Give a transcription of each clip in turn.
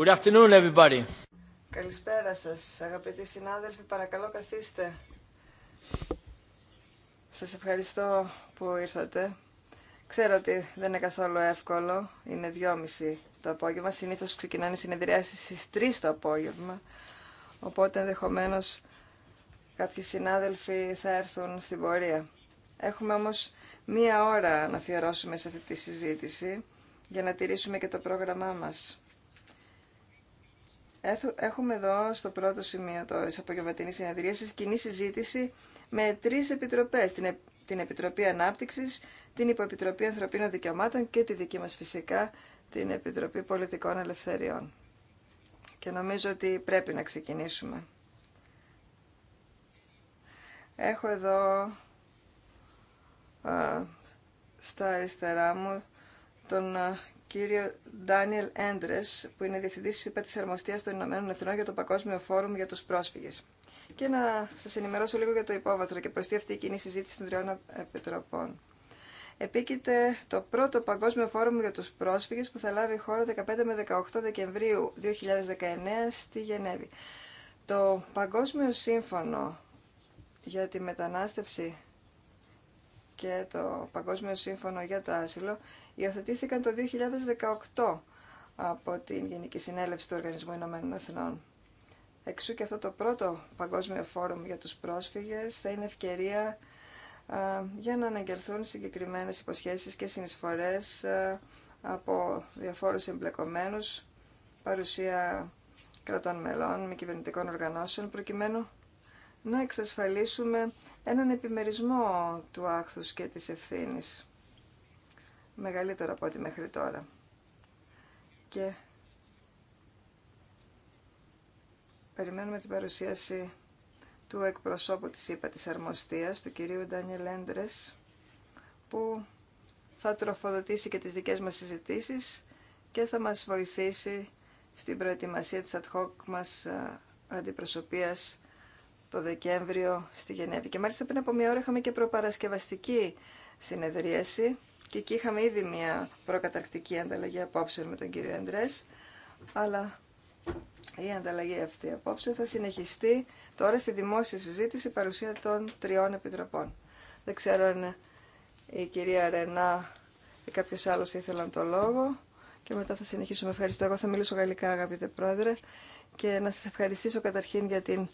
Good afternoon, everybody. Καλησπέρα σας, αγαπητοί συνάδελφοι. Παρακαλώ, καθίστε. Σας ευχαριστώ που ήρθατε. Ξέρω ότι δεν είναι καθόλου εύκολο. Είναι δυόμιση το απόγευμα. Συνήθως ξεκινάνε οι συνεδριάσεις στις 3 το απόγευμα. Οπότε ενδεχομένω κάποιοι συνάδελφοι θα έρθουν στην πορεία. Έχουμε όμως μία ώρα να αφιερώσουμε σε αυτή τη συζήτηση για να τηρήσουμε και το πρόγραμμά μας. Έχουμε εδώ στο πρώτο σημείο τη απογευματινή συνεδρίαση κοινή συζήτηση με τρει επιτροπέ. Την Επιτροπή Ανάπτυξη, την Υποεπιτροπή Ανθρωπίνων Δικαιωμάτων και τη δική μα φυσικά, την Επιτροπή Πολιτικών Ελευθεριών. Και νομίζω ότι πρέπει να ξεκινήσουμε. Έχω εδώ στα αριστερά μου τον κύριο Ντάνιελ Έντρε, που είναι διευθυντή ΥΠΑ τη Αρμοστία των Ηνωμένων Εθνών για το Παγκόσμιο Φόρουμ για του Πρόσφυγε. Και να σα ενημερώσω λίγο για το υπόβαθρο και προ τι αυτή η κοινή συζήτηση των τριών επιτροπών. Επίκειται το πρώτο Παγκόσμιο Φόρουμ για του Πρόσφυγε που θα λάβει η χώρα 15 με 18 Δεκεμβρίου 2019 στη Γενέβη. Το Παγκόσμιο Σύμφωνο για τη Μετανάστευση και το Παγκόσμιο Σύμφωνο για το Άσυλο υιοθετήθηκαν το 2018 από την Γενική Συνέλευση του Οργανισμού Ηνωμένων Εθνών. Εξού και αυτό το πρώτο Παγκόσμιο Φόρουμ για τους πρόσφυγες θα είναι ευκαιρία για να αναγγελθούν συγκεκριμένες υποσχέσεις και συνεισφορές από διαφόρους εμπλεκομένους, παρουσία κρατών μελών, μη κυβερνητικών οργανώσεων, προκειμένου να εξασφαλίσουμε έναν επιμερισμό του άχθους και της ευθύνης μεγαλύτερο από ό,τι μέχρι τώρα. Και περιμένουμε την παρουσίαση του εκπροσώπου της ΥΠΑ της Αρμοστίας, του κυρίου Ντάνιελ Έντρες, που θα τροφοδοτήσει και τις δικές μας συζητήσεις και θα μας βοηθήσει στην προετοιμασία της ad hoc μας ε, αντιπροσωπείας το Δεκέμβριο στη Γενέβη. Και μάλιστα πριν από μία ώρα είχαμε και προπαρασκευαστική συνεδρίαση και εκεί είχαμε ήδη μια προκαταρκτική ανταλλαγή απόψεων με τον κύριο Αντρές, αλλά η ανταλλαγή αυτή απόψεων θα συνεχιστεί τώρα στη δημόσια συζήτηση παρουσία των τριών επιτροπών. Δεν ξέρω αν η κυρία Ρενά ή κάποιος άλλος ήθελαν το λόγο και μετά θα συνεχίσουμε. Ευχαριστώ. Εγώ θα μιλήσω γαλλικά αγαπητέ πρόεδρε και να σας ευχαριστήσω καταρχήν για την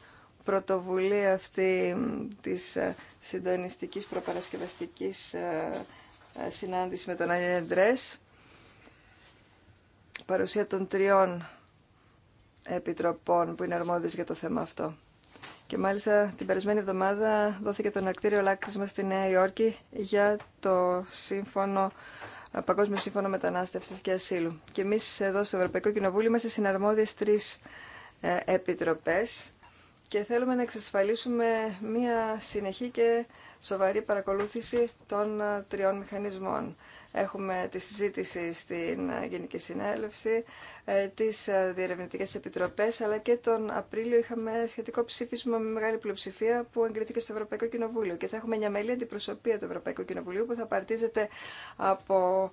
πρωτοβουλία αυτή της ε, συντονιστικής προπαρασκευαστικής ε, συνάντηση με τον Αντρές, παρουσία των τριών επιτροπών που είναι αρμόδιες για το θέμα αυτό. Και μάλιστα την περασμένη εβδομάδα δόθηκε το ανακτήριο λάκτισμα στη Νέα Υόρκη για το σύμφωνο, Παγκόσμιο Σύμφωνο Μετανάστευσης και Ασύλου. Και εμείς εδώ στο Ευρωπαϊκό Κοινοβούλιο είμαστε συναρμόδιες τρεις ε, επιτροπές και θέλουμε να εξασφαλίσουμε μία συνεχή και σοβαρή παρακολούθηση των ε, τριών μηχανισμών. Έχουμε τη συζήτηση στην ε, Γενική Συνέλευση, ε, τις διερευνητικές επιτροπές, αλλά και τον Απρίλιο είχαμε σχετικό ψήφισμα με μεγάλη πλειοψηφία που εγκρίθηκε στο Ευρωπαϊκό Κοινοβούλιο. Και θα έχουμε μια μελή αντιπροσωπεία του Ευρωπαϊκού Κοινοβουλίου που θα παρτίζεται από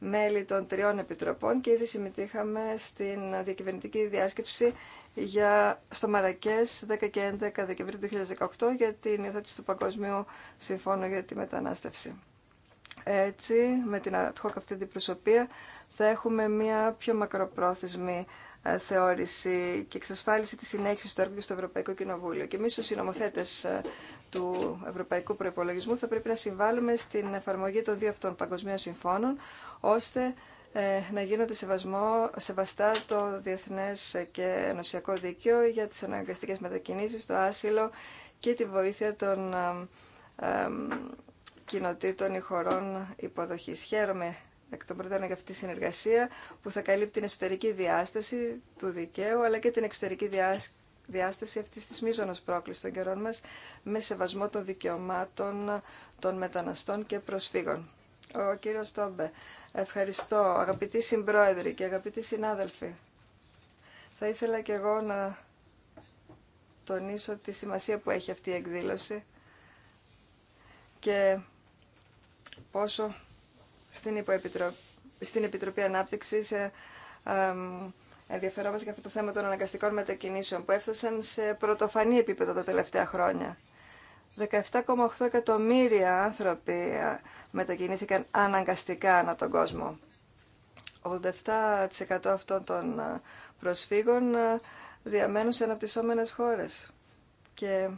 μέλη των τριών επιτροπών και ήδη συμμετείχαμε στην διακυβερνητική διάσκεψη για, στο Μαρακές 10 και 11 Δεκεμβρίου 2018 για την υιοθέτηση του Παγκοσμίου Συμφώνου για τη Μετανάστευση. Έτσι, με την ad αυτή την προσωπία, θα έχουμε μια πιο μακροπρόθεσμη ε, θεώρηση και εξασφάλιση της συνέχισης του έργου και στο Ευρωπαϊκό Κοινοβούλιο. Και εμείς ως συνομοθέτες ε, του Ευρωπαϊκού Προπολογισμού θα πρέπει να συμβάλλουμε στην εφαρμογή των δύο αυτών παγκοσμίων συμφώνων, ώστε ε, να γίνονται σεβασμό, σεβαστά το διεθνές και ενωσιακό δίκαιο για τις αναγκαστικές μετακίνησει, το άσυλο και τη βοήθεια των κοινοτήτων ή χωρών υποδοχής. Χαίρομαι εκ των προτέρων για αυτή τη συνεργασία που θα καλύπτει την εσωτερική διάσταση του δικαίου αλλά και την εξωτερική διάσταση αυτής της μείζωνος πρόκλησης των καιρών μας με σεβασμό των δικαιωμάτων των μεταναστών και προσφύγων. Ο κύριος Τόμπε, ευχαριστώ. Αγαπητοί συμπρόεδροι και αγαπητοί συνάδελφοι, θα ήθελα και εγώ να τονίσω τη σημασία που έχει αυτή η εκδήλωση και πόσο στην, στην Επιτροπή Ανάπτυξης ε, ενδιαφερόμαστε για αυτό το θέμα των αναγκαστικών μετακινήσεων που έφτασαν σε πρωτοφανή επίπεδο τα τελευταία χρόνια. 17,8 εκατομμύρια άνθρωποι ε, μετακινήθηκαν αναγκαστικά ανά τον κόσμο. 87% αυτών των ε, προσφύγων διαμένουν σε αναπτυσσόμενες χώρες. Και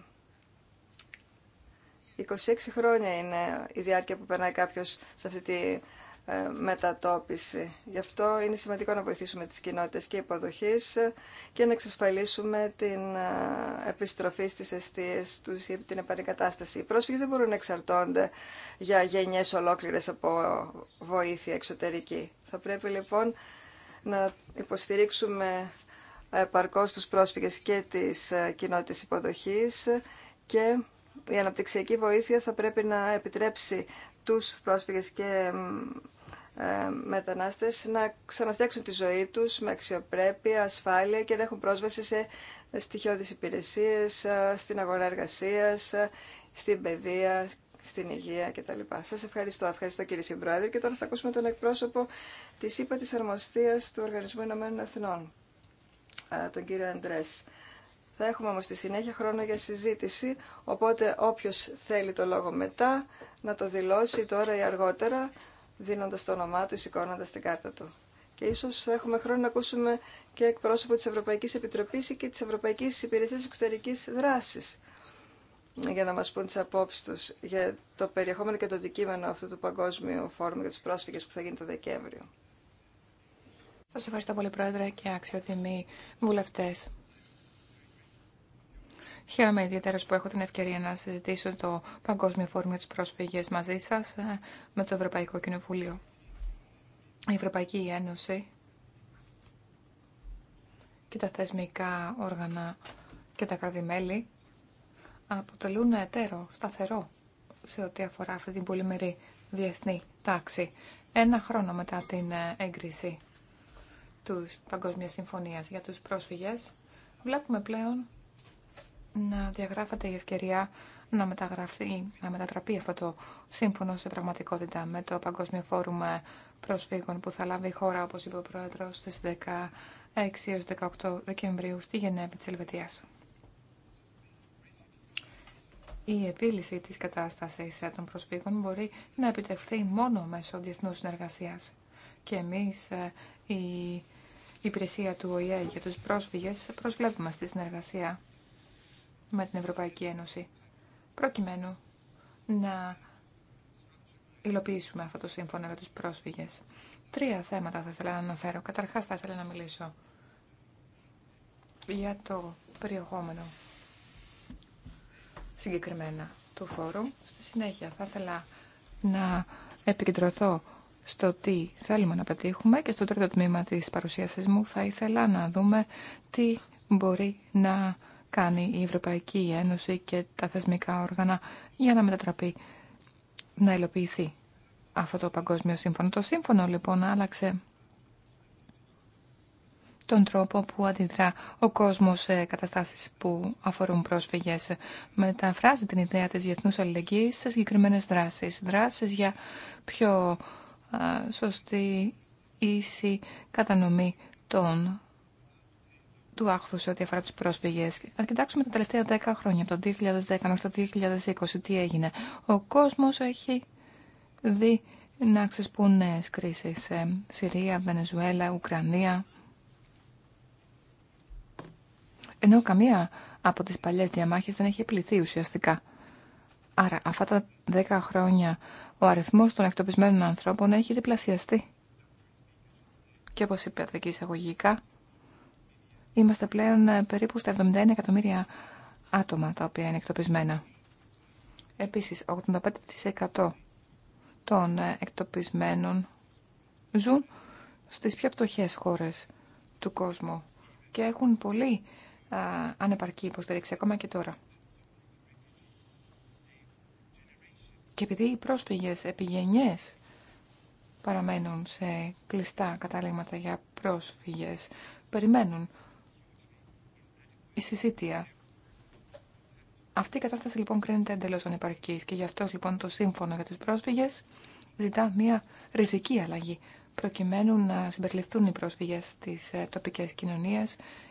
26 χρόνια είναι η διάρκεια που περνάει κάποιος σε αυτή τη ε, μετατόπιση. Γι' αυτό είναι σημαντικό να βοηθήσουμε τις κοινότητες και υποδοχής και να εξασφαλίσουμε την ε, επιστροφή στις αιστείες τους ή την επανεκατάσταση. Οι πρόσφυγες δεν μπορούν να εξαρτώνται για γενιές ολόκληρες από βοήθεια εξωτερική. Θα πρέπει λοιπόν να υποστηρίξουμε ε, επαρκώς τους πρόσφυγες και τις κοινότητες υποδοχής και η αναπτυξιακή βοήθεια θα πρέπει να επιτρέψει τους πρόσφυγες και ε, μετανάστες να ξαναφτιάξουν τη ζωή τους με αξιοπρέπεια, ασφάλεια και να έχουν πρόσβαση σε στοιχειώδεις υπηρεσίες, ε, στην αγορά εργασίας, ε, στην παιδεία, στην υγεία κτλ. Σας ευχαριστώ. Ευχαριστώ κύριε Συμπρόεδρε και τώρα θα ακούσουμε τον εκπρόσωπο της ΥΠΑ της Αρμοστίας του Οργανισμού Ηνωμένων Εθνών, τον κύριο Αντρές. Θα έχουμε όμως στη συνέχεια χρόνο για συζήτηση, οπότε όποιος θέλει το λόγο μετά να το δηλώσει τώρα ή αργότερα, δίνοντας το όνομά του ή σηκώνοντας την κάρτα του. Και ίσως θα έχουμε χρόνο να ακούσουμε και εκπρόσωπο της Ευρωπαϊκής Επιτροπής και της Ευρωπαϊκής Υπηρεσίας Εξωτερικής Δράσης για να μας πούν τις απόψεις τους για το περιεχόμενο και το αντικείμενο αυτού του Παγκόσμιου Φόρουμ για τους πρόσφυγες που θα γίνει το Δεκέμβριο. Σας ευχαριστώ πολύ Πρόεδρε και αξιότιμοι βουλευτές. Χαίρομαι ιδιαίτερα που έχω την ευκαιρία να συζητήσω το Παγκόσμιο Φόρμιο της Πρόσφυγες μαζί σας ε, με το Ευρωπαϊκό Κοινοβούλιο. Η Ευρωπαϊκή Ένωση και τα θεσμικά όργανα και τα κρατημέλη αποτελούν εταίρο, σταθερό σε ό,τι αφορά αυτή την πολυμερή διεθνή τάξη. Ένα χρόνο μετά την ε, έγκριση του Παγκόσμια Συμφωνίας για τους πρόσφυγες, βλέπουμε πλέον να διαγράφεται η ευκαιρία να μεταγραφεί, να μετατραπεί αυτό το σύμφωνο σε πραγματικότητα με το Παγκόσμιο Φόρουμ Προσφύγων που θα λάβει η χώρα, όπως είπε ο πρόεδρο στι 16 έως 18 Δεκεμβρίου στη Γενέβη τη Ελβετία. Η επίλυση της κατάστασης των προσφύγων μπορεί να επιτευχθεί μόνο μέσω διεθνούς συνεργασίας. Και εμείς, ε, η υπηρεσία του ΟΗΕ για τους πρόσφυγες, προσβλέπουμε στη συνεργασία με την Ευρωπαϊκή Ένωση, προκειμένου να υλοποιήσουμε αυτό το σύμφωνο για τους πρόσφυγες. Τρία θέματα θα ήθελα να αναφέρω. Καταρχάς θα ήθελα να μιλήσω για το περιεχόμενο συγκεκριμένα του φόρου. Στη συνέχεια θα ήθελα να επικεντρωθώ στο τι θέλουμε να πετύχουμε και στο τρίτο τμήμα της παρουσίασης μου θα ήθελα να δούμε τι μπορεί να κάνει η Ευρωπαϊκή Ένωση και τα θεσμικά όργανα για να μετατραπεί, να υλοποιηθεί αυτό το παγκόσμιο σύμφωνο. Το σύμφωνο λοιπόν άλλαξε τον τρόπο που αντιδρά ο κόσμος σε καταστάσεις που αφορούν πρόσφυγες. Μεταφράζει την ιδέα της διεθνούς αλληλεγγύης σε συγκεκριμένες δράσεις. Δράσεις για πιο σωστή, ίση κατανομή των του άχθου σε ό,τι αφορά του πρόσφυγε. Αν κοιτάξουμε τα τελευταία 10 χρόνια, από το 2010 μέχρι το 2020, τι έγινε. Ο κόσμο έχει δει να ξεσπούν νέε κρίσει. Συρία, Βενεζουέλα, Ουκρανία. Ενώ καμία από τις παλιέ διαμάχες δεν έχει επιληθεί ουσιαστικά. Άρα αυτά τα 10 χρόνια ο αριθμός των εκτοπισμένων ανθρώπων έχει διπλασιαστεί. Και όπω είπατε και εισαγωγικά, Είμαστε πλέον ε, περίπου στα 71 εκατομμύρια άτομα τα οποία είναι εκτοπισμένα. Επίσης, 85% των ε, εκτοπισμένων ζουν στις πιο φτωχές χώρες του κόσμου και έχουν πολύ α, ανεπαρκή υποστήριξη ακόμα και τώρα. Και επειδή οι πρόσφυγες επιγενιές παραμένουν σε κλειστά καταλήγματα για πρόσφυγες, περιμένουν συζήτεια Αυτή η κατάσταση λοιπόν κρίνεται εντελώ ανεπαρκή και γι' αυτό λοιπόν το σύμφωνο για του πρόσφυγε ζητά μια ριζική αλλαγή προκειμένου να συμπεριληφθούν οι πρόσφυγε στι ε, τοπικέ κοινωνίε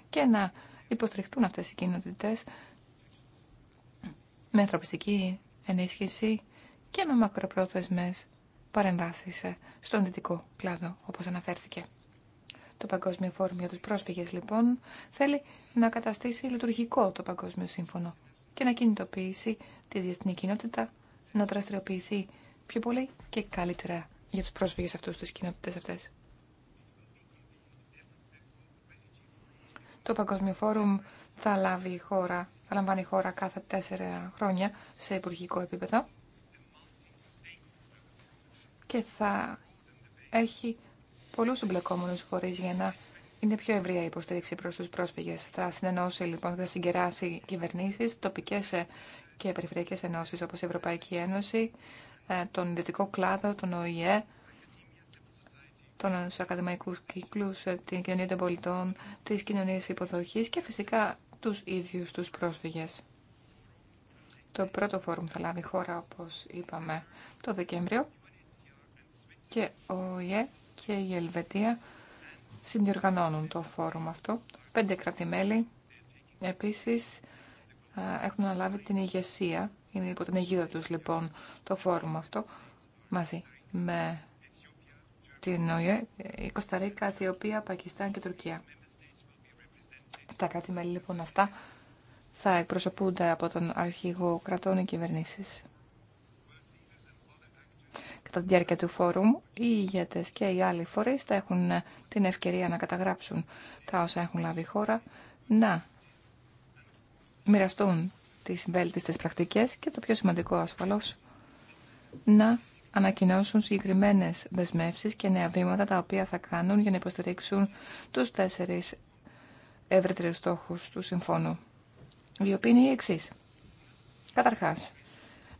και να υποστηριχθούν αυτέ οι κοινότητε με ανθρωπιστική ενίσχυση και με μακροπρόθεσμες παρεμβάσεις ε, στον δυτικό κλάδο, όπως αναφέρθηκε. Το Παγκόσμιο Φόρουμ για του Πρόσφυγες, λοιπόν, θέλει να καταστήσει λειτουργικό το Παγκόσμιο Σύμφωνο και να κινητοποιήσει τη διεθνή κοινότητα να δραστηριοποιηθεί πιο πολύ και καλύτερα για τους πρόσφυγες αυτού τι κοινότητε αυτές. Το Παγκόσμιο Φόρουμ θα, λάβει χώρα, θα λαμβάνει χώρα κάθε τέσσερα χρόνια σε υπουργικό επίπεδο και θα έχει πολλού εμπλεκόμενου φορεί για να είναι πιο ευρεία η υποστήριξη προ του πρόσφυγε. Θα συνενώσει λοιπόν, θα συγκεράσει κυβερνήσει, τοπικέ ε, και περιφερειακέ ενώσει όπω η Ευρωπαϊκή Ένωση, ε, τον ιδιωτικό κλάδο, τον ΟΗΕ, τον ακαδημαϊκού κύκλου, ε, την κοινωνία των πολιτών, τι κοινωνίε υποδοχή και φυσικά του ίδιου του πρόσφυγε. Το πρώτο φόρουμ θα λάβει χώρα, όπω είπαμε, το Δεκέμβριο και ο ΙΕ και η Ελβετία συνδιοργανώνουν το φόρουμ αυτό. Πέντε κρατημέλη επίσης έχουν αναλάβει την ηγεσία, είναι υπό την αιγίδα τους λοιπόν το φόρουμ αυτό, μαζί με την ΟΗΕ, η Κωνσταντίνα, Αιθιοπία, Πακιστάν και Τουρκία. Τα κρατη λοιπόν αυτά θα εκπροσωπούνται από τον αρχηγό κρατών και κυβερνήσεις. Στα διάρκεια του φόρουμ, οι ηγέτε και οι άλλοι φορείς θα έχουν ε, την ευκαιρία να καταγράψουν τα όσα έχουν λάβει η χώρα, να μοιραστούν τις βέλτιστες πρακτικές και το πιο σημαντικό ασφαλώς, να ανακοινώσουν συγκεκριμένε δεσμεύσεις και νέα βήματα τα οποία θα κάνουν για να υποστηρίξουν του τέσσερις ευρύτερου στόχου του συμφώνου, οι οποίοι είναι οι εξή. Καταρχάς,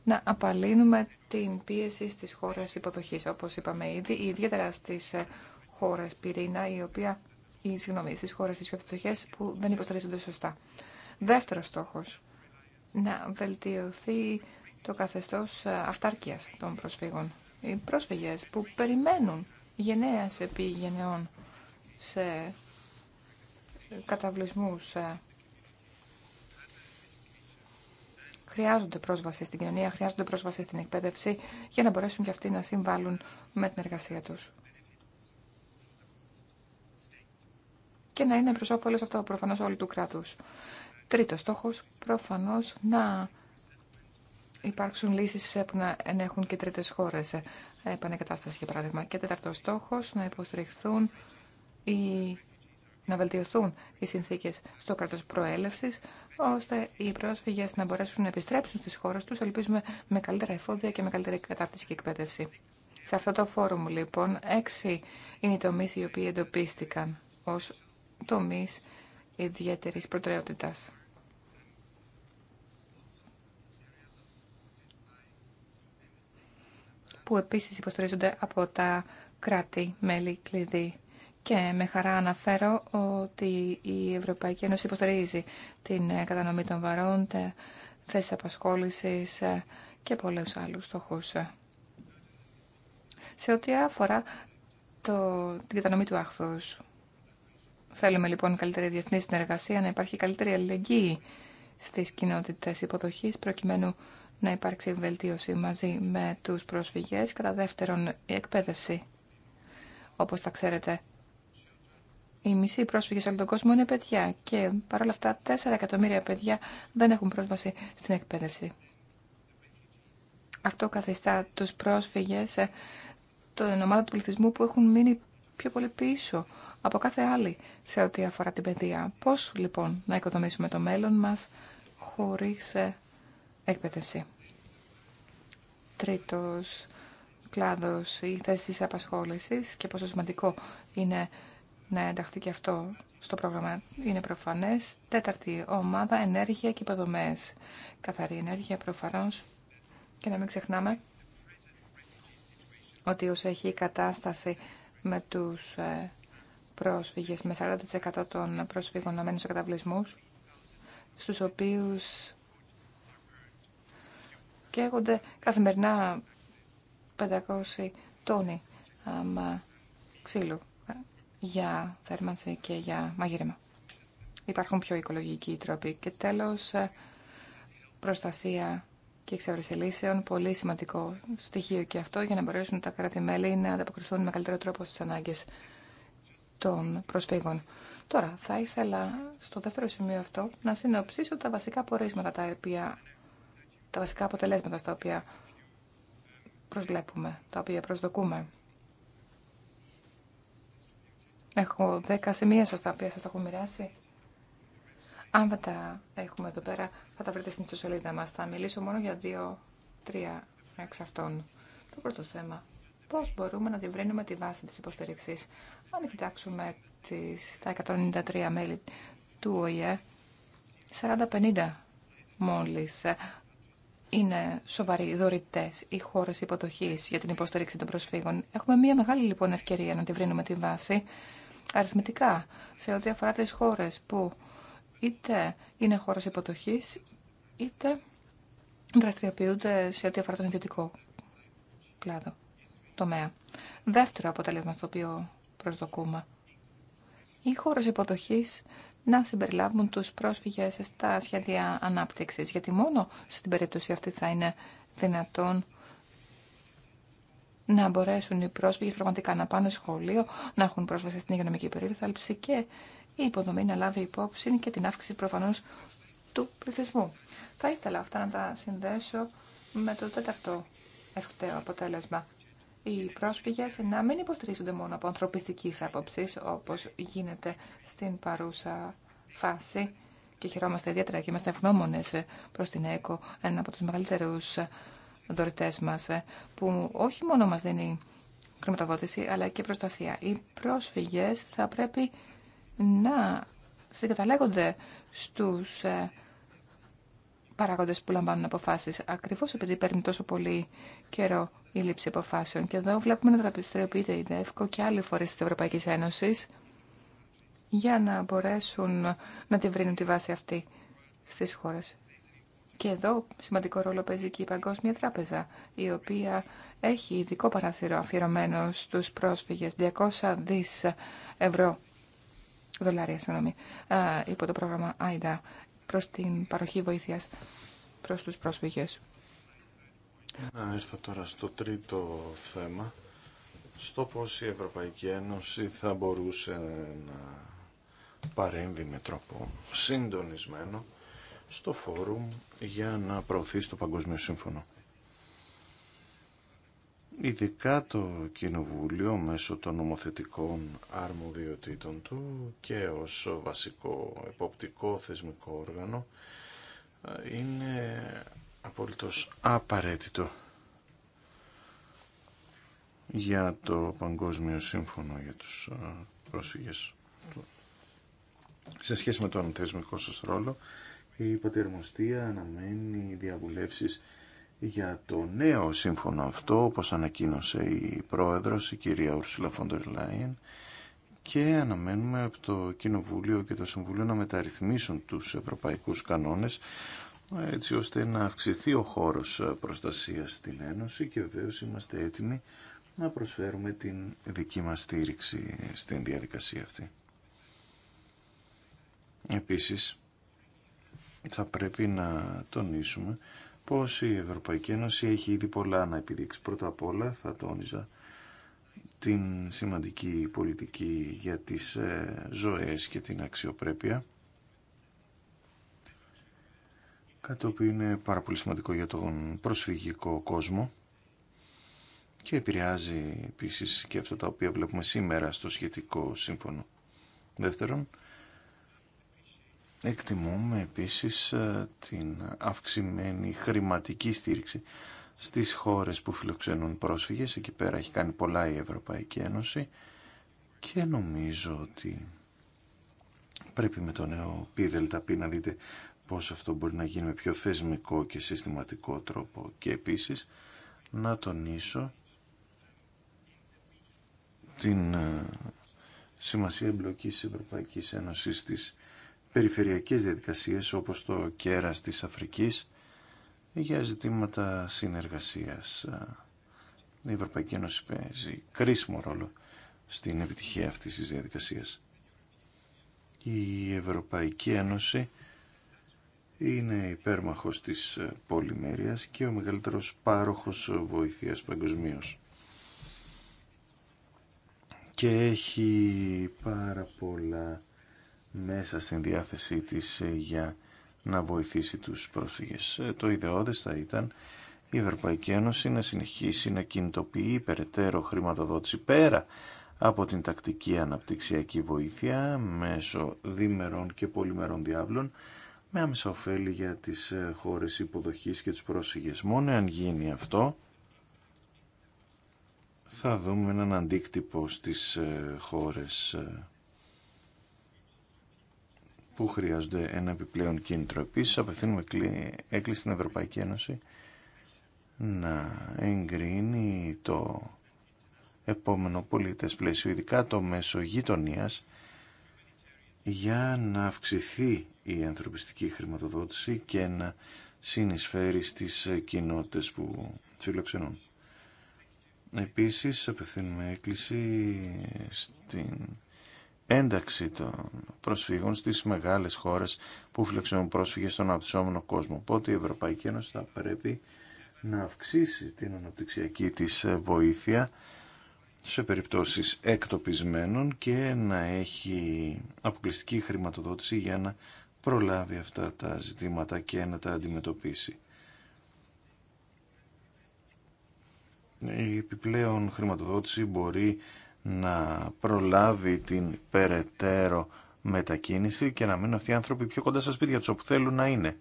να απαλύνουμε την πίεση στις χώρες υποδοχή, όπως είπαμε ήδη, ιδιαίτερα στις ε, χώρες πυρήνα, η οποία, ή, στις χώρες τη πιο που δεν υποστηρίζονται σωστά. Δεύτερο στόχο, να βελτιωθεί το καθεστώ ε, αυτάρκειας των προσφύγων. Οι πρόσφυγες που περιμένουν γενναία επί γενναίων σε ε, καταβλισμούς χρειάζονται πρόσβαση στην κοινωνία, χρειάζονται πρόσβαση στην εκπαίδευση για να μπορέσουν και αυτοί να συμβάλλουν με την εργασία τους. Και να είναι προς όφελος αυτό προφανώς όλου του κράτους. Τρίτος στόχος, προφανώς να υπάρξουν λύσεις που να ενέχουν και τρίτες χώρες, επανεκατάσταση για παράδειγμα. Και τέταρτος στόχος, να υποστηριχθούν ή να βελτιωθούν οι συνθήκες στο κράτος προέλευσης, ώστε οι πρόσφυγε να μπορέσουν να επιστρέψουν στι χώρε του, ελπίζουμε με καλύτερα εφόδια και με καλύτερη κατάρτιση και εκπαίδευση. Σε αυτό το φόρουμ, λοιπόν, έξι είναι οι τομεί οι οποίοι εντοπίστηκαν ω τομεί ιδιαίτερη προτεραιότητα. που επίσης υποστηρίζονται από τα κράτη-μέλη κλειδί και με χαρά αναφέρω ότι η Ευρωπαϊκή Ένωση υποστηρίζει την ε, κατανομή των βαρών, θέσεις απασχόλησης ε, και πολλούς άλλους στόχους. Ε. Σε ό,τι αφορά το, την κατανομή του άχθους. Θέλουμε λοιπόν καλύτερη διεθνή συνεργασία, να υπάρχει καλύτερη αλληλεγγύη στις κοινότητες υποδοχής, προκειμένου να υπάρξει βελτίωση μαζί με τους πρόσφυγες. Κατά δεύτερον, η εκπαίδευση. Όπως τα ξέρετε, οι μισοί σε όλο τον κόσμο είναι παιδιά και παρόλα αυτά 4 εκατομμύρια παιδιά δεν έχουν πρόσβαση στην εκπαίδευση. Αυτό καθιστά τους πρόσφυγες ε, την ομάδα του πληθυσμού που έχουν μείνει πιο πολύ πίσω από κάθε άλλη σε ό,τι αφορά την παιδεία. Πώς λοιπόν να οικοδομήσουμε το μέλλον μας χωρίς ε, εκπαίδευση. Τρίτος κλάδος, η θέση της απασχόλησης και πόσο σημαντικό είναι να ενταχθεί και αυτό στο πρόγραμμα. Είναι προφανές. Τέταρτη ομάδα, ενέργεια και υποδομές. Καθαρή ενέργεια προφανώς. Και να μην ξεχνάμε ότι όσο έχει η κατάσταση με τους ε, πρόσφυγες, με 40% των πρόσφυγων να μένουν σε καταβλισμούς, στους οποίους καίγονται καθημερινά 500 τόνοι ξύλου για θέρμανση και για μαγείρεμα. Υπάρχουν πιο οικολογικοί τρόποι. Και τέλος, ε, προστασία και εξεύρεση λύσεων. Πολύ σημαντικό στοιχείο και αυτό για να μπορέσουν τα κράτη-μέλη να ανταποκριθούν με καλύτερο τρόπο στις ανάγκες των προσφύγων. Τώρα, θα ήθελα στο δεύτερο σημείο αυτό να συνοψίσω τα βασικά πορίσματα, τα, τα βασικά αποτελέσματα στα οποία προσβλέπουμε, τα οποία προσδοκούμε. Έχω δέκα σημεία σας τα οποία σας τα έχω μοιράσει. Αν δεν τα έχουμε εδώ πέρα, θα τα βρείτε στην ιστοσελίδα μας. Θα μιλήσω μόνο για δύο-τρία εξ αυτών. Το πρώτο θέμα. Πώς μπορούμε να διευρύνουμε τη βάση της υποστήριξης. Αν κοιτάξουμε τις, τα 193 μέλη του ΟΗΕ, 40-50 μόλις είναι σοβαροί δωρητέ οι χώρε υποδοχή για την υποστήριξη των προσφύγων. Έχουμε μια μεγάλη λοιπόν ευκαιρία να τη βρίνουμε τη βάση αριθμητικά σε ό,τι αφορά τις χώρες που είτε είναι χώρες υποτοχής, είτε δραστηριοποιούνται σε ό,τι αφορά τον ιδιωτικό κλάδο, τομέα. Δεύτερο αποτέλεσμα στο οποίο προσδοκούμε. Οι χώρες υποδοχής να συμπεριλάβουν τους πρόσφυγες στα σχέδια ανάπτυξης, γιατί μόνο στην περίπτωση αυτή θα είναι δυνατόν να μπορέσουν οι πρόσφυγες πραγματικά να πάνε σχολείο, να έχουν πρόσβαση στην υγειονομική περίθαλψη και η υποδομή να λάβει υπόψη και την αύξηση προφανώς του πληθυσμού. Θα ήθελα αυτά να τα συνδέσω με το τέταρτο ευκταίο αποτέλεσμα. Οι πρόσφυγες να μην υποστηρίζονται μόνο από ανθρωπιστική άποψη όπως γίνεται στην παρούσα φάση. Και χαιρόμαστε ιδιαίτερα και είμαστε ευγνώμονε προς την ΕΚΟ, ένα από τους μεγαλύτερους δωρητέ μας, ε, που όχι μόνο μα δίνει χρηματοδότηση, αλλά και προστασία. Οι πρόσφυγε θα πρέπει να συγκαταλέγονται στου ε, παράγοντες που λαμβάνουν αποφάσεις, ακριβώς επειδή παίρνει τόσο πολύ καιρό η λήψη αποφάσεων. Και εδώ βλέπουμε να τα πιστρεοποιείται η ΔΕΦΚΟ και άλλοι φορείς της ευρωπαϊκή Ένωσης για να μπορέσουν να τη βρίνουν τη βάση αυτή στις χώρες και εδώ σημαντικό ρόλο παίζει και η Παγκόσμια Τράπεζα, η οποία έχει ειδικό παράθυρο αφιερωμένο στους πρόσφυγες 200 δις ευρώ, δολάρια, συγγνώμη, ε, υπό το πρόγραμμα AIDA προς την παροχή βοήθειας προς τους πρόσφυγες. Να έρθω τώρα στο τρίτο θέμα, στο πώς η Ευρωπαϊκή Ένωση θα μπορούσε να παρέμβει με τρόπο συντονισμένο στο φόρουμ για να προωθήσει το Παγκόσμιο Σύμφωνο. Ειδικά το Κοινοβούλιο μέσω των νομοθετικών αρμοδιοτήτων του και ως βασικό εποπτικό θεσμικό όργανο είναι απολύτως απαραίτητο για το Παγκόσμιο Σύμφωνο για τους ε, πρόσφυγες σε σχέση με τον θεσμικό σας ρόλο η Πατερμοστία αναμένει διαβουλεύσεις για το νέο σύμφωνο αυτό, όπως ανακοίνωσε η πρόεδρος, η κυρία Ούρσουλα Φόντερ και αναμένουμε από το Κοινοβούλιο και το Συμβουλίο να μεταρρυθμίσουν τους ευρωπαϊκούς κανόνες, έτσι ώστε να αυξηθεί ο χώρος προστασίας στην Ένωση και βεβαίως είμαστε έτοιμοι να προσφέρουμε την δική μας στήριξη στην διαδικασία αυτή. Επίσης, θα πρέπει να τονίσουμε πως η Ευρωπαϊκή Ένωση έχει ήδη πολλά να επιδείξει. Πρώτα απ' όλα θα τόνιζα την σημαντική πολιτική για τις ε, ζωές και την αξιοπρέπεια κάτι που είναι πάρα πολύ σημαντικό για τον προσφυγικό κόσμο και επηρεάζει επίσης και αυτά τα οποία βλέπουμε σήμερα στο σχετικό σύμφωνο. Δεύτερον, Εκτιμούμε επίσης ε, την αυξημένη χρηματική στήριξη στις χώρες που φιλοξενούν πρόσφυγες. Εκεί πέρα έχει κάνει πολλά η Ευρωπαϊκή Ένωση και νομίζω ότι πρέπει με το νέο ΠΔΠ να δείτε πώς αυτό μπορεί να γίνει με πιο θεσμικό και συστηματικό τρόπο και επίσης να τονίσω την ε, σημασία εμπλοκής της Ευρωπαϊκής Ένωσης της περιφερειακές διαδικασίες όπως το κέρας της Αφρικής για ζητήματα συνεργασίας. Η Ευρωπαϊκή Ένωση παίζει κρίσιμο ρόλο στην επιτυχία αυτής της διαδικασίας. Η Ευρωπαϊκή Ένωση είναι υπέρμαχος της πολυμέρειας και ο μεγαλύτερος πάροχος βοηθείας παγκοσμίω. Και έχει πάρα πολλά μέσα στην διάθεσή της ε, για να βοηθήσει τους πρόσφυγες. Ε, το ιδεώδες θα ήταν η Ευρωπαϊκή Ένωση να συνεχίσει να κινητοποιεί περαιτέρω χρηματοδότηση πέρα από την τακτική αναπτυξιακή βοήθεια μέσω δίμερων και πολυμερών διάβλων με άμεσα ωφέλη για τις ε, χώρες υποδοχής και τους πρόσφυγες. Μόνο αν γίνει αυτό θα δούμε έναν αντίκτυπο στις χώρες που χρειάζονται ένα επιπλέον κίνητρο. Επίσης, απευθύνουμε έκκληση στην Ευρωπαϊκή Ένωση να εγκρίνει το επόμενο πολίτες πλαίσιο, ειδικά το μέσο γειτονία για να αυξηθεί η ανθρωπιστική χρηματοδότηση και να συνεισφέρει στις κοινότητες που φιλοξενούν. Επίσης, απευθύνουμε έκκληση στην ένταξη των προσφύγων στις μεγάλες χώρες που φιλοξενούν πρόσφυγες στον αναπτυσσόμενο κόσμο. Οπότε η Ευρωπαϊκή Ένωση θα πρέπει να αυξήσει την αναπτυξιακή της βοήθεια σε περιπτώσεις εκτοπισμένων και να έχει αποκλειστική χρηματοδότηση για να προλάβει αυτά τα ζητήματα και να τα αντιμετωπίσει. Η επιπλέον χρηματοδότηση μπορεί να προλάβει την περαιτέρω μετακίνηση και να μείνουν αυτοί οι άνθρωποι πιο κοντά στα σπίτια τους όπου θέλουν να είναι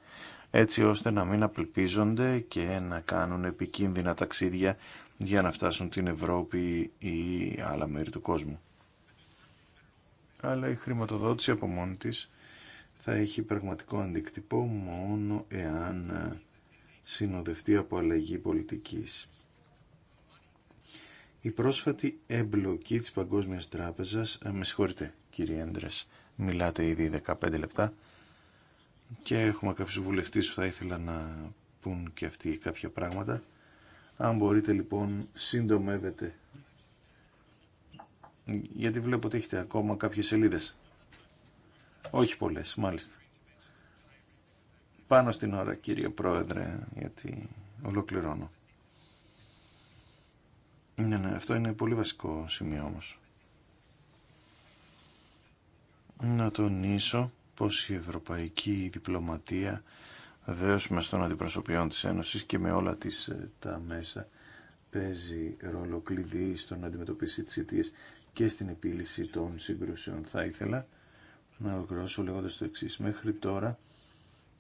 έτσι ώστε να μην απληπίζονται και να κάνουν επικίνδυνα ταξίδια για να φτάσουν την Ευρώπη ή άλλα μέρη του κόσμου. Αλλά η χρηματοδότηση από μόνη της θα έχει πραγματικό αντίκτυπο μόνο εάν συνοδευτεί από αλλαγή πολιτικής. Η πρόσφατη εμπλοκή της Παγκόσμιας Τράπεζας, ε, με συγχωρείτε κύριε Έντρες, μιλάτε ήδη 15 λεπτά και έχουμε κάποιους βουλευτές που θα ήθελα να πούν και αυτοί κάποια πράγματα. Αν μπορείτε λοιπόν συντομεύετε, γιατί βλέπω ότι έχετε ακόμα κάποιες σελίδες. Όχι πολλές, μάλιστα. Πάνω στην ώρα κύριε Πρόεδρε, γιατί ολοκληρώνω. Ναι, ναι, αυτό είναι πολύ βασικό σημείο όμως. Να τονίσω πως η ευρωπαϊκή διπλωματία βεβαίω με στον αντιπροσωπιών της Ένωσης και με όλα τις, ε, τα μέσα παίζει ρόλο κλειδί στο να αντιμετωπίσει τις και στην επίλυση των συγκρούσεων. Θα ήθελα να ολοκληρώσω λέγοντας το εξής. Μέχρι τώρα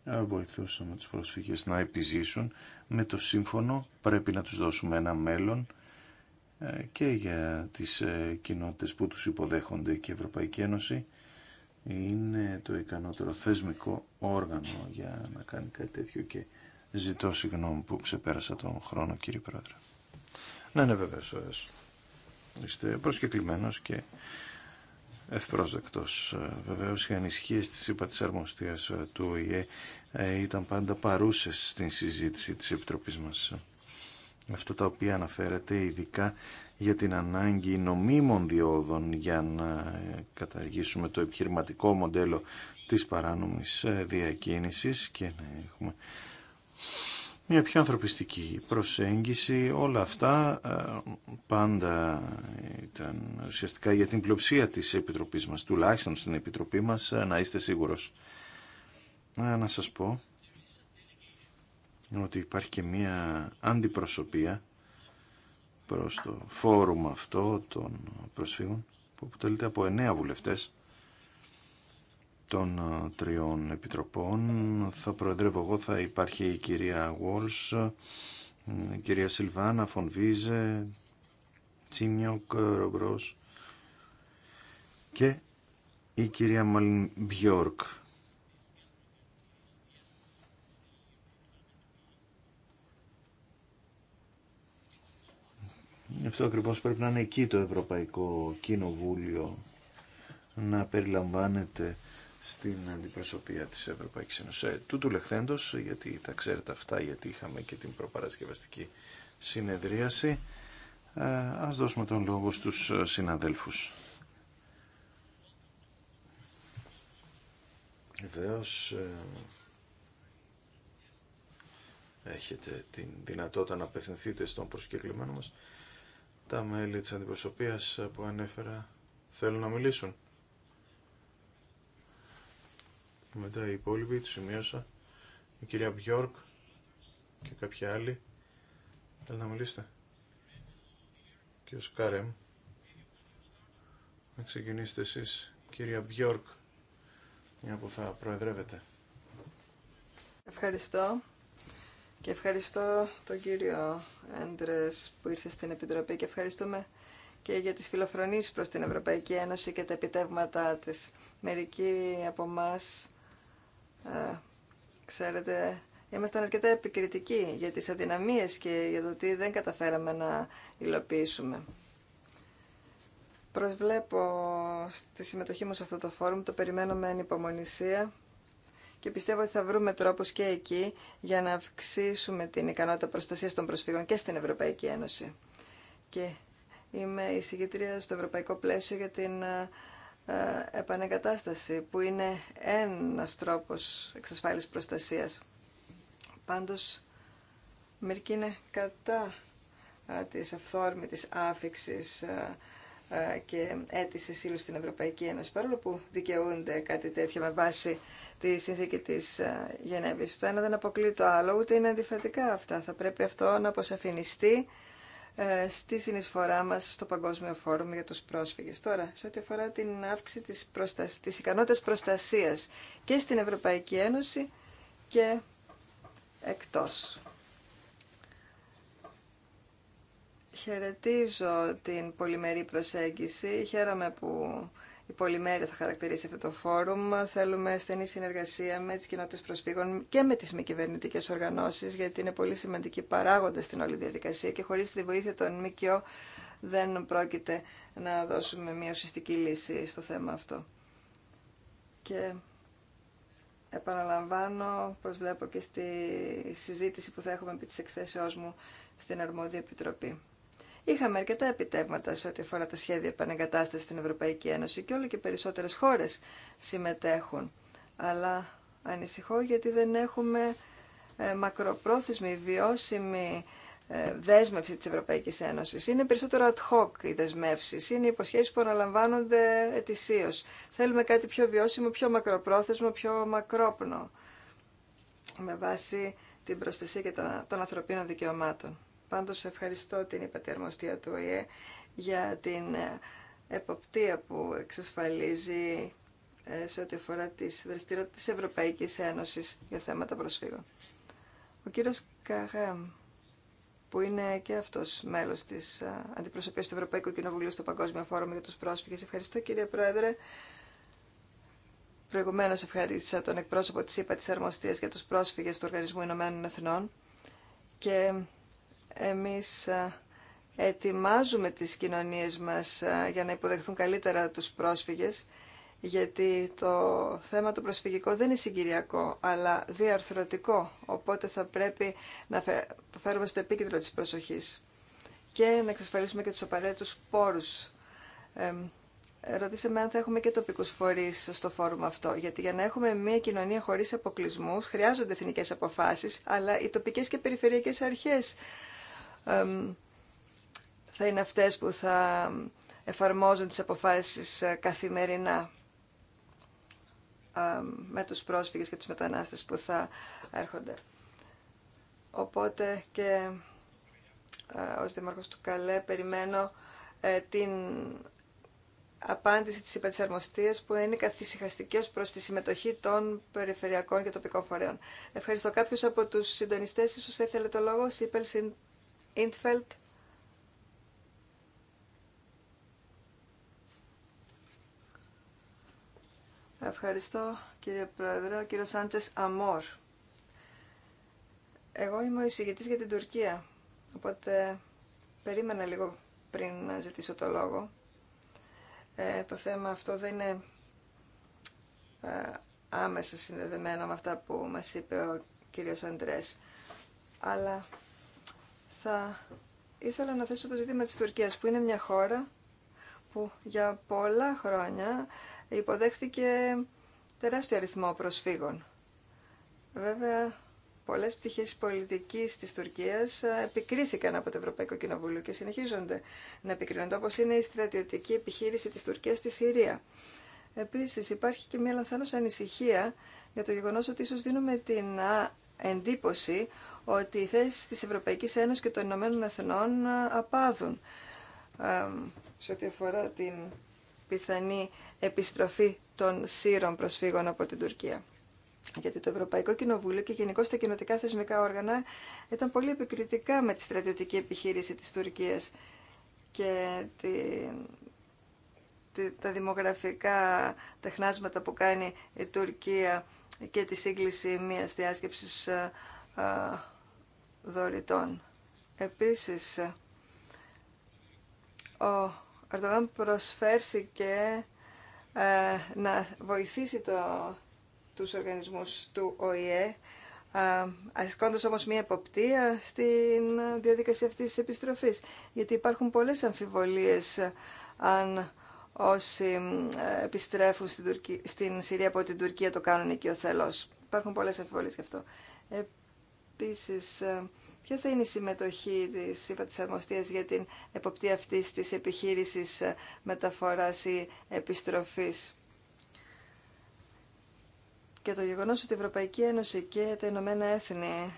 βοηθούσαμε τους προσφύγες να επιζήσουν. Με το σύμφωνο πρέπει να τους δώσουμε ένα μέλλον και για τις ε, κοινότητες που τους υποδέχονται και η Ευρωπαϊκή Ένωση είναι το ικανότερο θεσμικό όργανο για να κάνει κάτι τέτοιο και ζητώ συγγνώμη που ξεπέρασα τον χρόνο κύριε Πρόεδρε. Ναι, ναι βέβαια, σωρές. Είστε προσκεκλημένος και ευπρόσδεκτος. Ε, βεβαίως οι ανισχύες της ΥΠΑ της ε, του ΟΗΕ ήταν πάντα παρούσες στην συζήτηση της Επιτροπής μας αυτά τα οποία αναφέρεται ειδικά για την ανάγκη νομίμων διόδων για να καταργήσουμε το επιχειρηματικό μοντέλο της παράνομης ε, διακίνησης και να έχουμε μια πιο ανθρωπιστική προσέγγιση. Όλα αυτά ε, πάντα ήταν ουσιαστικά για την πλειοψία της Επιτροπής μας, τουλάχιστον στην Επιτροπή μας, ε, να είστε σίγουρος. Να σας πω ότι υπάρχει και μία αντιπροσωπεία προς το φόρουμ αυτό των προσφύγων που αποτελείται από εννέα βουλευτές των ε, τριών επιτροπών. Θα προεδρεύω εγώ, θα υπάρχει η κυρία Γουόλς, ε, η κυρία Σιλβάνα, Φονβίζε, Τσίμιοκ, και η κυρία Μαλμπιόρκ. Αυτό ακριβώς πρέπει να είναι εκεί το Ευρωπαϊκό Κοινοβούλιο να περιλαμβάνεται στην αντιπροσωπεία της Ευρωπαϊκής Ένωσης. Ε, τούτου λεχθέντος, γιατί τα ξέρετε αυτά, γιατί είχαμε και την προπαρασκευαστική συνεδρίαση. Ε, ας δώσουμε τον λόγο στους συναδέλφους. Βεβαίω ε, έχετε την δυνατότητα να απευθυνθείτε στον προσκεκλημένο μας τα μέλη της αντιπροσωπείας που ανέφερα θέλουν να μιλήσουν. Μετά οι υπόλοιποι, τους σημείωσα, η κυρία Μπιόρκ και κάποια άλλη. Θέλουν να μιλήσετε. Κύριος Κάρεμ. Να ξεκινήσετε εσείς, κυρία Μπιόρκ, μια που θα προεδρεύετε. Ευχαριστώ. Και ευχαριστώ τον κύριο Έντρε που ήρθε στην Επιτροπή και ευχαριστούμε και για τις φιλοφρονήσεις προς την Ευρωπαϊκή Ένωση και τα επιτεύγματά της. Μερικοί από εμά, ξέρετε, ήμασταν αρκετά επικριτικοί για τις αδυναμίες και για το τι δεν καταφέραμε να υλοποιήσουμε. Προσβλέπω στη συμμετοχή μου σε αυτό το φόρουμ, το περιμένω με ανυπομονησία και πιστεύω ότι θα βρούμε τρόπου και εκεί για να αυξήσουμε την ικανότητα προστασία των προσφύγων και στην Ευρωπαϊκή Ένωση. Και είμαι η στο ευρωπαϊκό πλαίσιο για την ε, ε, επανεγκατάσταση, που είναι ένας τρόπος εξασφάλιση προστασίας. Πάντως, μερικοί είναι κατά ε, της αυθόρμητης άφηξη. Ε, και αίτηση σύλλου στην Ευρωπαϊκή Ένωση, παρόλο που δικαιούνται κάτι τέτοιο με βάση τη συνθήκη τη ε, Γενέβη. Το ένα δεν αποκλείει το άλλο, ούτε είναι αντιφατικά αυτά. Θα πρέπει αυτό να αποσαφινιστεί ε, στη συνεισφορά μα στο Παγκόσμιο Φόρουμ για του πρόσφυγε. Τώρα, σε ό,τι αφορά την αύξηση τη ικανότητα προστασία και στην Ευρωπαϊκή Ένωση και εκτός. Χαιρετίζω την πολυμερή προσέγγιση. Χαίρομαι που η πολυμέρεια θα χαρακτηρίσει αυτό το φόρουμ. Θέλουμε στενή συνεργασία με τι κοινότητε προσφύγων και με τι μη κυβερνητικέ οργανώσεις, γιατί είναι πολύ σημαντικοί παράγοντε στην όλη διαδικασία και χωρί τη βοήθεια των ΜΚΟ δεν πρόκειται να δώσουμε μια ουσιαστική λύση στο θέμα αυτό. Και επαναλαμβάνω, προσβλέπω και στη συζήτηση που θα έχουμε επί της εκθέσεώς μου στην Αρμόδια Επιτροπή. Είχαμε αρκετά επιτεύγματα σε ό,τι αφορά τα σχέδια επανεγκατάσταση στην Ευρωπαϊκή Ένωση και όλο και περισσότερε χώρε συμμετέχουν. Αλλά ανησυχώ γιατί δεν έχουμε ε, μακροπρόθεσμη, βιώσιμη ε, δέσμευση της Ευρωπαϊκής Ένωσης. Είναι περισσότερο ad hoc οι δεσμεύσεις, είναι υποσχέσεις που αναλαμβάνονται ετησίως. Θέλουμε κάτι πιο βιώσιμο, πιο μακροπρόθεσμο, πιο μακρόπνο με βάση την προστασία των ανθρωπίνων δικαιωμάτων. Πάντως ευχαριστώ την υπατερμοστία του ΟΗΕ για την ε, εποπτεία που εξασφαλίζει ε, σε ό,τι αφορά τη δραστηριότητα της Ευρωπαϊκής Ένωσης για θέματα προσφύγων. Ο κύριος Καχέμ, που είναι και αυτός μέλος της ε, αντιπροσωπείας του Ευρωπαϊκού Κοινοβουλίου στο Παγκόσμιο Φόρουμ για τους πρόσφυγες. Ευχαριστώ κύριε Πρόεδρε. Προηγουμένω ευχαρίστησα τον εκπρόσωπο της ΥΠΑ της Αρμοστίας για τους πρόσφυγες του Οργανισμού Εθνών και εμείς ε, ετοιμάζουμε τις κοινωνίες μας ε, για να υποδεχθούν καλύτερα τους πρόσφυγες, γιατί το θέμα το προσφυγικό δεν είναι συγκυριακό, αλλά διαρθρωτικό, οπότε θα πρέπει να το φέρουμε στο επίκεντρο της προσοχής και να εξασφαλίσουμε και τους απαραίτητους πόρους. Ε, ρωτήσαμε αν θα έχουμε και τοπικού φορεί στο φόρουμ αυτό. Γιατί για να έχουμε μια κοινωνία χωρί αποκλεισμού χρειάζονται εθνικέ αποφάσει, αλλά οι τοπικέ και περιφερειακέ αρχέ θα είναι αυτές που θα εφαρμόζουν τις αποφάσεις ε, καθημερινά με τους πρόσφυγες και τους μετανάστες που θα έρχονται. Οπότε και ε, ως Δημαρχός του Καλέ περιμένω ε, την απάντηση της υπερσαρμοστίας που είναι καθησυχαστική ως προς τη συμμετοχή των περιφερειακών και τοπικών φορέων. Ευχαριστώ κάποιους από τους συντονιστές. Ίσως θα ήθελε το λόγο. Σίπελ, Ιντφελτ Ευχαριστώ κύριε Πρόεδρε, ο κύριος Σάντσες Αμόρ. Εγώ είμαι ο εισηγητής για την Τουρκία, οπότε περίμενα λίγο πριν να ζητήσω το λόγο. Ε, το θέμα αυτό δεν είναι ε, άμεσα συνδεδεμένο με αυτά που μας είπε ο κύριος Αντρές, αλλά θα ήθελα να θέσω το ζήτημα της Τουρκίας, που είναι μια χώρα που για πολλά χρόνια υποδέχθηκε τεράστιο αριθμό προσφύγων. Βέβαια, πολλές πτυχές πολιτικής της Τουρκίας ε, επικρίθηκαν από το Ευρωπαϊκό Κοινοβούλιο και συνεχίζονται να επικρίνονται, όπως είναι η στρατιωτική επιχείρηση της Τουρκίας στη Συρία. Επίσης, υπάρχει και μια λανθάνωσα ανησυχία για το γεγονός ότι ίσως δίνουμε την εντύπωση ότι οι θέσει της Ευρωπαϊκής Ένωσης και των Ηνωμένων Εθνών ε, απάδουν σε ό,τι αφορά την πιθανή επιστροφή των σύρων προσφύγων από την Τουρκία. Γιατί το Ευρωπαϊκό Κοινοβούλιο και γενικώ τα κοινοτικά θεσμικά όργανα ήταν πολύ επικριτικά με τη στρατιωτική επιχείρηση της Τουρκίας και τη, τα δημογραφικά τεχνάσματα που κάνει η Τουρκία και τη σύγκληση μιας διάσκεψης ε, δωρητών. Επίσης, ο Αρτογάν προσφέρθηκε ε, να βοηθήσει το, τους οργανισμούς του ΟΗΕ, ασκώντας όμως μία εποπτεία στην διαδικασία αυτής της επιστροφής. Γιατί υπάρχουν πολλές αμφιβολίες αν όσοι ε, επιστρέφουν στην, στην Συρία από την Τουρκία το κάνουν εκεί ο θελός. Υπάρχουν πολλές αμφιβολίες γι' αυτό. Ε, Επίσης, ε, ποια θα είναι η συμμετοχή της ΥΠΑ της Αρμοστίας για την εποπτεία αυτής της επιχείρησης ε, μεταφοράς ή επιστροφής. Και το γεγονός ότι η Ευρωπαϊκή Ένωση και τα Ηνωμένα Έθνη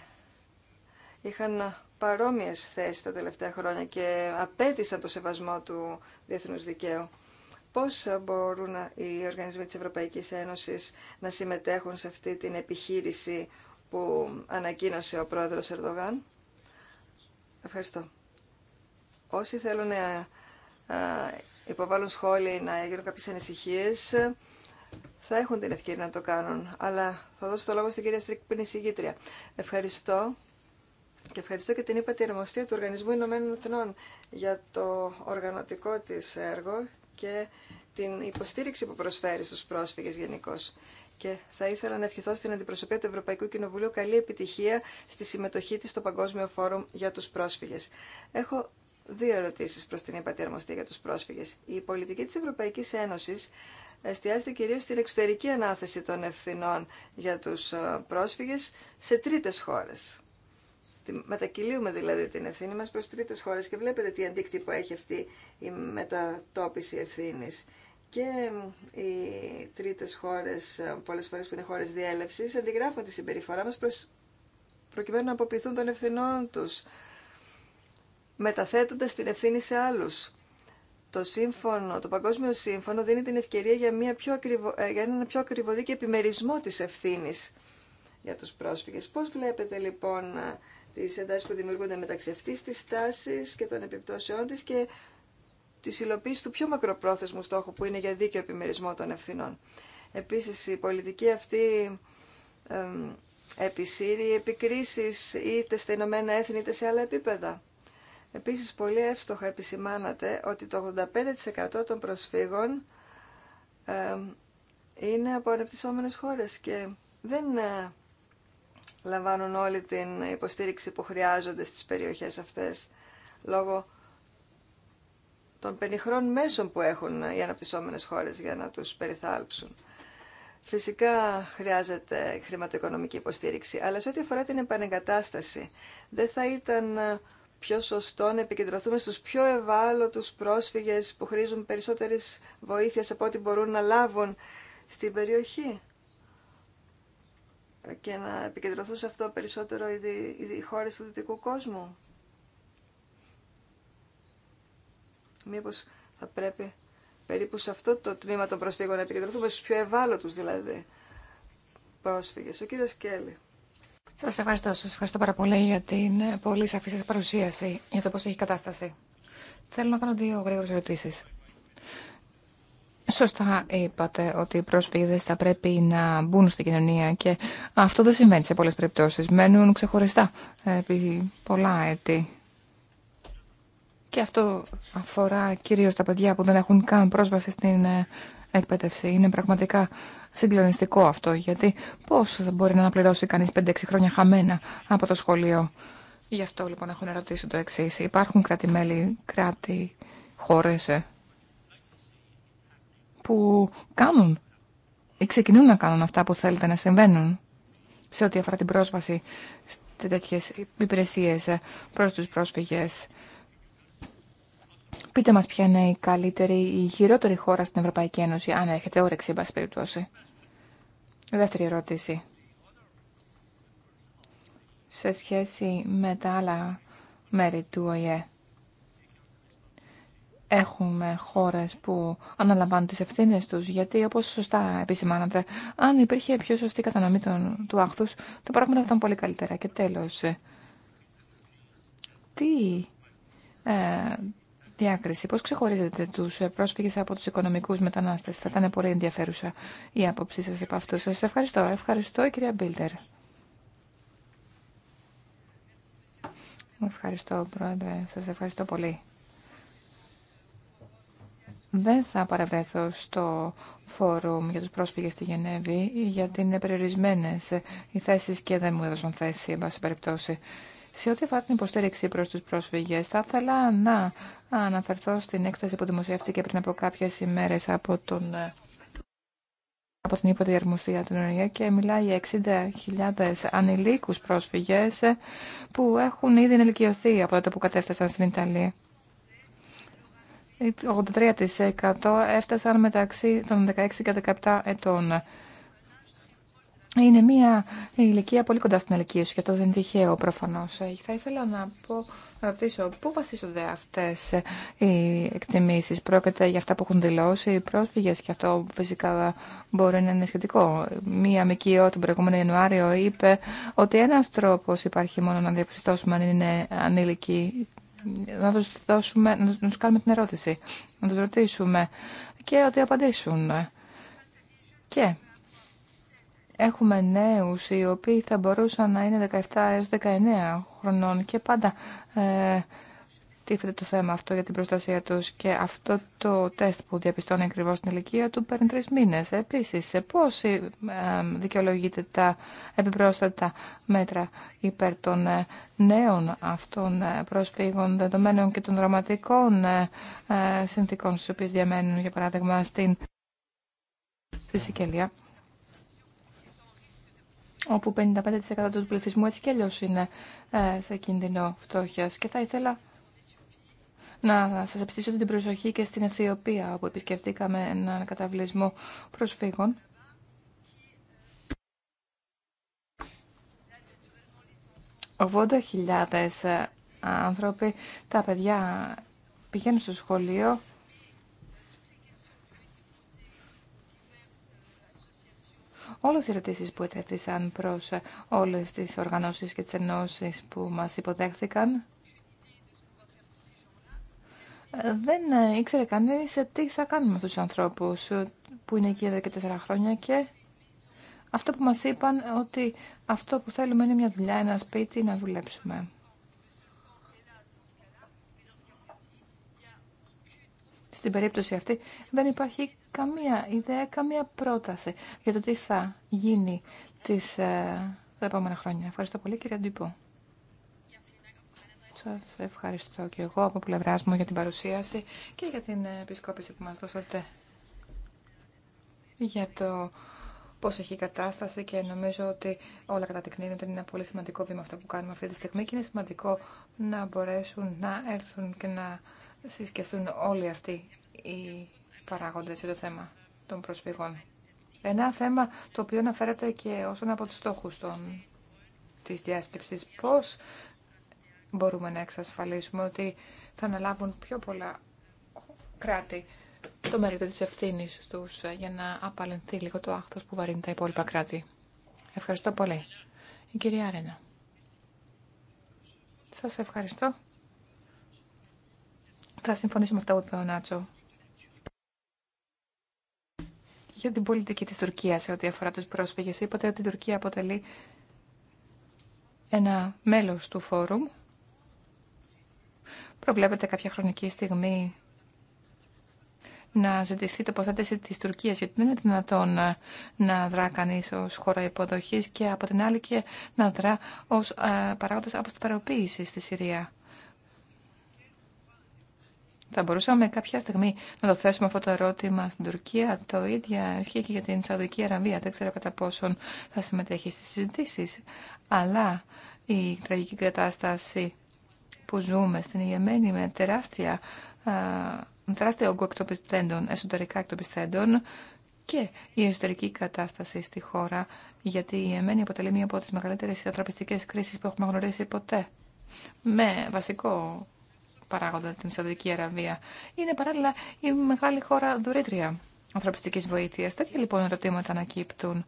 είχαν παρόμοιες θέσεις τα τελευταία χρόνια και απέτησαν το σεβασμό του διεθνούς δικαίου. Πώς μπορούν οι οργανισμοί της Ευρωπαϊκής Ένωσης να συμμετέχουν σε αυτή την επιχείρηση που ανακοίνωσε ο πρόεδρος Ερδογάν. Ευχαριστώ. Όσοι θέλουν να ε, ε, υποβάλουν σχόλια ή να γίνουν κάποιες ανησυχίες, θα έχουν την ευκαιρία να το κάνουν. Αλλά θα δώσω το λόγο στην κυρία Στρίκ που Ευχαριστώ. Και ευχαριστώ και την τη ερμοστία του Οργανισμού Ηνωμένων Εθνών για το οργανωτικό της έργο και την υποστήριξη που προσφέρει στους πρόσφυγες γενικώ και θα ήθελα να ευχηθώ στην αντιπροσωπεία του Ευρωπαϊκού Κοινοβουλίου καλή επιτυχία στη συμμετοχή της στο Παγκόσμιο Φόρουμ για τους πρόσφυγες. Έχω δύο ερωτήσεις προς την Αρμοστή για τους πρόσφυγες. Η πολιτική της Ευρωπαϊκής Ένωσης εστιάζεται κυρίως στην εξωτερική ανάθεση των ευθυνών για τους ε, πρόσφυγες σε τρίτες χώρες. Μετακυλίουμε δηλαδή την ευθύνη μας προς τρίτες χώρες και βλέπετε τι αντίκτυπο έχει αυτή η μετατόπιση ευθύνης και οι τρίτες χώρες, ε, πολλές φορές που είναι χώρες διέλευσης, αντιγράφουν τη συμπεριφορά μας προς, προκειμένου να αποποιηθούν των ευθυνών τους, μεταθέτοντας την ευθύνη σε άλλους. Το, σύμφωνο, το Παγκόσμιο Σύμφωνο δίνει την ευκαιρία για, μια πιο ακριβο, ε, για πιο επιμερισμό της ευθύνη για τους πρόσφυγες. Πώς βλέπετε λοιπόν ε, τις εντάσεις που δημιουργούνται μεταξύ αυτής της τάσης και των επιπτώσεών της και Τη υλοποίηση του πιο μακροπρόθεσμου στόχου που είναι για δίκαιο επιμερισμό των ευθυνών. Επίσης η πολιτική αυτή επισύρει επικρίσει είτε στα Ηνωμένα Έθνη είτε σε άλλα επίπεδα. Επίσης πολύ εύστοχα επισημάνατε ότι το 85% των προσφύγων είναι από ανεπτυσσόμενε χώρες και δεν ε, λαμβάνουν όλη την υποστήριξη που χρειάζονται στι περιοχέ αυτέ, λόγω των πενιχρών μέσων που έχουν οι αναπτυσσόμενες χώρες για να τους περιθάλψουν. Φυσικά χρειάζεται χρηματοοικονομική υποστήριξη, αλλά σε ό,τι αφορά την επανεγκατάσταση, δεν θα ήταν πιο σωστό να επικεντρωθούμε στους πιο ευάλωτους πρόσφυγες που χρήζουν περισσότερες βοήθειες από ό,τι μπορούν να λάβουν στην περιοχή και να επικεντρωθούν σε αυτό περισσότερο οι, οι χώρες του δυτικού κόσμου. Μήπως θα πρέπει περίπου σε αυτό το τμήμα των προσφύγων να επικεντρωθούμε στους πιο ευάλωτους δηλαδή πρόσφυγες. Ο κύριος Κέλλη. Σας ευχαριστώ. Σας ευχαριστώ πάρα πολύ για την ε, πολύ σαφή σας παρουσίαση για το πώς έχει κατάσταση. Θέλω να κάνω δύο γρήγορες ερωτήσεις. Σωστά είπατε ότι οι πρόσφυγες θα πρέπει να μπουν στην κοινωνία και αυτό δεν συμβαίνει σε πολλέ περιπτώσει. Μένουν ξεχωριστά ε, επί πολλά έτη. Και αυτό αφορά κυρίως τα παιδιά που δεν έχουν καν πρόσβαση στην ε, εκπαίδευση. Είναι πραγματικά συγκλονιστικό αυτό, γιατί πώς θα μπορεί να αναπληρώσει κανείς 5-6 χρόνια χαμένα από το σχολείο. Γι' αυτό λοιπόν έχουν να το εξή. Υπάρχουν κράτη-μέλη, κράτη, χώρες ε, που κάνουν ή ξεκινούν να κάνουν αυτά που θέλετε να συμβαίνουν σε ό,τι αφορά την πρόσβαση σε τέτοιες υπηρεσίες ε, προς τους πρόσφυγες. Πείτε μας ποια είναι η καλύτερη ή η χειρότερη χώρα στην Ευρωπαϊκή Ένωση, αν έχετε όρεξη, εν πάση περιπτώσει. Δεύτερη ερώτηση. Σε σχέση με τα άλλα μέρη του ΟΗΕ. Έχουμε χώρες που αναλαμβάνουν τις ευθύνες τους, γιατί όπως σωστά επισημάνατε, αν υπήρχε πιο σωστή κατανομή των, του άχθους, τα πράγματα θα ήταν πολύ καλύτερα. Και τέλος, τι ε, διάκριση. Πώς ξεχωρίζετε τους πρόσφυγες από του οικονομικούς μετανάστες. Θα ήταν πολύ ενδιαφέρουσα η άποψή σα από αυτού. Σα ευχαριστώ. Ευχαριστώ, κυρία Μπίλτερ. Ευχαριστώ, Πρόεδρε. Σας ευχαριστώ πολύ. Δεν θα παρευρέθω στο φόρουμ για τους πρόσφυγες στη Γενέβη, γιατί είναι περιορισμένες οι θέσεις και δεν μου έδωσαν θέση, εν περιπτώσει. Σε ό,τι αφορά την υποστήριξη προ του πρόσφυγες, θα ήθελα να αναφερθώ στην έκθεση που δημοσιεύτηκε πριν από κάποιες ημέρε από, τον, ε, από την ΥΠΑΤΗ Αρμοστία του και μιλάει για 60.000 ανηλίκους πρόσφυγες ε, που έχουν ήδη ενηλικιωθεί από τότε που κατέφτασαν στην Ιταλία. 83% έφτασαν μεταξύ των 16 και 17 ετών. Είναι μια ηλικία πολύ κοντά στην ηλικία σου και αυτό δεν είναι τυχαίο προφανώ. Ε, θα ήθελα να, πω, ρωτήσω πού βασίζονται αυτέ οι εκτιμήσει. Πρόκειται για αυτά που έχουν δηλώσει οι πρόσφυγε και αυτό φυσικά μπορεί να είναι σχετικό. Μία ΜΚΟ τον προηγούμενο Ιανουάριο είπε ότι ένα τρόπο υπάρχει μόνο να διαπιστώσουμε αν είναι ανήλικοι. Να του δώσουμε, να τους κάνουμε την ερώτηση, να του ρωτήσουμε και ότι απαντήσουν. Και έχουμε νέους οι οποίοι θα μπορούσαν να είναι 17 έως 19 χρονών και πάντα ε, τίθεται το θέμα αυτό για την προστασία τους και αυτό το τεστ που διαπιστώνει ακριβώς την ηλικία του παίρνει τρεις μήνες. Επίσης, σε πώς ε, δικαιολογείται τα επιπρόσθετα μέτρα υπέρ των ε, νέων αυτών ε, προσφύγων δεδομένων και των δραματικών ε, συνθήκων στις οποίες διαμένουν, για παράδειγμα, στην, στη Σικελία όπου 55% του πληθυσμού έτσι κι αλλιώς είναι ε, σε κίνδυνο φτώχειας. Και θα ήθελα να σας επιστήσω την προσοχή και στην Αιθιοπία, όπου επισκεφτήκαμε έναν καταβλισμό προσφύγων. χιλιάδες ε, άνθρωποι, τα παιδιά πηγαίνουν στο σχολείο όλες οι ερωτήσεις που ετέθησαν προς όλες τις οργανώσεις και τις ενώσεις που μας υποδέχθηκαν. Δεν ήξερε κανείς τι θα κάνουμε με αυτούς τους ανθρώπους που είναι εκεί εδώ και τέσσερα χρόνια και αυτό που μας είπαν ότι αυτό που θέλουμε είναι μια δουλειά, ένα σπίτι, να δουλέψουμε. Στην περίπτωση αυτή δεν υπάρχει καμία ιδέα, καμία πρόταση για το τι θα γίνει τις, ε, τα επόμενα χρόνια. Ευχαριστώ πολύ κύριε Ντυπού. Σας ευχαριστώ και εγώ από πλευρά μου για την παρουσίαση και για την επισκόπηση που μας δώσατε για το πώς έχει η κατάσταση και νομίζω ότι όλα κατατεκνύουν ότι είναι ένα πολύ σημαντικό βήμα αυτό που κάνουμε αυτή τη στιγμή και είναι σημαντικό να μπορέσουν να έρθουν και να συσκεφτούν όλοι αυτοί οι παράγοντες για το θέμα των προσφύγων. Ένα θέμα το οποίο αναφέρεται και όσον από τους στόχους των, της διάσκεψης. Πώς μπορούμε να εξασφαλίσουμε ότι θα αναλάβουν πιο πολλά κράτη το μερίδιο της ευθύνη τους ε, για να απαλληλθεί λίγο το άχθος που βαρύνει τα υπόλοιπα κράτη. Ευχαριστώ πολύ. Η κυρία Ρένα. Σας ευχαριστώ. Θα συμφωνήσω με αυτά που είπε ο Νάτσο για την πολιτική της Τουρκίας σε ό,τι αφορά τους πρόσφυγες. Είπατε ότι η Τουρκία αποτελεί ένα μέλος του φόρουμ. Προβλέπετε κάποια χρονική στιγμή να ζητηθεί τοποθέτηση της Τουρκίας, γιατί δεν είναι δυνατόν να, να δρά κανεί ως χώρα υποδοχής και από την άλλη και να δρά ως ε, παράγοντας αποσταθεροποίησης στη Συρία. Θα μπορούσαμε κάποια στιγμή να το θέσουμε αυτό το ερώτημα στην Τουρκία. Το ίδιο ευχή και για την Σαουδική Αραβία. Δεν ξέρω κατά πόσον θα συμμετέχει στις συζητήσει. Αλλά η τραγική κατάσταση που ζούμε στην Ιεμένη με τεράστια, τεράστια όγκο εκτοπιστέντων, εσωτερικά εκτοπιστέντων και η εσωτερική κατάσταση στη χώρα, γιατί η Ιεμένη αποτελεί μία από τις μεγαλύτερες ανθρωπιστικές κρίσεις που έχουμε γνωρίσει ποτέ. Με βασικό παράγοντα, την Σαουδική Αραβία. Είναι παράλληλα η μεγάλη χώρα δουρήτρια ανθρωπιστική βοήθεια. Τέτοια λοιπόν ερωτήματα ανακύπτουν.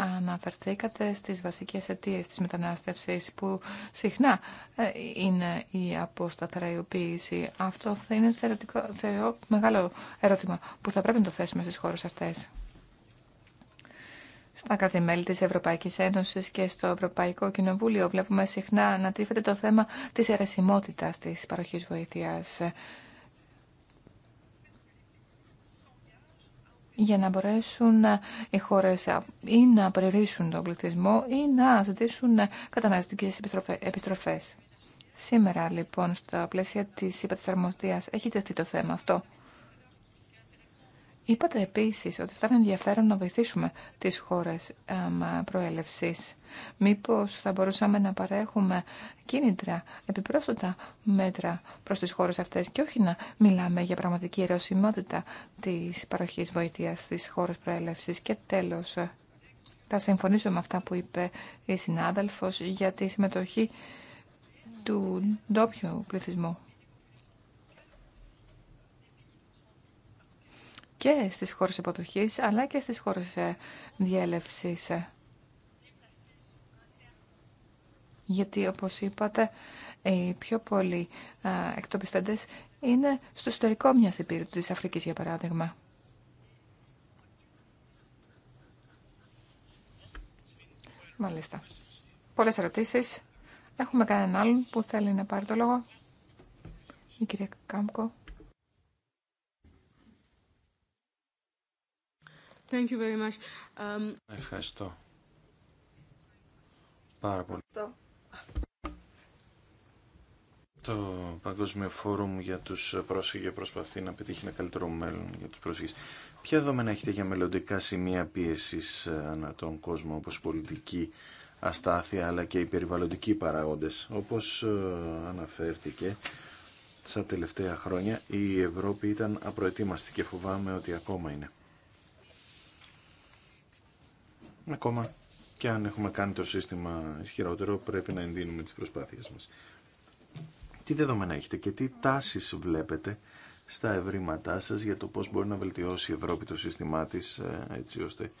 Αναφερθήκατε στι βασικές αιτίε τη μετανάστευση, που συχνά ε, είναι η αποσταθεραϊοποίηση. Αυτό θα είναι θεωρητικό, μεγάλο ερώτημα που θα πρέπει να το θέσουμε στι χώρε αυτέ στα κράτη-μέλη της Ευρωπαϊκής Ένωσης και στο Ευρωπαϊκό Κοινοβούλιο βλέπουμε συχνά να τύφεται το θέμα της αιρεσιμότητας της παροχής βοήθειας. για να μπορέσουν οι χώρες ή να περιορίσουν τον πληθυσμό ή να ζητήσουν καταναστικές επιστροφές. Σήμερα, λοιπόν, στα πλαίσια της υπατησαρμοστίας έχει τεθεί το θέμα αυτό. Είπατε επίσης ότι θα είναι ενδιαφέρον να βοηθήσουμε τις χώρες προέλευσης. Μήπως θα μπορούσαμε να παρέχουμε κίνητρα, επιπρόσθετα μέτρα προς τις χώρες αυτές και όχι να μιλάμε για πραγματική ερωσιμότητα της παροχής βοήθειας στις χώρες προέλευσης. Και τέλος, θα συμφωνήσω με αυτά που είπε η συνάδελφος για τη συμμετοχή του ντόπιου πληθυσμού και στις χώρες υποδοχής αλλά και στις χώρες ε, διέλευσης. Γιατί όπως είπατε οι πιο πολλοί ε, εκτοπιστέντες είναι στο ιστορικό μιας υπήρου της Αφρικής για παράδειγμα. Μάλιστα. Πολλές ερωτήσεις. Έχουμε κανέναν άλλον που θέλει να πάρει το λόγο. Η κυρία Κάμκο. Um, Ευχαριστώ. Πάρα πολύ. Το... Παγκόσμιο Φόρουμ για τους πρόσφυγες προσπαθεί να πετύχει ένα καλύτερο μέλλον για τους πρόσφυγες. Ποια δόμενα έχετε για μελλοντικά σημεία πίεσης ε, ανά τον κόσμο, όπως πολιτική αστάθεια, αλλά και οι περιβαλλοντικοί παραγόντες. Όπως ε, αναφέρθηκε, στα τελευταία χρόνια η Ευρώπη ήταν απροετοίμαστη και φοβάμαι ότι ακόμα είναι. Ακόμα και αν έχουμε κάνει το σύστημα ισχυρότερο, πρέπει να ενδύνουμε τις προσπάθειες μας. Τι δεδομένα έχετε και τι τάσεις βλέπετε στα ευρήματά σας για το πώς μπορεί να βελτιώσει η Ευρώπη το σύστημά της ε, έτσι ώστε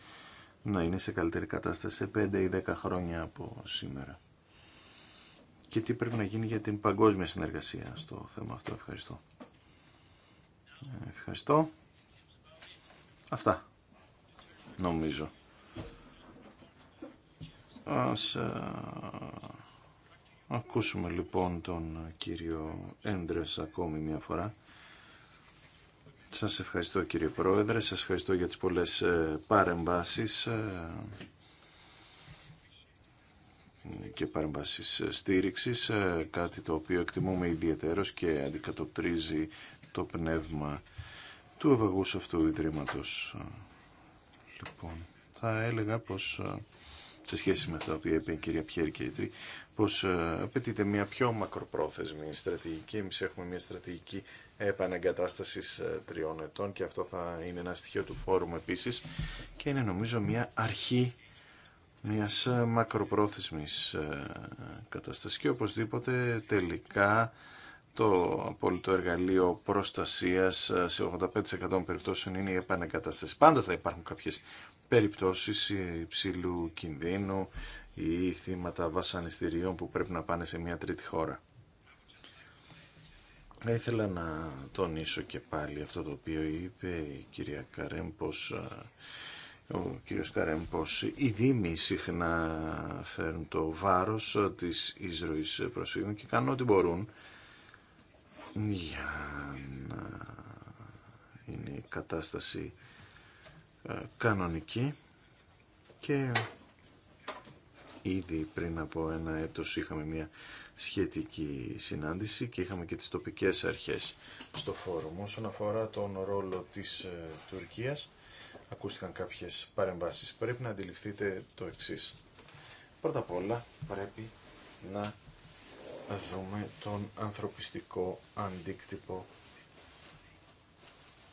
να είναι σε καλύτερη κατάσταση σε 5 ή 10 χρόνια από σήμερα. Και τι πρέπει να γίνει για την παγκόσμια συνεργασία στο θέμα αυτό. Ευχαριστώ. Ευχαριστώ. Αυτά. Νομίζω. Ας ε, ακούσουμε λοιπόν τον κύριο Έντρες ακόμη μια φορά. Σας ευχαριστώ κύριε Πρόεδρε, σας ευχαριστώ για τις πολλές ε, παρεμβάσεις ε, και παρεμβάσεις στήριξης, κάτι το οποίο εκτιμούμε ιδιαίτερος και αντικατοπτρίζει το πνεύμα του ευαγούς αυτού Ιδρύματος. Λοιπόν, θα έλεγα πως σε σχέση με τα που είπε η κυρία Πιέρη Κέιτρη, πως ε, απαιτείται μια πιο μακροπρόθεσμη στρατηγική. Εμεί έχουμε μια στρατηγική επαναγκατάσταση ε, τριών ετών και αυτό θα είναι ένα στοιχείο του φόρουμ επίσης και είναι νομίζω μια αρχή μιας ε, μακροπρόθεσμης κατάσταση. και οπωσδήποτε τελικά το απόλυτο εργαλείο προστασίας σε 85% των περιπτώσεων είναι η επαναγκατάσταση. Πάντα θα υπάρχουν κάποιε περιπτώσεις υψηλού κινδύνου ή θύματα βασανιστήριων που πρέπει να πάνε σε μια τρίτη χώρα. Θα ήθελα να τονίσω και πάλι αυτό το οποίο είπε η κυρία Καρέμπος. ο κύριος Καρέμπος, οι Δήμοι συχνά φέρνουν το βάρος της εισρωής προσφύγων και κάνουν ό,τι μπορούν για να είναι η κατάσταση ε, κανονική και ήδη πριν από ένα έτος είχαμε μια σχετική συνάντηση και είχαμε και τις τοπικές αρχές στο φόρουμ. Όσον αφορά τον ρόλο της ε, Τουρκίας, ακούστηκαν κάποιες παρεμβάσεις. Πρέπει να αντιληφθείτε το εξής. Πρώτα απ' όλα πρέπει να δούμε τον ανθρωπιστικό αντίκτυπο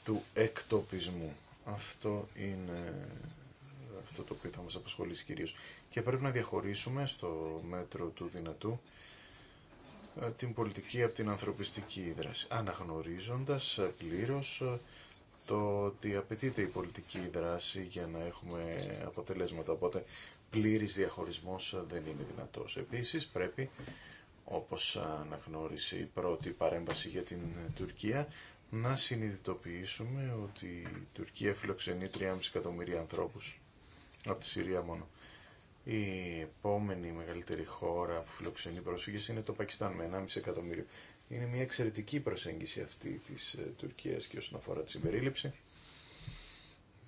του εκτοπισμού αυτό είναι αυτό το οποίο θα μας απασχολήσει κυρίως. Και πρέπει να διαχωρίσουμε στο μέτρο του δυνατού ε, την πολιτική από την ανθρωπιστική δράση, αναγνωρίζοντας πλήρως ε, το ότι απαιτείται η πολιτική δράση για να έχουμε αποτελέσματα, οπότε πλήρης διαχωρισμός δεν είναι δυνατός. Επίσης πρέπει, όπως αναγνώρισε η πρώτη παρέμβαση για την Τουρκία, να συνειδητοποιήσουμε ότι η Τουρκία φιλοξενεί 3,5 εκατομμύρια ανθρώπους από τη Συρία μόνο. Η επόμενη μεγαλύτερη χώρα που φιλοξενεί πρόσφυγες είναι το Πακιστάν με 1,5 εκατομμύριο. Είναι μια εξαιρετική προσέγγιση αυτή της ε, Τουρκίας και όσον αφορά τη συμπερίληψη.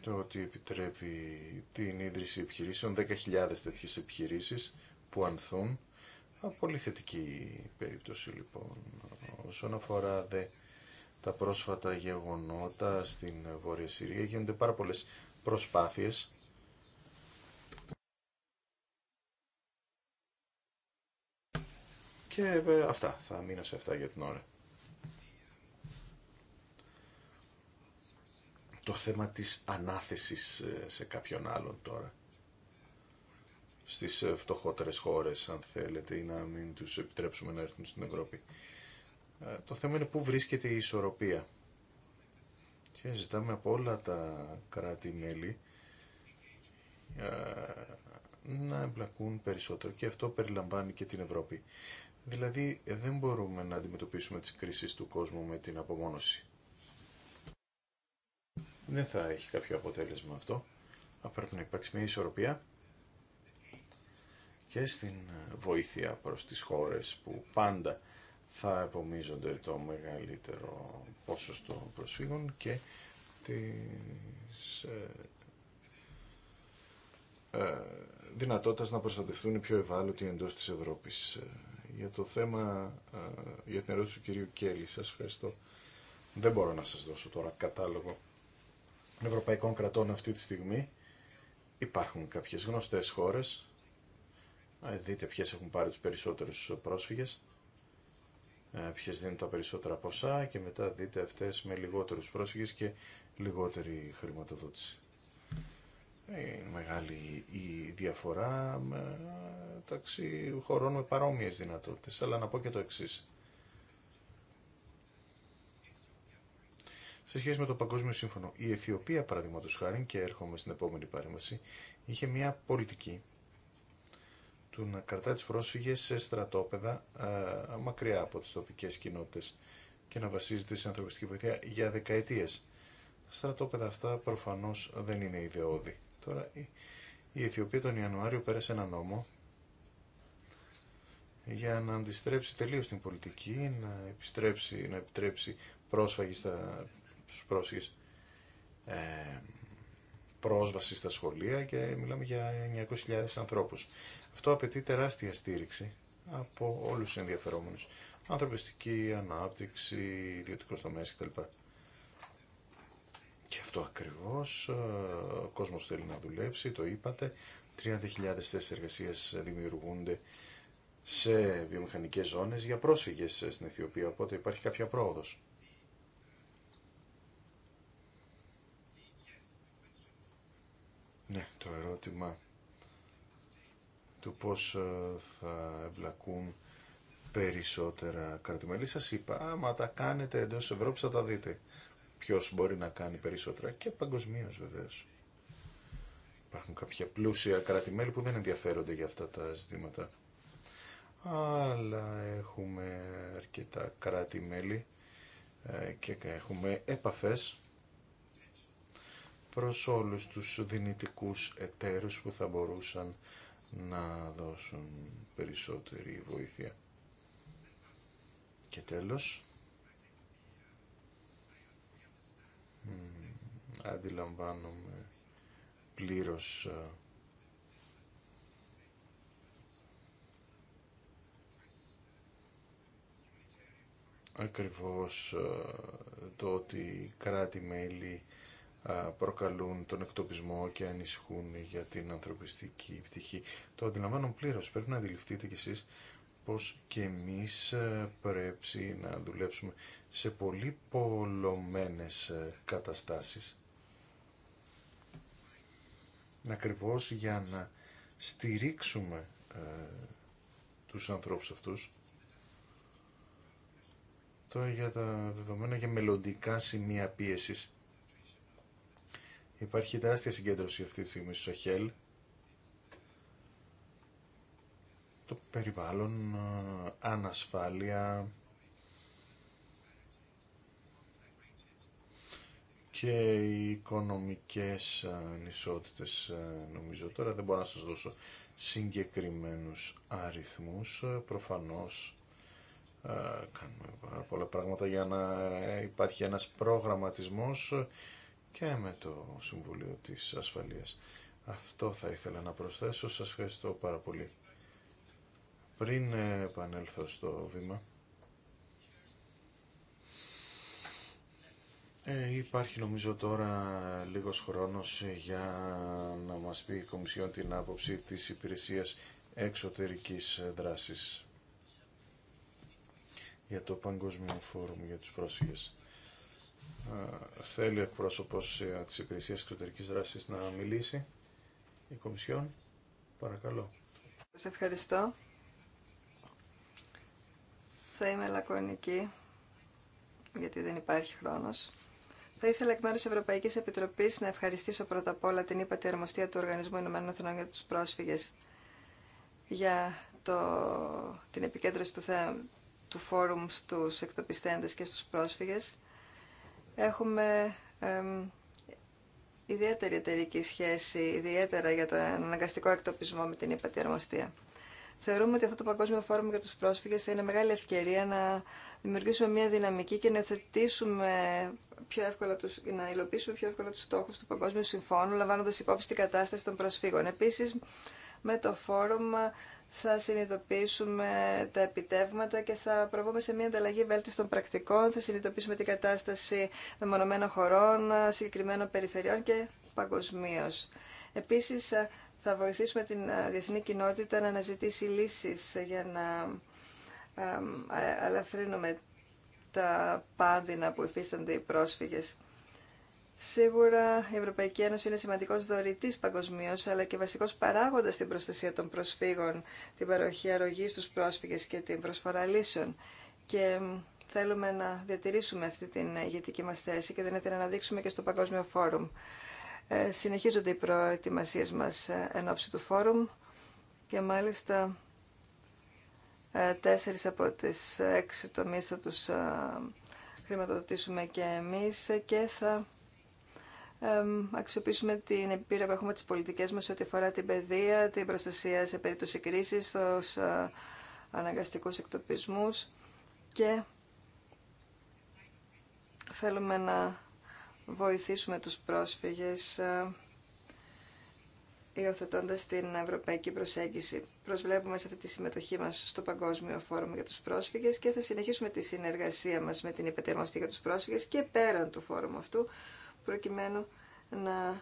Το ότι επιτρέπει την ίδρυση επιχειρήσεων, 10.000 τέτοιες επιχειρήσεις που ανθούν. Πολύ θετική περίπτωση λοιπόν. Όσον αφορά δε τα πρόσφατα γεγονότα στην Βόρεια Συρία. Γίνονται πάρα πολλές προσπάθειες και ε, αυτά, θα μείνω σε αυτά για την ώρα. Το θέμα της ανάθεσης ε, σε κάποιον άλλον τώρα στις ε, φτωχότερες χώρες αν θέλετε ή να μην τους επιτρέψουμε να έρθουν στην Ευρώπη. Ε, το θέμα είναι πού βρίσκεται η ισορροπία. Και ζητάμε από όλα τα κράτη-μέλη ε, να εμπλακούν περισσότερο και αυτό περιλαμβάνει και την Ευρώπη. Δηλαδή δεν μπορούμε να αντιμετωπίσουμε τις κρίσεις του κόσμου με την απομόνωση. Δεν θα έχει κάποιο αποτέλεσμα αυτό. Θα πρέπει να υπάρξει μια ισορροπία και στην βοήθεια προς τις χώρες που πάντα θα επομίζονται το μεγαλύτερο στο προσφύγων και τη ε, ε δυνατότητας να προστατευτούν οι πιο ευάλωτοι εντός της Ευρώπης. Ε, για το θέμα, ε, για την ερώτηση του κυρίου Κέλλη, σας ευχαριστώ. Δεν μπορώ να σας δώσω τώρα κατάλογο ευρωπαϊκών κρατών αυτή τη στιγμή. Υπάρχουν κάποιες γνωστές χώρες, δείτε ποιες έχουν πάρει τους περισσότερους πρόσφυγες ε, Ποιε δίνουν τα περισσότερα ποσά και μετά δείτε αυτές με λιγότερους πρόσφυγε και λιγότερη χρηματοδότηση. Ε, είναι μεγάλη η διαφορά μεταξύ χωρών με παρόμοιε δυνατότητε. αλλά να πω και το εξή. σε σχέση με το Παγκόσμιο Σύμφωνο. Η Αιθιοπία, παραδείγματο χάρη, και έρχομαι στην επόμενη παρέμβαση, είχε μια πολιτική του να κρατά τους πρόσφυγες σε στρατόπεδα ε, μακριά από τις τοπικές κοινότητες και να βασίζεται σε ανθρωπιστική βοήθεια για δεκαετίες. Τα στρατόπεδα αυτά προφανώς δεν είναι ιδεώδη. Τώρα η Αιθιοπία τον Ιανουάριο πέρασε ένα νόμο για να αντιστρέψει τελείως την πολιτική, να, επιστρέψει, να επιτρέψει πρόσφαγη στα, στους ε, πρόσβαση στα σχολεία και μιλάμε για 900.000 ανθρώπους. Αυτό απαιτεί τεράστια στήριξη από όλους τους ενδιαφερόμενους. Ανθρωπιστική ανάπτυξη, ιδιωτικό τομέα κτλ. Και αυτό ακριβώς ε, ο κόσμος θέλει να δουλέψει, το είπατε. 30.000 θέσεις εργασίας δημιουργούνται σε βιομηχανικές ζώνες για πρόσφυγες στην Αιθιοπία, οπότε υπάρχει κάποια πρόοδος. Ναι, το ερώτημα του πώς ε, θα εμπλακούν περισσότερα κρατημέλη. Σας είπα, άμα τα κάνετε εντός Ευρώπης θα τα δείτε. Ποιος μπορεί να κάνει περισσότερα και παγκοσμίω βεβαίω. Υπάρχουν κάποια πλούσια κρατημέλη που δεν ενδιαφέρονται για αυτά τα ζητήματα. Αλλά έχουμε αρκετά κράτη-μέλη ε, και έχουμε επαφές προς όλους τους δυνητικούς εταίρους που θα μπορούσαν να δώσουν περισσότερη βοήθεια. Και τέλος, αντιλαμβάνομαι πλήρως ε, ακριβώς ε, το ότι κράτη-μέλη προκαλούν τον εκτοπισμό και ανησυχούν για την ανθρωπιστική πτυχή. Το αντιλαμβάνω πλήρω. Πρέπει να αντιληφθείτε κι εσεί πω και εμεί πρέπει να δουλέψουμε σε πολύ πολλωμένε καταστάσει. Ακριβώ για να στηρίξουμε τους ανθρώπους αυτούς τώρα για τα δεδομένα για μελλοντικά σημεία πίεσης Υπάρχει τεράστια συγκέντρωση αυτή τη στιγμή στο Σαχέλ. Το περιβάλλον, ε, ανασφάλεια και οι οικονομικές ε, ανισότητες ε, νομίζω τώρα δεν μπορώ να σας δώσω συγκεκριμένους αριθμούς προφανώς κάνουμε πάρα πολλά πράγματα για να υπάρχει ένας προγραμματισμός και με το Συμβουλίο της Ασφαλείας. Αυτό θα ήθελα να προσθέσω. Σας ευχαριστώ πάρα πολύ. Πριν επανέλθω στο βήμα, ε, υπάρχει νομίζω τώρα λίγος χρόνος για να μας πει η Κομισιόν την άποψη της υπηρεσίας εξωτερικής δράσης για το Παγκόσμιο Φόρουμ για τους πρόσφυγες. Ε, θέλει ο εκπρόσωπος ε, της Υπηρεσίας Εξωτερικής Δράσης να μιλήσει. Η Κομισιόν, παρακαλώ. Σας ευχαριστώ. Θα είμαι λακωνική, γιατί δεν υπάρχει χρόνος. Θα ήθελα εκ μέρου τη Ευρωπαϊκή Επιτροπή να ευχαριστήσω πρώτα απ' όλα την ύπατη αρμοστία του Οργανισμού Ηνωμένων Εθνών για του Πρόσφυγε για το, την επικέντρωση του, του φόρουμ στους εκτοπιστέντες και στους πρόσφυγες Έχουμε ιδιαίτερη εταιρική σχέση, ιδιαίτερα για τον αναγκαστικό εκτοπισμό με την υπατιαρμοστία. Θεωρούμε ότι αυτό το Παγκόσμιο Φόρουμ για τους πρόσφυγες θα είναι μεγάλη ευκαιρία να δημιουργήσουμε μια δυναμική και να θετήσουμε πιο εύκολα τους, να υλοποιήσουμε πιο εύκολα τους στόχους του Παγκόσμιου Συμφώνου, λαμβάνοντας υπόψη την κατάσταση των προσφύγων. Επίσης, με το φόρουμ θα συνειδητοποιήσουμε τα επιτεύγματα και θα προβούμε σε μια ανταλλαγή βέλτιστων πρακτικών, θα συνειδητοποιήσουμε την κατάσταση μεμονωμένων χωρών, συγκεκριμένων περιφερειών και παγκοσμίω. Επίσης, θα βοηθήσουμε την ε, διεθνή κοινότητα να αναζητήσει λύσεις για να αλαφρύνουμε ε, ε, τα πάνδυνα που υφίστανται οι πρόσφυγες. Σίγουρα η Ευρωπαϊκή Ένωση είναι σημαντικό δωρητή παγκοσμίω, αλλά και βασικός παράγοντα στην προστασία των προσφύγων, την παροχή αρρωγή στους πρόσφυγε και την προσφορά λύσεων. Και θέλουμε να διατηρήσουμε αυτή την ηγετική μα θέση και να την αναδείξουμε και στο Παγκόσμιο Φόρουμ. Ε, συνεχίζονται οι προετοιμασίε μα ε, εν ώψη του Φόρουμ και μάλιστα ε, τέσσερις από τις έξι τομείς θα τους ε, χρηματοδοτήσουμε και εμείς και θα αξιοποιήσουμε την εμπειρία που έχουμε τις πολιτικές μας ό,τι αφορά την παιδεία, την προστασία σε περίπτωση κρίσης, στους ε, αναγκαστικούς εκτοπισμούς και θέλουμε να βοηθήσουμε τους πρόσφυγες ε, υιοθετώντα την ευρωπαϊκή προσέγγιση. Προσβλέπουμε σε αυτή τη συμμετοχή μα στο Παγκόσμιο Φόρουμ για του Πρόσφυγε και θα συνεχίσουμε τη συνεργασία μα με την Υπετερμοστή για του Πρόσφυγε και πέραν του φόρουμ αυτού, προκειμένου να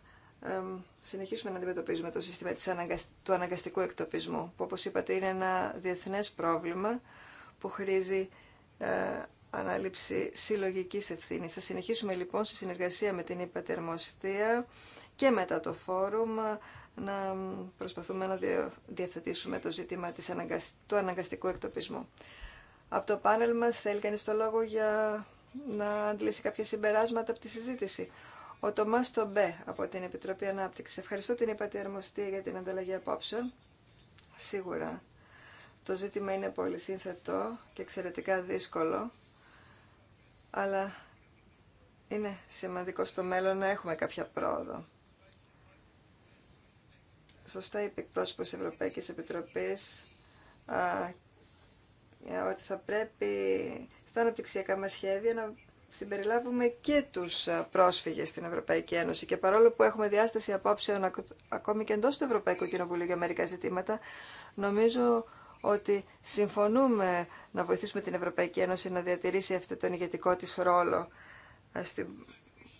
συνεχίσουμε να αντιμετωπίζουμε το σύστημα της του αναγκαστικού εκτοπισμού, που όπως είπατε είναι ένα διεθνές πρόβλημα που χρήζει ε, ανάληψη συλλογικής ευθύνης. Θα συνεχίσουμε λοιπόν στη συνεργασία με την υπατερμοστία και μετά το φόρουμ να προσπαθούμε να διαθετήσουμε το ζήτημα του αναγκαστικού εκτοπισμού. Από το πάνελ μας θέλει κανείς το λόγο για να αντλήσει κάποια συμπεράσματα από τη συζήτηση ο Τωμά Τομπέ από την Επιτροπή Ανάπτυξη. Ευχαριστώ την Υπατιαρμοστή για την ανταλλαγή απόψεων. Σίγουρα το ζήτημα είναι πολύ σύνθετο και εξαιρετικά δύσκολο, αλλά είναι σημαντικό στο μέλλον να έχουμε κάποια πρόοδο. Σωστά είπε εκπρόσωπο τη Ευρωπαϊκή Επιτροπή ε, ότι θα πρέπει στα αναπτυξιακά μα σχέδια να συμπεριλάβουμε και τους ε, πρόσφυγες στην Ευρωπαϊκή Ένωση και παρόλο που έχουμε διάσταση απόψεων ακόμη και εντός του Ευρωπαϊκού Κοινοβουλίου για μερικά ζητήματα, νομίζω ότι συμφωνούμε να βοηθήσουμε την Ευρωπαϊκή Ένωση να διατηρήσει αυτό τον ηγετικό της ρόλο ε, στην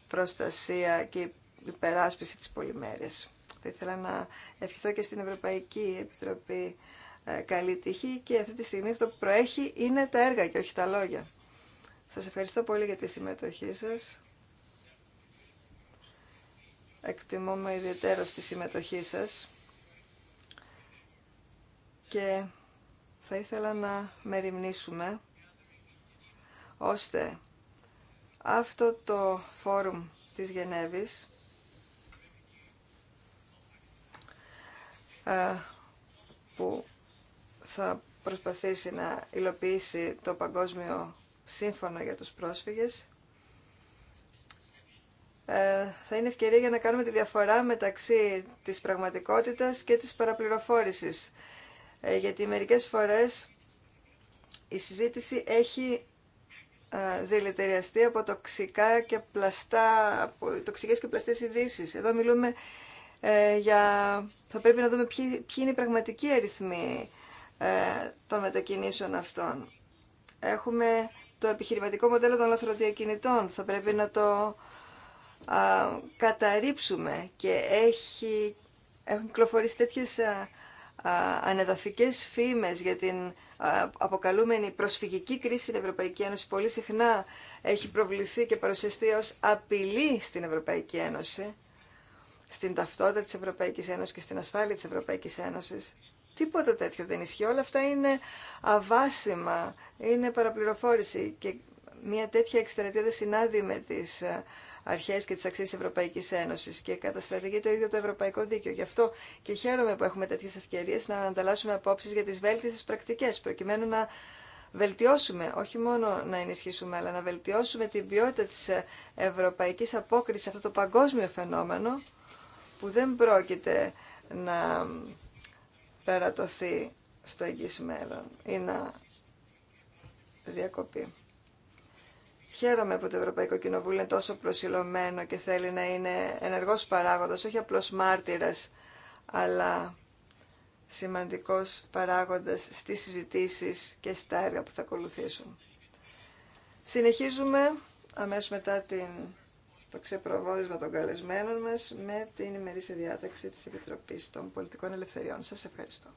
προστασία και υπεράσπιση της πολυμέρειας. Θα ήθελα να ευχηθώ και στην Ευρωπαϊκή Επιτροπή ε, καλή τυχή και αυτή τη στιγμή αυτό που προέχει είναι τα έργα και όχι τα λόγια. Σας ευχαριστώ πολύ για τη συμμετοχή σας. με ιδιαίτερο τη συμμετοχή σας και θα ήθελα να μεριμνήσουμε ώστε αυτό το φόρουμ της Γενέβης ε, που θα προσπαθήσει να υλοποιήσει το παγκόσμιο σύμφωνα για τους πρόσφυγες ε, θα είναι ευκαιρία για να κάνουμε τη διαφορά μεταξύ της πραγματικότητας και της παραπληροφόρησης. Ε, γιατί μερικές φορές η συζήτηση έχει ε, δηλητηριαστεί από τοξικά και πλαστά, τοξικές και πλαστές ειδήσει. Εδώ μιλούμε για... θα πρέπει να δούμε ποιοι, ποιοι είναι οι πραγματικοί αριθμοί των μετακινήσεων αυτών. Έχουμε το επιχειρηματικό μοντέλο των λαθροδιακινητών. Θα πρέπει να το α, καταρρύψουμε και έχει, έχουν κυκλοφορήσει τέτοιες α, ανεδαφικές φήμες για την αποκαλούμενη προσφυγική κρίση στην Ευρωπαϊκή Ένωση. Πολύ συχνά έχει προβληθεί και παρουσιαστεί ως απειλή στην Ευρωπαϊκή Ένωση, στην ταυτότητα της Ευρωπαϊκής Ένωσης και στην ασφάλεια της Ευρωπαϊκής Ένωσης. Τίποτα τέτοιο δεν ισχύει. Όλα αυτά είναι αβάσιμα, είναι παραπληροφόρηση και μια τέτοια εξτρατεία δεν συνάδει με τις ε, αρχέ και τις αξίε Ευρωπαϊκή Ευρωπαϊκής Ένωσης και καταστρατηγεί το ίδιο το Ευρωπαϊκό Δίκαιο. Γι' αυτό και χαίρομαι που έχουμε τέτοιε ευκαιρίε να ανταλλάσσουμε απόψει για τις βέλτιστες πρακτικέ, προκειμένου να βελτιώσουμε, όχι μόνο να ενισχύσουμε, αλλά να βελτιώσουμε την ποιότητα τη ε, Ευρωπαϊκή απόκριση σε αυτό το παγκόσμιο φαινόμενο που δεν πρόκειται να περατωθεί στο εγγύς μέλλον ή να διακοπεί. Χαίρομαι που το Ευρωπαϊκό Κοινοβούλιο είναι τόσο προσιλωμένο και θέλει να είναι ενεργός παράγοντας, όχι απλώς μάρτυρας, αλλά σημαντικός παράγοντας στις συζητήσεις και στα έργα που θα ακολουθήσουν. Συνεχίζουμε αμέσως μετά την το ξεπροβόδισμα των καλεσμένων μας με την ημερήσια διάταξη της Επιτροπής των Πολιτικών Ελευθεριών. Σας ευχαριστώ.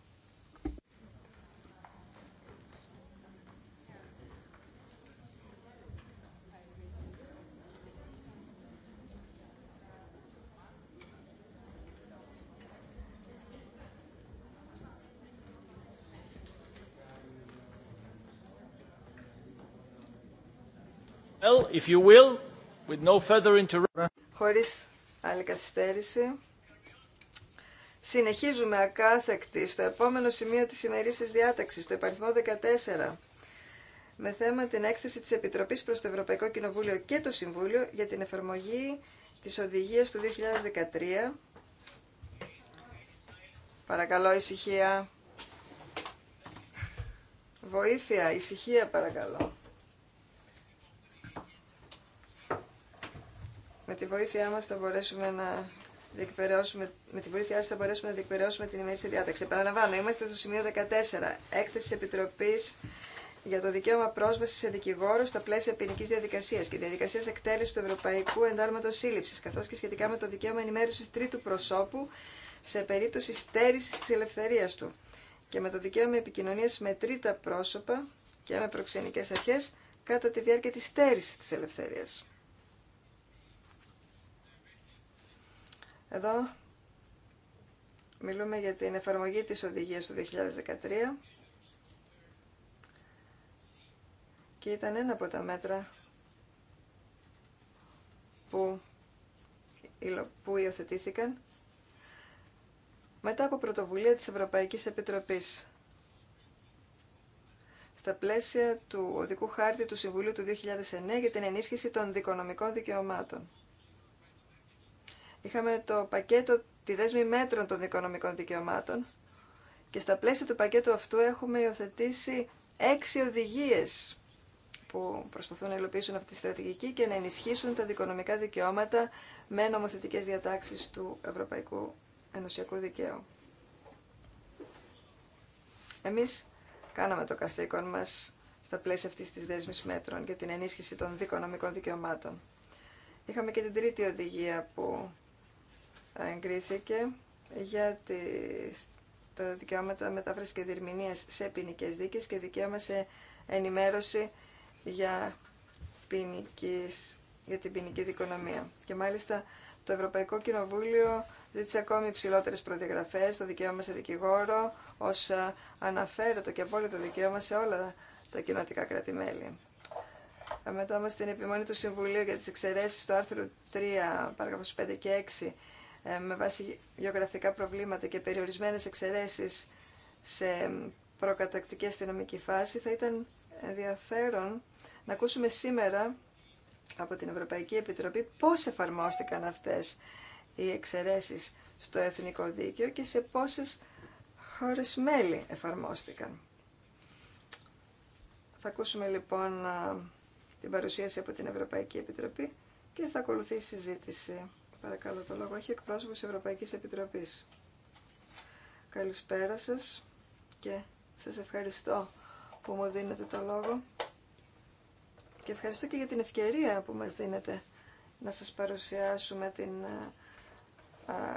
If you will. Χωρίς άλλη καθυστέρηση. Συνεχίζουμε ακάθεκτη στο επόμενο σημείο της ημερήσης διάταξης, το υπαριθμό 14, με θέμα την έκθεση της Επιτροπής προς το Ευρωπαϊκό Κοινοβούλιο και το Συμβούλιο για την εφαρμογή της οδηγίας του 2013. Παρακαλώ ησυχία. Βοήθεια, ησυχία παρακαλώ. βοήθειά μας θα μπορέσουμε να διεκπαιρεώσουμε, με τη βοήθειά σας θα μπορέσουμε να διεκπαιρεώσουμε την ημερήσια διάταξη. Επαναλαμβάνω, είμαστε στο σημείο 14, έκθεση Επιτροπής για το δικαίωμα πρόσβαση σε δικηγόρο στα πλαίσια ποινική διαδικασία και διαδικασία εκτέλεση του Ευρωπαϊκού Εντάλματο Σύλληψη, καθώ και σχετικά με το δικαίωμα ενημέρωση τρίτου προσώπου σε περίπτωση στέρηση τη ελευθερία του και με το δικαίωμα επικοινωνία με τρίτα πρόσωπα και με προξενικέ αρχέ κατά τη διάρκεια τη στέρηση τη ελευθερία. Εδώ μιλούμε για την εφαρμογή της οδηγίας του 2013 και ήταν ένα από τα μέτρα που, που υιοθετήθηκαν μετά από πρωτοβουλία της Ευρωπαϊκής Επιτροπής στα πλαίσια του Οδικού Χάρτη του Συμβουλίου του 2009 για την ενίσχυση των δικονομικών δικαιωμάτων. Είχαμε το πακέτο, τη δέσμη μέτρων των δικονομικών δικαιωμάτων και στα πλαίσια του πακέτου αυτού έχουμε υιοθετήσει έξι οδηγίες που προσπαθούν να υλοποιήσουν αυτή τη στρατηγική και να ενισχύσουν τα δικονομικά δικαιώματα με νομοθετικές διατάξεις του Ευρωπαϊκού Ενωσιακού Δικαίου. Εμείς κάναμε το καθήκον μας στα πλαίσια αυτής της δέσμης μέτρων για την ενίσχυση των δικονομικών δικαιωμάτων. Είχαμε και την τρίτη οδηγία που εγκρίθηκε για τα δικαιώματα μετάφραση και διερμηνίας σε ποινικέ δίκες και δικαίωμα σε ενημέρωση για, ποινικής, για την ποινική δικονομία. Και μάλιστα το Ευρωπαϊκό Κοινοβούλιο ζήτησε ακόμη υψηλότερε προδιαγραφέ, το δικαίωμα σε δικηγόρο, ω αναφέρετο και απόλυτο δικαίωμα σε όλα τα κοινοτικά κράτη-μέλη. Μετά μας την επιμόνη του Συμβουλίου για τις εξαιρέσεις του άρθρου 3, παράγραφος 5 και 6 ε, με βάση γεωγραφικά προβλήματα και περιορισμένες εξαιρέσεις σε προκατακτική αστυνομική φάση, θα ήταν ενδιαφέρον να ακούσουμε σήμερα από την Ευρωπαϊκή Επιτροπή πώς εφαρμόστηκαν αυτές οι εξαιρέσεις στο εθνικό δίκαιο και σε πόσες χώρες μέλη εφαρμόστηκαν. Θα ακούσουμε λοιπόν ε, την παρουσίαση από την Ευρωπαϊκή Επιτροπή και θα ακολουθήσει η συζήτηση. Παρακαλώ, το λόγο έχει εκπρόσωπο τη Ευρωπαϊκή Επιτροπή. Καλησπέρα σα και σα ευχαριστώ που μου δίνετε το λόγο και ευχαριστώ και για την ευκαιρία που μας δίνετε να σας παρουσιάσουμε την ε,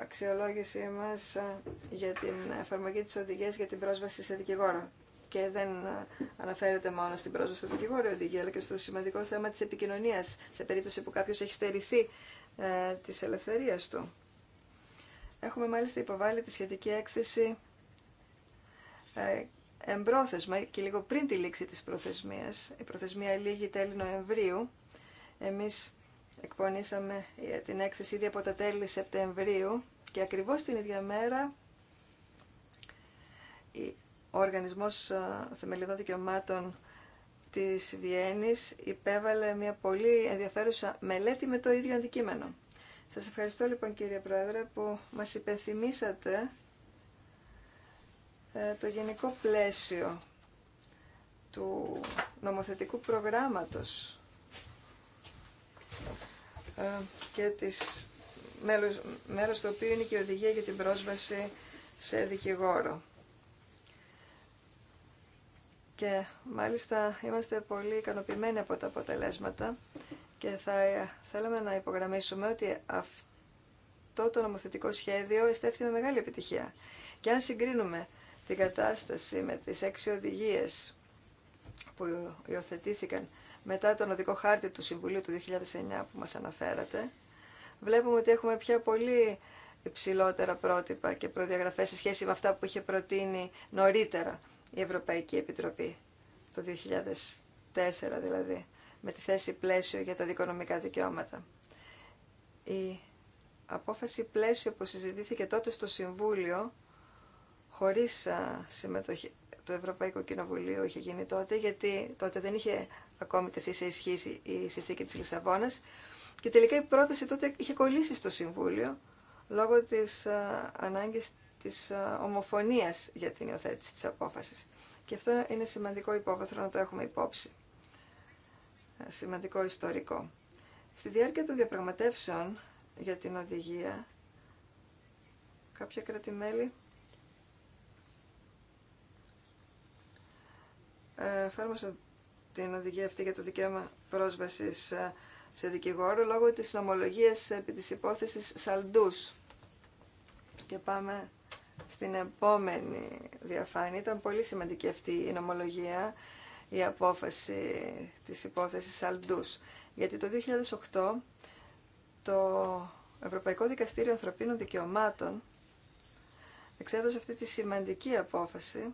αξιολόγησή μας ε, για την εφαρμογή της οδηγίας για την πρόσβαση σε δικηγόρο. Και δεν ε, αναφέρεται μόνο στην πρόσβαση στο δικηγόρο οδηγία, αλλά και στο σημαντικό θέμα της επικοινωνίας, σε περίπτωση που κάποιος έχει στερηθεί ε, της ελευθερίας του. Έχουμε μάλιστα υποβάλει τη σχετική έκθεση ε, εμπρόθεσμα και λίγο πριν τη λήξη της προθεσμίας. Η προθεσμία λήγει τέλη Νοεμβρίου. Εμείς εκπονήσαμε ε, την έκθεση ήδη από τα τέλη Σεπτεμβρίου και ακριβώς την ίδια μέρα ο Οργανισμός ε, Θεμελιδών Δικαιωμάτων της Βιέννης υπέβαλε μια πολύ ενδιαφέρουσα μελέτη με το ίδιο αντικείμενο. Σας ευχαριστώ λοιπόν κύριε Πρόεδρε που μας υπενθυμίσατε ε, το γενικό πλαίσιο του νομοθετικού προγράμματος ε, και της μέρος, μέρος το οποίο είναι και η οδηγία για την πρόσβαση σε δικηγόρο και μάλιστα είμαστε πολύ ικανοποιημένοι από τα αποτελέσματα και θα ε, θέλαμε να υπογραμμίσουμε ότι αυτό το νομοθετικό σχέδιο εστέφθη με μεγάλη επιτυχία. Και αν συγκρίνουμε την κατάσταση με τις έξι οδηγίες που υιοθετήθηκαν μετά τον οδικό χάρτη του Συμβουλίου του 2009 που μας αναφέρατε, βλέπουμε ότι έχουμε πια πολύ υψηλότερα πρότυπα και προδιαγραφές σε σχέση με αυτά που είχε προτείνει νωρίτερα η Ευρωπαϊκή Επιτροπή το 2004 δηλαδή με τη θέση πλαίσιο για τα δικονομικά δικαιώματα. Η απόφαση πλαίσιο που συζητήθηκε τότε στο Συμβούλιο χωρίς συμμετοχή το ευρωπαϊκό κοινοβούλιο, είχε γίνει τότε γιατί τότε δεν είχε ακόμη τεθεί σε ισχύ η συνθήκη της Λισαβόνας και τελικά η πρόταση τότε είχε κολλήσει στο Συμβούλιο λόγω της ανάγκης της ε, ομοφωνίας για την υιοθέτηση της απόφασης. Και αυτό είναι σημαντικό υπόβαθρο να το έχουμε υπόψη. Ε, σημαντικό ιστορικό. Στη διάρκεια των διαπραγματεύσεων για την οδηγία, κάποια κρατημέλη ε, εφάρμοσαν την οδηγία αυτή για το δικαίωμα πρόσβασης σε δικηγόρο λόγω της νομολογίας επί της υπόθεσης Σαλντούς. Και πάμε στην επόμενη διαφάνεια. Ήταν πολύ σημαντική αυτή η νομολογία, η απόφαση της υπόθεσης Αλντούς. Γιατί το 2008 το Ευρωπαϊκό Δικαστήριο Ανθρωπίνων Δικαιωμάτων εξέδωσε αυτή τη σημαντική απόφαση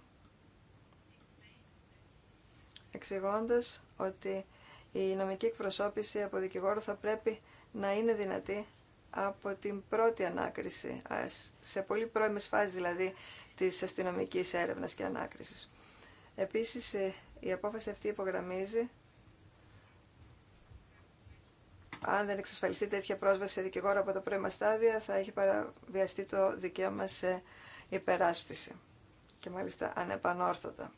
εξηγώντας ότι η νομική εκπροσώπηση από δικηγόρο θα πρέπει να είναι δυνατή από την πρώτη ανάκριση, σε πολύ πρώιμες φάσεις δηλαδή της αστυνομικής έρευνας και ανάκρισης. Επίσης, ε, η απόφαση αυτή υπογραμμίζει αν δεν εξασφαλιστεί τέτοια πρόσβαση σε δικηγόρο από τα πρώιμα στάδια, θα έχει παραβιαστεί το δικαίωμα σε υπεράσπιση και μάλιστα ανεπανόρθωτα.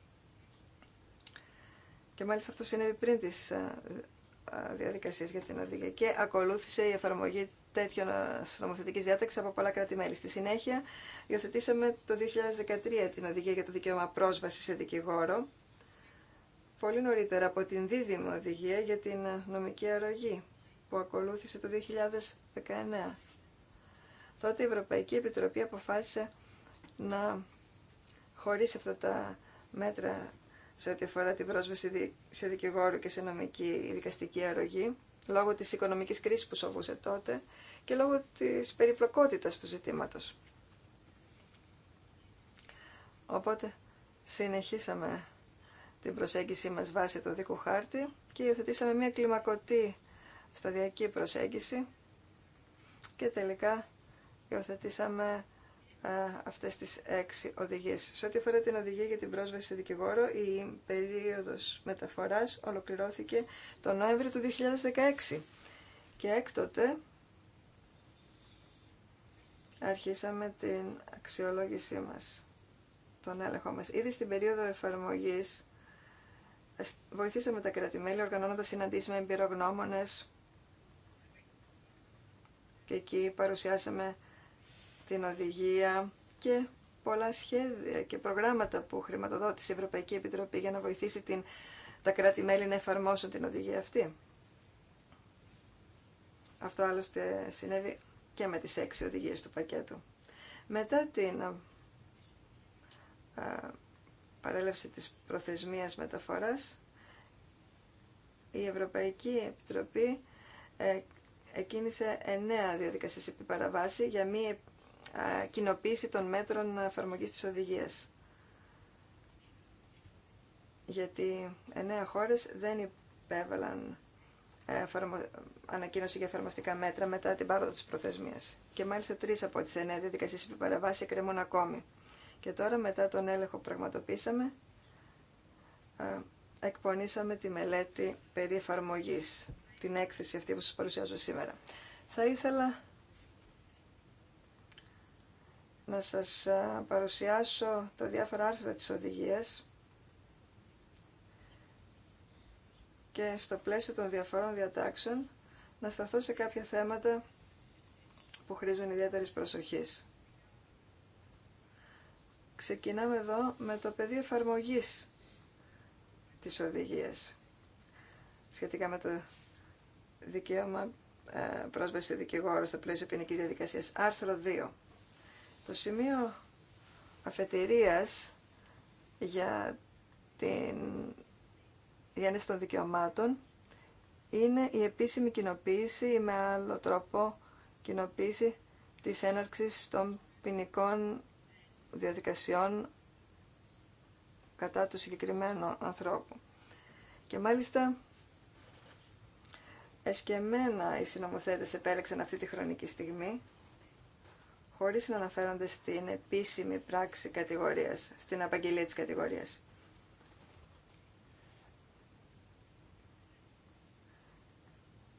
Και μάλιστα αυτό συνέβη πριν τις ε, ε, διαδικασίες για την οδηγία και ακολούθησε η εφαρμογή τέτοιων ε, νομοθετικής διάταξη από πολλά κράτη-μέλη. Στη συνέχεια, υιοθετήσαμε το 2013 την οδηγία για το δικαίωμα πρόσβαση σε δικηγόρο, πολύ νωρίτερα από την δίδυμη οδηγία για την ε, νομική αρρωγή, που ακολούθησε το 2019. Τότε η Ευρωπαϊκή Επιτροπή αποφάσισε να χωρίσει αυτά τα μέτρα σε ό,τι αφορά την πρόσβαση σε δικηγόρο και σε νομική δικαστική αρρωγή, λόγω της οικονομικής κρίσης που σοβούσε τότε και λόγω της περιπλοκότητας του ζητήματος. Οπότε συνεχίσαμε την προσέγγιση μας βάσει το δίκου χάρτη και υιοθετήσαμε μια κλιμακωτή σταδιακή προσέγγιση και τελικά υιοθετήσαμε αυτές τις έξι οδηγίες. Σε ό,τι αφορά την οδηγία για την πρόσβαση σε δικηγόρο, η περίοδος μεταφοράς ολοκληρώθηκε τον Νοέμβριο του 2016 και έκτοτε αρχίσαμε την αξιολόγησή μας, τον έλεγχο μας. Ήδη στην περίοδο εφαρμογής βοηθήσαμε τα κρατημέλη οργανώνοντας συναντήσεις με εμπειρογνώμονες και εκεί παρουσιάσαμε την οδηγία και πολλά σχέδια και προγράμματα που χρηματοδότησε η Ευρωπαϊκή Επιτροπή για να βοηθήσει την, τα κράτη-μέλη να εφαρμόσουν την οδηγία αυτή. Αυτό άλλωστε συνέβη και με τις έξι οδηγίες του πακέτου. Μετά την α, παρέλευση της προθεσμίας μεταφοράς, η Ευρωπαϊκή Επιτροπή ε, εκκίνησε εννέα διαδικασίες επί για μη κοινοποίηση των μέτρων εφαρμογής της οδηγίας. Γιατί εννέα χώρες δεν υπέβαλαν ε, ανακοίνωση για εφαρμοστικά μέτρα μετά την πάροδο της προθεσμίας. Και μάλιστα τρεις από τις εννέα διαδικασίες που εκκρεμούν ακόμη. Και τώρα μετά τον έλεγχο που πραγματοποίησαμε, ε, εκπονήσαμε τη μελέτη περί εφαρμογής, την έκθεση αυτή που σας παρουσιάζω σήμερα. Θα ήθελα να σας παρουσιάσω τα διάφορα άρθρα της οδηγίας και στο πλαίσιο των διαφορών διατάξεων να σταθώ σε κάποια θέματα που χρήζουν ιδιαίτερης προσοχής. Ξεκινάμε εδώ με το πεδίο εφαρμογής της οδηγίας σχετικά με το δικαίωμα ε, πρόσβαση δικηγόρο στο πλαίσιο ποινική διαδικασία. Άρθρο 2. Το σημείο αφετηρίας για την γέννηση των δικαιωμάτων είναι η επίσημη κοινοποίηση ή με άλλο τρόπο κοινοποίηση της έναρξης των ποινικών διαδικασιών κατά του συγκεκριμένου ανθρώπου. Και μάλιστα εσκεμένα οι συνομοθέτες επέλεξαν αυτή τη χρονική στιγμή χωρίς να αναφέρονται στην επίσημη πράξη κατηγορίας, στην απαγγελία της κατηγορίας.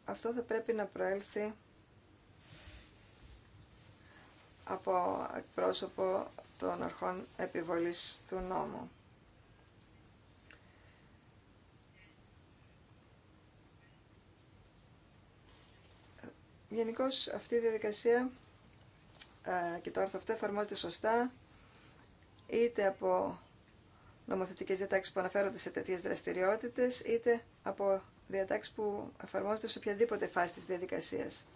Αυτό θα πρέπει να προέλθει από πρόσωπο των αρχών επιβολής του νόμου. Γενικώ αυτή η διαδικασία ε, και το άρθρο αυτό εφαρμόζεται σωστά είτε από νομοθετικές διατάξεις που αναφέρονται σε τέτοιες δραστηριότητες είτε από διατάξεις που εφαρμόζονται σε οποιαδήποτε φάση της διαδικασίας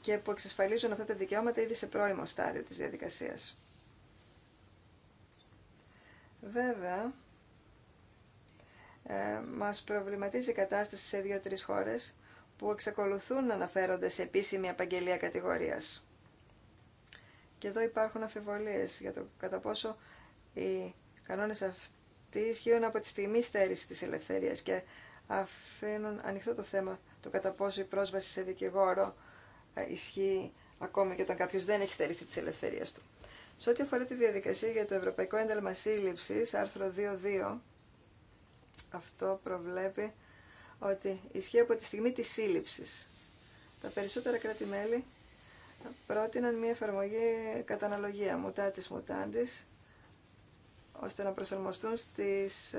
και που εξασφαλίζουν αυτά τα δικαιώματα ήδη σε πρώιμο στάδιο της διαδικασίας. Βέβαια, ε, μας προβληματίζει η κατάσταση σε δύο-τρεις χώρες που εξακολουθούν να αναφέρονται σε επίσημη απαγγελία κατηγορίας. Και εδώ υπάρχουν αφιβολίες για το κατά πόσο οι κανόνες αυτοί ισχύουν από τη στιγμή στέρηση της ελευθερίας και αφήνουν ανοιχτό το θέμα το κατά πόσο η πρόσβαση σε δικηγόρο ε, ισχύει ακόμη και όταν κάποιος δεν έχει στερηθεί της ελευθερίας του. Σε ό,τι αφορά τη διαδικασία για το Ευρωπαϊκό Ένταλμα Σύλληψη, άρθρο 2.2, αυτό προβλέπει ότι ισχύει από τη στιγμή της σύλληψης. Τα περισσότερα κράτη-μέλη πρότειναν μια εφαρμογή κατά αναλογία, μουτά της μουτάντης, ώστε να προσαρμοστούν στις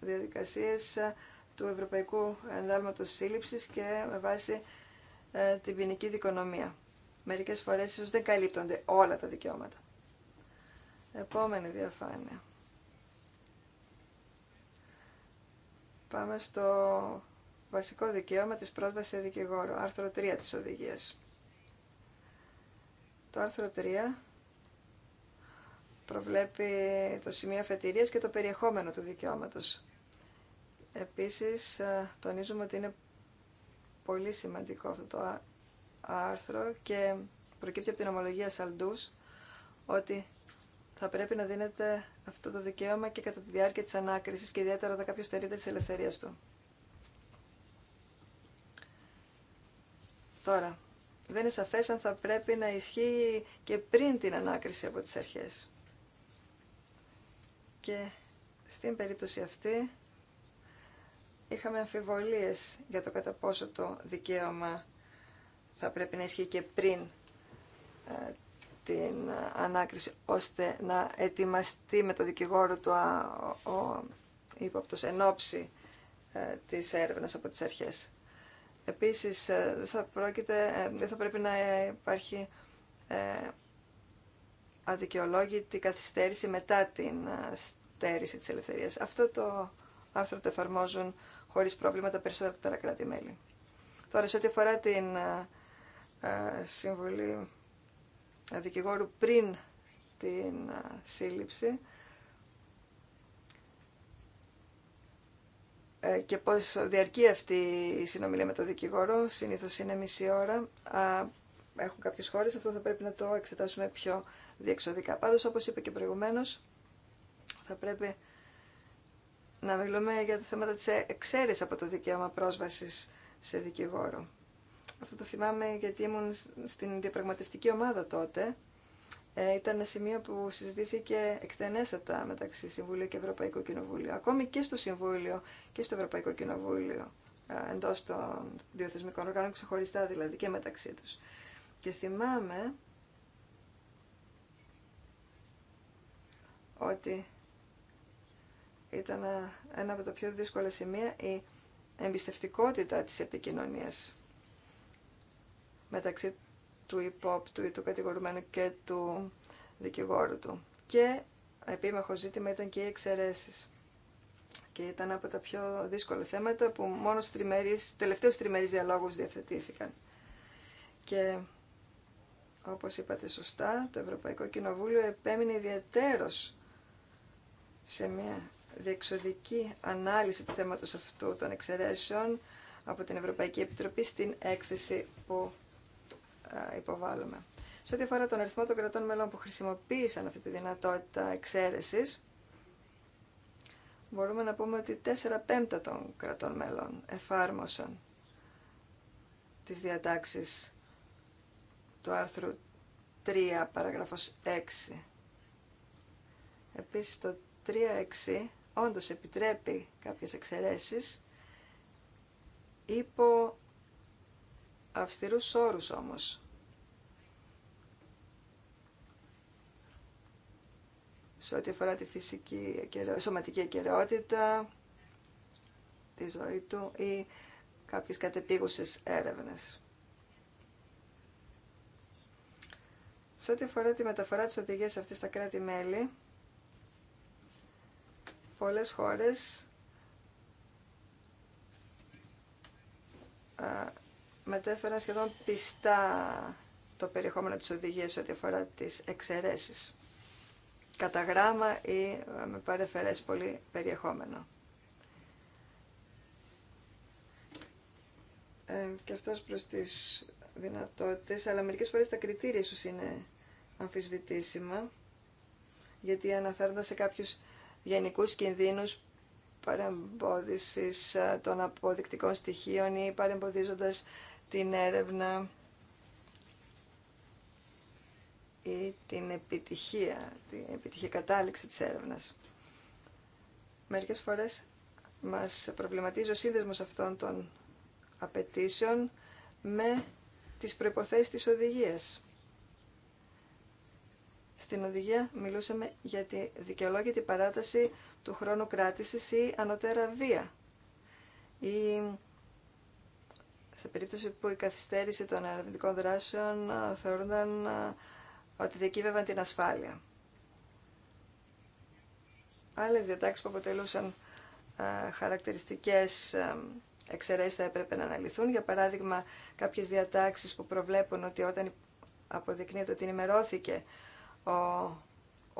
διαδικασίες ε, του Ευρωπαϊκού Ενδάλματος Σύλληψης και με βάση ε, την ποινική δικονομία. Μερικές φορές ίσως δεν καλύπτονται όλα τα δικαιώματα. Επόμενη διαφάνεια. Πάμε στο βασικό δικαίωμα της πρόσβασης σε δικηγόρο, άρθρο 3 της οδηγίας. Το άρθρο 3 προβλέπει το σημείο αφετηρίας και το περιεχόμενο του δικαιώματος. Επίσης, ε, τονίζουμε ότι είναι πολύ σημαντικό αυτό το άρθρο και προκύπτει από την ομολογία Σαλντούς ότι θα πρέπει να δίνεται αυτό το δικαίωμα και κατά τη διάρκεια της ανάκρισης και ιδιαίτερα όταν κάποιος στερείται της ελευθερίας του. Τώρα, δεν είναι σαφές αν θα πρέπει να ισχύει και πριν την ανάκριση από τις αρχές. Και στην περίπτωση αυτή είχαμε αμφιβολίες για το κατά πόσο το δικαίωμα θα πρέπει να ισχύει και πριν ε, την ανάκριση, ώστε να ετοιμαστεί με το δικηγόρο του ο ύποπτος εν ε, της έρευνας από τις αρχές. Επίσης, ε, δεν θα, πρόκειται, ε, δεν θα πρέπει να υπάρχει ε, αδικαιολόγητη καθυστέρηση μετά την στέρηση της ελευθερίας. Αυτό το άρθρο το εφαρμόζουν χωρίς πρόβλημα τα περισσότερα κράτη-μέλη. Τώρα, σε ό,τι αφορά την συμβουλή δικηγόρου πριν την σύλληψη, Ε, και πώς διαρκεί αυτή η συνομιλία με τον δικηγόρο. Συνήθως είναι μισή ώρα. Έχουν κάποιες χώρες, αυτό θα πρέπει να το εξετάσουμε πιο διεξοδικά. Πάντως, όπως είπε και προηγουμένως, θα πρέπει να μιλούμε για τα θέματα της εξαίρεσης από το δικαίωμα πρόσβασης σε δικηγόρο. Αυτό το θυμάμαι γιατί ήμουν στην διαπραγματευτική ομάδα τότε ε, ήταν ένα σημείο που συζητήθηκε εκτενέστατα μεταξύ Συμβουλίου και Ευρωπαϊκού Κοινοβουλίου. Ακόμη και στο Συμβούλιο και στο Ευρωπαϊκό Κοινοβούλιο, ε, εντό των δύο οργάνων, ξεχωριστά δηλαδή και μεταξύ του. Και θυμάμαι ότι ήταν ε, ένα από τα πιο δύσκολα σημεία η εμπιστευτικότητα της επικοινωνίας μεταξύ του υπόπτου ή του κατηγορουμένου και του δικηγόρου του. Και επίμαχο ζήτημα ήταν και οι εξαιρέσει. Και ήταν από τα πιο δύσκολα θέματα που μόνο στους τριμερείς, τελευταίους διαλόγους διαθετήθηκαν. Και όπως είπατε σωστά, το Ευρωπαϊκό Κοινοβούλιο επέμεινε ιδιαίτερος σε μια διεξοδική ανάλυση του θέματος αυτού των εξαιρέσεων από την Ευρωπαϊκή Επιτροπή στην έκθεση που υποβάλλουμε. Σε ό,τι αφορά τον αριθμό των κρατών μελών που χρησιμοποίησαν αυτή τη δυνατότητα εξαίρεσης, μπορούμε να πούμε ότι 4 πέμπτα των κρατών μελών εφάρμοσαν τις διατάξεις του άρθρου 3 παραγραφός 6. Επίσης το 3-6 όντως επιτρέπει κάποιες εξαιρέσεις υπό αυστηρούς όρους όμως. Σε ό,τι αφορά τη φυσική, σωματική αικαιρεότητα τη ζωή του ή κάποιες κατεπίγουσες έρευνες. Σε ό,τι αφορά τη μεταφορά της οδηγίας αυτής στα κράτη-μέλη, πολλές χώρες μετέφεραν σχεδόν πιστά το περιεχόμενο της οδηγίας ό,τι αφορά τις εξαιρέσεις. Κατά γράμμα ή ε, με παρεφερές πολύ περιεχόμενο. Ε, και αυτός προς τις δυνατότητες, αλλά μερικές φορές τα κριτήρια ίσως είναι αμφισβητήσιμα, γιατί αναφέροντα σε κάποιους γενικούς κινδύνους παρεμπόδισης ε, των αποδεικτικών στοιχείων ή παρεμποδίζοντας την έρευνα ή την επιτυχία, την επιτυχία κατάληξη της έρευνας. Μερικές φορές μας προβληματίζει ο σύνδεσμος αυτών των απαιτήσεων με τις προϋποθέσεις της οδηγίας. Στην οδηγία μιλούσαμε για τη δικαιολόγητη παράταση του χρόνου κράτησης ή ανωτέρα βία ή σε περίπτωση που η καθυστέρηση των ερευνητικών δράσεων θεωρούνταν ότι διακύβευαν την ασφάλεια. Άλλες διατάξεις που αποτελούσαν χαρακτηριστικές εξαιρέσεις θα έπρεπε να αναλυθούν. Για παράδειγμα, κάποιες διατάξεις που προβλέπουν ότι όταν αποδεικνύεται ότι ενημερώθηκε ο,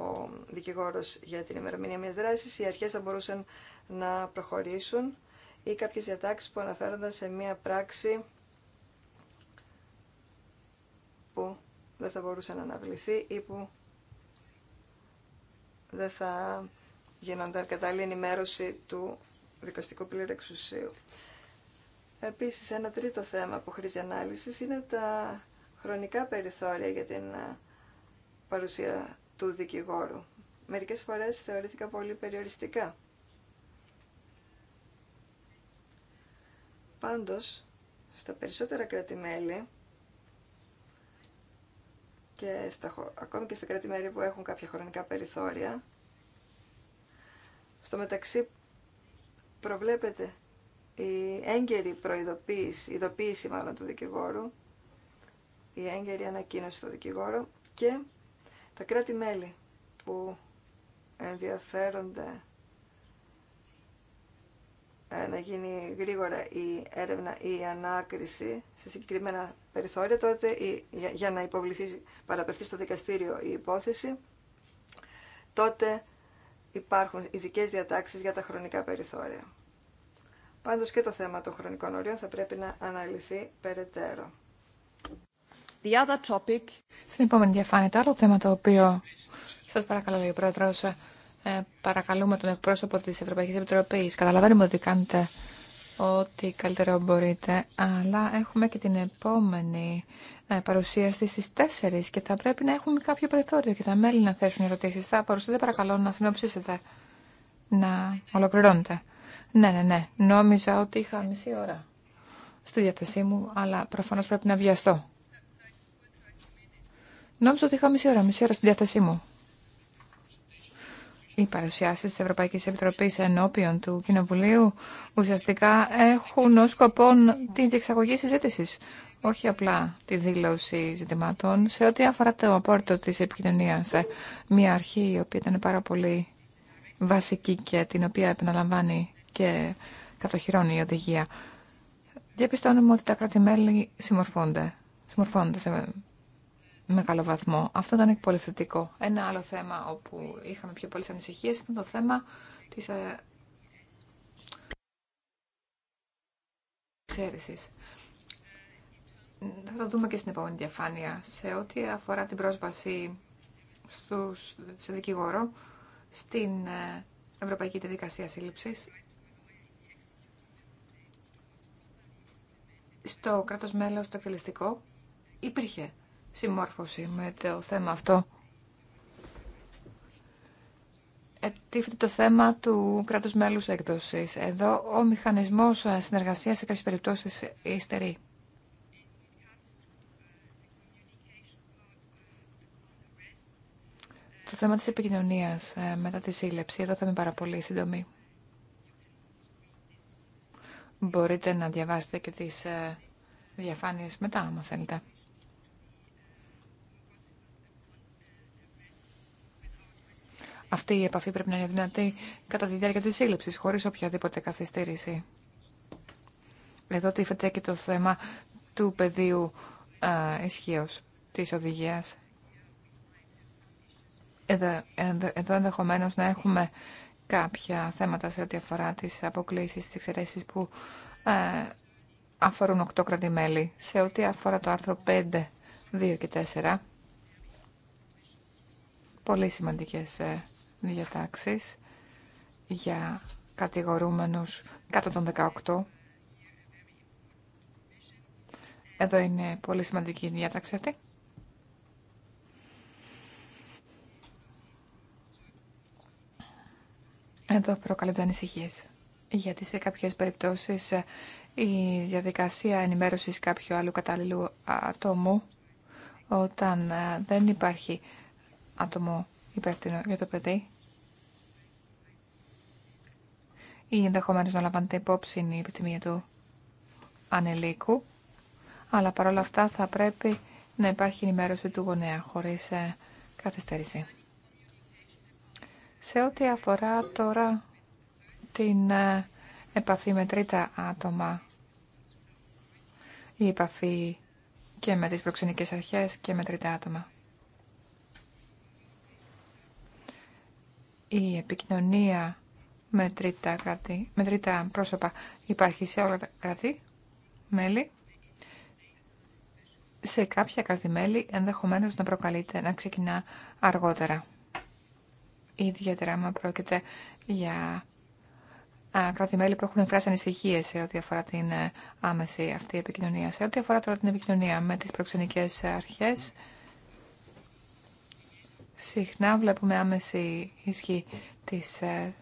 ο δικηγόρος για την ημερομηνία μιας δράσης, οι αρχές θα μπορούσαν να προχωρήσουν ή κάποιες διατάξεις που αναφέρονταν σε μία πράξη που δεν θα μπορούσε να αναβληθεί ή που δεν θα γίνονταν κατάλληλη ενημέρωση του δικαστικού πλήρου εξουσίου. Επίσης, ένα τρίτο θέμα που χρήζει ανάλυση είναι τα χρονικά περιθώρια για την ε, παρουσία του δικηγόρου. Μερικές φορές θεωρήθηκα πολύ περιοριστικά. Πάντως, στα περισσότερα κράτη-μέλη και στα, ακόμη και στα κράτη-μέλη που έχουν κάποια χρονικά περιθώρια, στο μεταξύ προβλέπεται η έγκαιρη προειδοποίηση, ειδοποίηση μάλλον του δικηγόρου, η έγκαιρη ανακοίνωση στο δικηγόρο και τα κράτη-μέλη που ενδιαφέρονται ε, να γίνει γρήγορα η έρευνα ή η ανάκριση σε συγκεκριμένα περιθώρια, τότε ή για, να υποβληθεί, παραπευθεί στο δικαστήριο η υπόθεση, τότε υπάρχουν ειδικέ διατάξεις για τα χρονικά περιθώρια. Πάντως και το θέμα των χρονικών ορίων θα πρέπει να αναλυθεί περαιτέρω. The other topic... Στην επόμενη διαφάνεια, το άλλο θέμα το οποίο σας παρακαλώ, λέει ο ε, παρακαλούμε τον εκπρόσωπο της Ευρωπαϊκής Επιτροπής. Καταλαβαίνουμε ότι κάνετε ό,τι καλύτερο μπορείτε, αλλά έχουμε και την επόμενη ε, παρουσίαση στις 4 και θα πρέπει να έχουμε κάποιο περιθώριο και τα μέλη να θέσουν ερωτήσεις. Θα παρουσιάσετε παρακαλώ να συνοψίσετε, να ολοκληρώνετε. Ναι, ναι, ναι. Νόμιζα ότι είχα μισή ώρα στη διάθεσή μου, αλλά προφανώς πρέπει να βιαστώ. Νόμιζα ότι είχα μισή ώρα, μισή ώρα στη διάθεσή μου οι παρουσιάσει τη Ευρωπαϊκής Επιτροπή ενώπιον του Κοινοβουλίου ουσιαστικά έχουν ω σκοπό τη διεξαγωγή συζήτηση, όχι απλά τη δήλωση ζητημάτων, σε ό,τι αφορά το απόρριτο της επικοινωνία, ε, Μια αρχή η οποία ήταν πάρα πολύ βασική και την οποία επαναλαμβάνει και κατοχυρώνει η οδηγία. Διαπιστώνουμε ότι τα κράτη-μέλη συμμορφώνονται σε μεγάλο βαθμό. Αυτό ήταν πολύ θετικό. Ένα άλλο θέμα όπου είχαμε πιο πολλές ανησυχίες ήταν το θέμα της ε, εξαίρεσης. Θα το δούμε και στην επόμενη διαφάνεια. Σε ό,τι αφορά την πρόσβαση στους, σε δικηγόρο στην ε, Ευρωπαϊκή Διαδικασία Σύλληψης, στο κράτος μέλος το εκτελεστικό υπήρχε συμμόρφωση με το θέμα αυτό. Ετύφεται το θέμα του κράτους μέλους έκδοσης. Εδώ ο μηχανισμός συνεργασίας σε κάποιες περιπτώσεις υστερεί. Το θέμα της επικοινωνίας ε, μετά τη σύλληψη, εδώ θα είμαι πάρα πολύ σύντομη. Μπορείτε να διαβάσετε και τις ε, διαφάνειες μετά, άμα θέλετε. Αυτή η επαφή πρέπει να είναι δυνατή κατά τη διάρκεια τη σύλληψη, χωρί οποιαδήποτε καθυστέρηση. Εδώ τίθεται και το θέμα του πεδίου ισχύω τη οδηγία. Εδώ, εδώ ενδεχομένω να έχουμε κάποια θέματα σε ό,τι αφορά τι αποκλήσεις, τι εξαιρέσει που αφορούν οκτώ κρατημέλη. Σε ό,τι αφορά το άρθρο 5, 2 και 4, πολύ σημαντικές ε, διατάξεις για κατηγορούμενους κάτω των 18. Εδώ είναι πολύ σημαντική η διάταξη αυτή. Εδώ προκαλούνται ανησυχίε. Γιατί σε κάποιε περιπτώσει ε, η διαδικασία ενημέρωση κάποιου άλλου κατάλληλου ατόμου, όταν ε, δεν υπάρχει άτομο υπεύθυνο για το παιδί, ή ενδεχομένως να λαμβάνεται υπόψη η ενδεχομένω να υπάρχει ενημέρωση του γονέα χωρίς ε, καθυστέρηση. Σε ό,τι αφορά τώρα την ε, επαφή με τρίτα άτομα, η επαφή και με τις προξενικές αρχές και με τρίτα άτομα. Η επικοινωνία με τρίτα, κράτη, πρόσωπα υπάρχει σε όλα τα κράτη, μέλη. Σε κάποια κράτη-μέλη ενδεχομένως να προκαλείται να ξεκινά αργότερα. Ιδιαίτερα άμα πρόκειται για κράτη-μέλη που έχουν εκφράσει ανησυχίε σε ό,τι αφορά την ε, άμεση αυτή επικοινωνία. Σε ό,τι αφορά τώρα την επικοινωνία με τις προξενικές αρχές, συχνά βλέπουμε άμεση ισχύ της ε,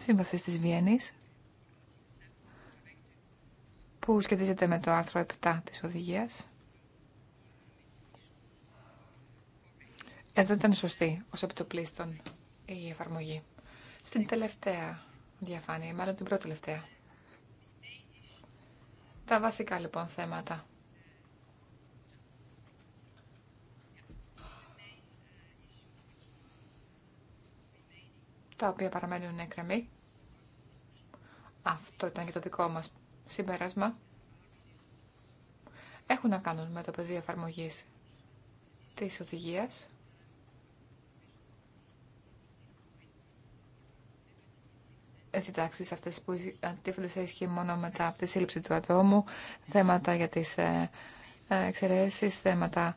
Σύμβαση της Βιέννης που σχετίζεται με το άρθρο 7 της οδηγίας. Εδώ ήταν σωστή ως επιτοπλίστων η εφαρμογή. Στην τελευταία διαφάνεια, μάλλον την πρώτη τελευταία. Τα βασικά λοιπόν θέματα τα οποία παραμένουν έκρεμοι. Αυτό ήταν και το δικό μας συμπέρασμα. Έχουν να κάνουν με το πεδίο εφαρμογή της οδηγίας. Διτάξεις ε, αυτές που αντίφονται σε ισχύ μόνο μετά από τη σύλληψη του ατόμου, θέματα για τις ε, ε, εξαιρέσεις, θέματα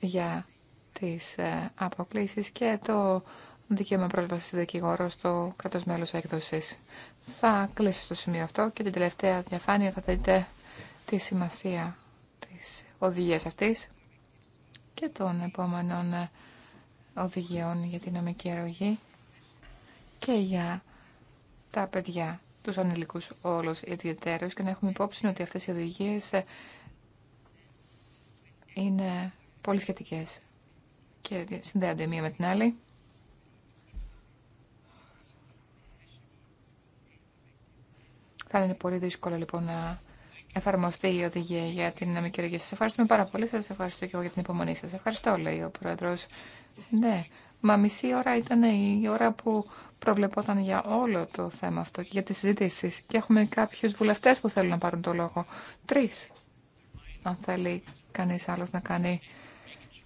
για τις αποκλήσεις και το δικαίωμα πρόσβαση δικηγόρο στο κράτο μέλο έκδοση. Θα κλείσω στο σημείο αυτό και την τελευταία διαφάνεια θα δείτε τη σημασία τη οδηγία αυτή και των επόμενων ε, οδηγιών για την νομική αρρωγή και για τα παιδιά, τους ανηλικούς όλους ιδιαιτέρους και να έχουμε υπόψη ότι αυτές οι οδηγίες ε, είναι πολύ σχετικές και συνδέονται μία με την άλλη. Θα είναι πολύ δύσκολο λοιπόν να εφαρμοστεί η οδηγία για την δυναμική οργή. Σα ευχαριστούμε πάρα πολύ. Σα ευχαριστώ και εγώ για την υπομονή σα. Ευχαριστώ, λέει ο Πρόεδρο. Ναι, μα μισή ώρα ήταν η ώρα που προβλεπόταν για όλο το θέμα αυτό και για τι συζητήσει. Και έχουμε κάποιου βουλευτέ που θέλουν να πάρουν το λόγο. Τρει. Αν θέλει κανεί άλλο να κάνει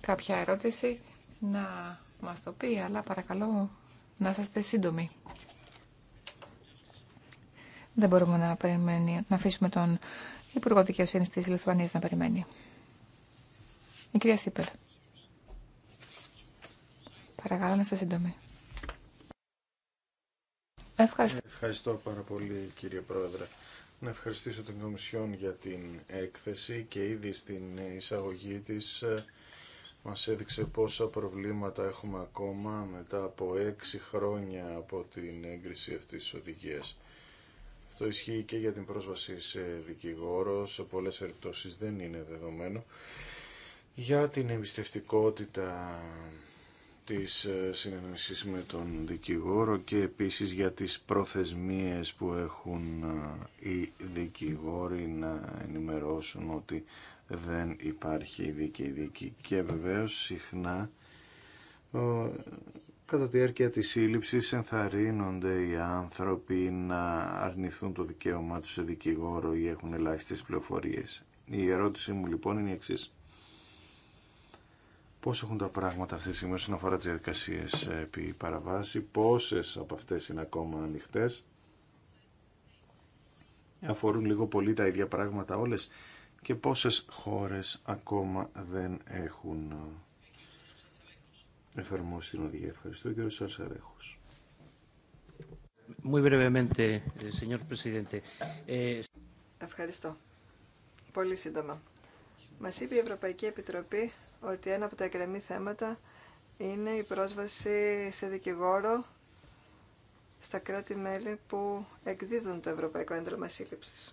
κάποια ερώτηση, να μα το πει, αλλά παρακαλώ να είστε σύντομοι. Δεν μπορούμε να, περιμένει, να αφήσουμε τον Υπουργό Δικαιοσύνη τη Λιθουανία να περιμένει. Η κυρία Σίπερ. Παρακαλώ να είστε σύντομοι. Ευχαριστώ. Ευχαριστώ πάρα πολύ κύριε Πρόεδρε. Να ευχαριστήσω την Κομισιόν για την έκθεση και ήδη στην εισαγωγή της ε, μας έδειξε πόσα προβλήματα έχουμε ακόμα μετά από έξι χρόνια από την έγκριση αυτής της οδηγίας. Αυτό ισχύει και για την πρόσβαση σε δικηγόρο. Σε πολλές περιπτώσεις δεν είναι δεδομένο. Για την εμπιστευτικότητα της ε, συνεννόησης με τον δικηγόρο και επίσης για τις προθεσμίες που έχουν ε, οι δικηγόροι να ενημερώσουν ότι δεν υπάρχει δικη δίκη. Και βεβαίως συχνά κατά τη διάρκεια της σύλληψης ενθαρρύνονται οι άνθρωποι να αρνηθούν το δικαίωμά τους σε δικηγόρο ή έχουν ελάχιστες πληροφορίες. Η ερώτηση μου λοιπόν είναι η εξής. ειναι η εξη έχουν τα πράγματα αυτή τη στιγμή όσον αφορά τις διαδικασίες επί παραβάση, πόσες από αυτές είναι ακόμα ανοιχτές, αφορούν λίγο πολύ τα ίδια πράγματα όλες και πόσες χώρες ακόμα δεν έχουν Εφαρμόστε την οδηγία. Ευχαριστώ κύριο Σαρσαρέχο. Muy brevemente, eh, señor eh, Ευχαριστώ. Πολύ σύντομα. Μα είπε η Ευρωπαϊκή Επιτροπή ότι ένα από τα εκκρεμή θέματα είναι η πρόσβαση σε δικηγόρο στα κράτη-μέλη που εκδίδουν το Ευρωπαϊκό Ένταλμα Σύλληψη.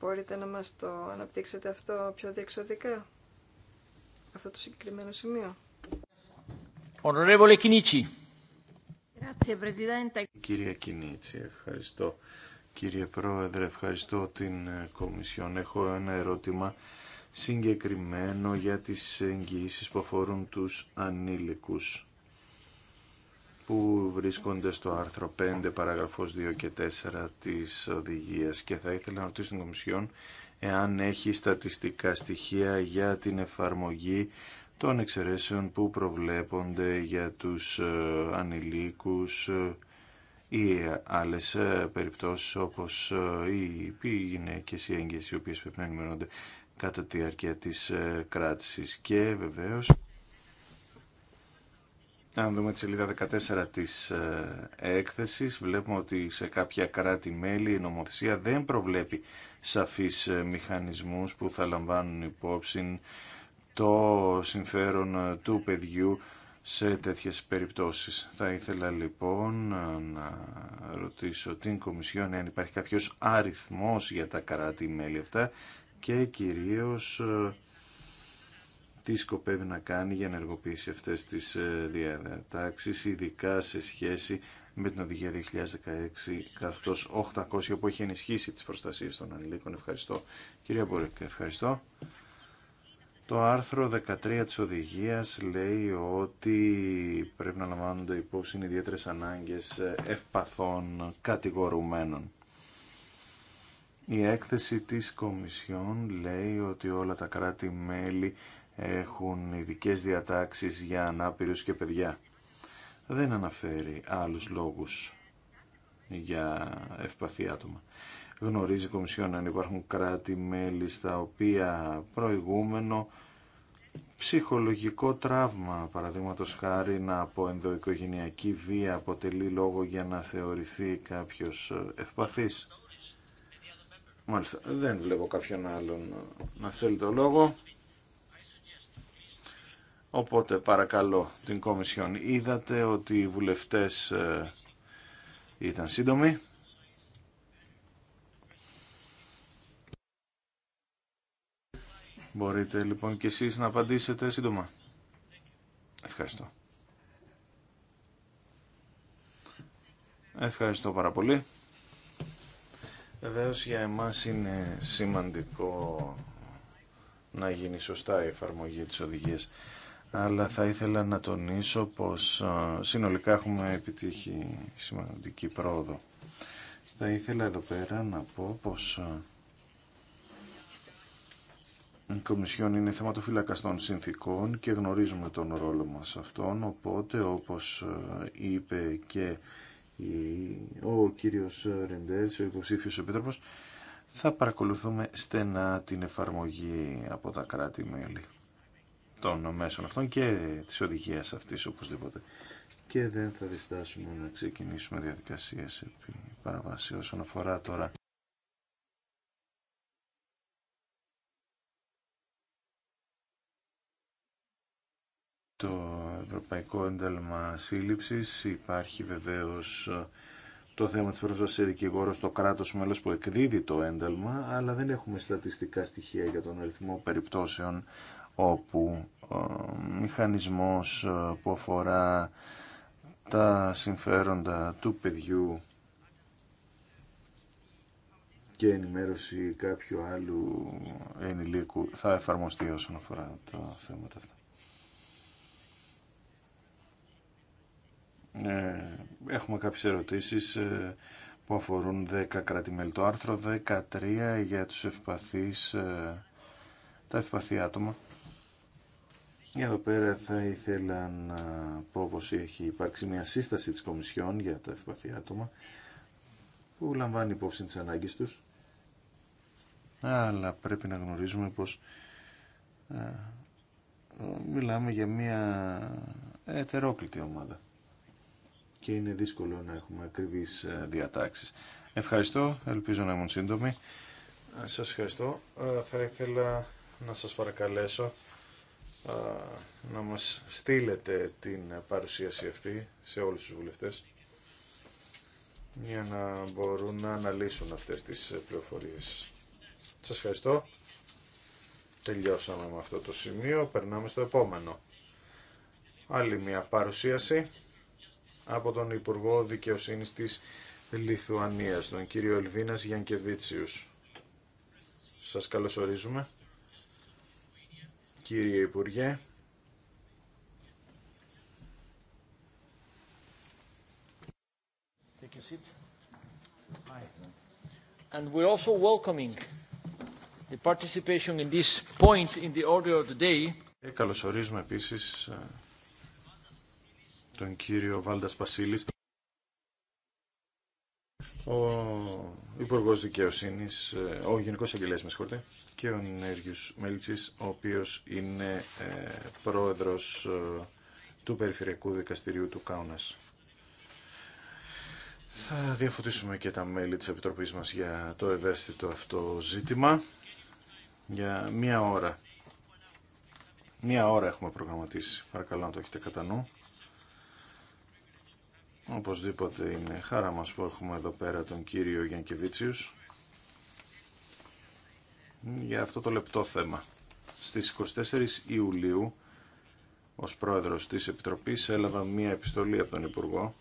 Μπορείτε να μας το αναπτύξετε αυτό πιο διεξοδικά, αυτό το συγκεκριμένο σημείο. Κυρίε Κινίτσι, ευχαριστώ. Κύριε Πρόεδρε, ευχαριστώ την ε, Κομισιόν. Έχω ένα ερώτημα συγκεκριμένο για τις εγγυήσεις που αφορούν τους ανήλικους που βρίσκονται στο άρθρο 5, παραγραφός 2 και 4 της οδηγίας και θα ήθελα να ρωτήσω την Κομισιόν εάν έχει στατιστικά στοιχεία για την εφαρμογή των εξαιρέσεων που προβλέπονται για τους ε, ανηλίκους ε, ή άλλες ε, περιπτώσεις όπως οι γυναίκες ή έγκες οι οποίες πρέπει να ενημερώνονται κατά τη διάρκεια της κράτησης και βεβαίως αν δούμε τη σελίδα 14 της έκθεσης βλέπουμε ότι σε κάποια κράτη-μέλη η νομοθεσία δεν προβλέπει σαφείς μηχανισμούς που θα λαμβάνουν υπόψη το συμφέρον ε, του παιδιού σε τέτοιες περιπτώσεις. Θα ήθελα λοιπόν ε, να ρωτήσω την Κομισιόν αν υπάρχει κάποιος αριθμός για τα κράτη-μέλη αυτά και κυρίως ε, τι σκοπεύει να κάνει για να εργοποιήσει αυτές τις διατάξεις, ειδικά σε σχέση με την οδηγία 2016 καθώς 800 που έχει ενισχύσει τις προστασίες των ανηλίκων. Ευχαριστώ. Κυρία Μπορέκ, ευχαριστώ. Το άρθρο 13 της οδηγίας λέει ότι πρέπει να λαμβάνονται υπόψη ιδιαίτερες ανάγκες ευπαθών κατηγορουμένων. Η έκθεση της Κομισιόν λέει ότι όλα τα κράτη-μέλη έχουν ειδικέ διατάξεις για ανάπηρους και παιδιά. Δεν αναφέρει άλλους λόγους για ευπαθή άτομα γνωρίζει η Κομισιόν αν υπάρχουν κράτη-μέλη στα οποία προηγούμενο ψυχολογικό τραύμα, παραδείγματο χάρη να από ενδοοικογενειακή βία αποτελεί λόγο για να θεωρηθεί κάποιος ευπαθής. Μάλιστα, δεν βλέπω κάποιον άλλον να θέλει το λόγο. Οπότε παρακαλώ την Κομισιόν. Είδατε ότι οι βουλευτές ε, ήταν σύντομοι. Μπορείτε λοιπόν και εσείς να απαντήσετε σύντομα. Ευχαριστώ. Ευχαριστώ πάρα πολύ. Βεβαίω για εμάς είναι σημαντικό να γίνει σωστά η εφαρμογή της οδηγίας αλλά θα ήθελα να τονίσω πως συνολικά έχουμε επιτύχει σημαντική πρόοδο. Θα ήθελα εδώ πέρα να πω πως η Κομισιόν είναι θέμα των συνθήκων και γνωρίζουμε τον ρόλο μας αυτόν, οπότε όπως ε, είπε και ο κύριος Ρεντέρ, ο υποψήφιος επίτροπος, θα παρακολουθούμε στενά την εφαρμογή από τα κράτη-μέλη των μέσων αυτών και της οδηγίας αυτής οπωσδήποτε. Και δεν θα διστάσουμε να ξεκινήσουμε διαδικασίες επί παραβάση όσον αφορά τώρα το Ευρωπαϊκό Ένταλμα Σύλληψης. Υπάρχει βεβαίως ε, το θέμα της πρόσβασης σε δικηγόρο στο κράτος μέλος που εκδίδει το ένταλμα, αλλά δεν έχουμε στατιστικά στοιχεία για τον αριθμό περιπτώσεων όπου ο ε, μηχανισμός ε, που αφορά τα συμφέροντα του παιδιού και ενημέρωση κάποιου άλλου ενηλίκου θα εφαρμοστεί όσον αφορά τα θέματα αυτά. Ε, έχουμε κάποιες ερωτήσεις ε, που αφορούν 10 κράτη-μέλη. Το άρθρο 13 για τους ευπαθείς, ε, τα ευπαθή άτομα. Εδώ πέρα θα ήθελα να πω πως έχει υπάρξει μια σύσταση της Κομισιόν για τα ευπαθή άτομα που λαμβάνει υπόψη τις ανάγκες τους. Αλλά πρέπει να γνωρίζουμε πως μιλάμε για μια ετερόκλητη ομάδα και είναι δύσκολο να έχουμε ακριβείς ε, διατάξεις. Ευχαριστώ, ελπίζω να ήμουν σύντομη. Σας ευχαριστώ. Ε, θα ήθελα να σας παρακαλέσω ε, να μας στείλετε την παρουσίαση αυτή σε όλους τους βουλευτές για να μπορούν να αναλύσουν αυτές τις πληροφορίες. Σας ευχαριστώ. Τελειώσαμε με αυτό το σημείο. Περνάμε στο επόμενο. Άλλη μια παρουσίαση από τον Υπουργό Δικαιοσύνης της Λιθουανίας, τον κύριο Ελβίνας Γιανκεβίτσιους. Σας καλωσορίζουμε. Κύριε Υπουργέ, And we're also welcoming the participation in this point in the order of the day. Ε, καλωσορίζουμε επίσης ε, τον κύριο Βάλτα Πασίλης, ο Υπουργό Δικαιοσύνη, ε, ο Γενικό Αγγελέα, με και ο Νέργιο Μέλτση, ο οποίο είναι ε, πρόεδρο ε, του Περιφερειακού Δικαστηρίου του Κάουνα. Θα διαφωτίσουμε και τα μέλη της Επιτροπής μας για το ευαίσθητο αυτό ζήτημα για μία ώρα. Μία ώρα έχουμε προγραμματίσει. Παρακαλώ να το έχετε κατά νου. Οπωσδήποτε είναι χάρα μας που έχουμε εδώ πέρα τον κύριο Γιανκεβίτσιους για αυτό το λεπτό θέμα. Στις 24 Ιουλίου ως πρόεδρος της Επιτροπής έλαβα μία επιστολή από τον Υπουργό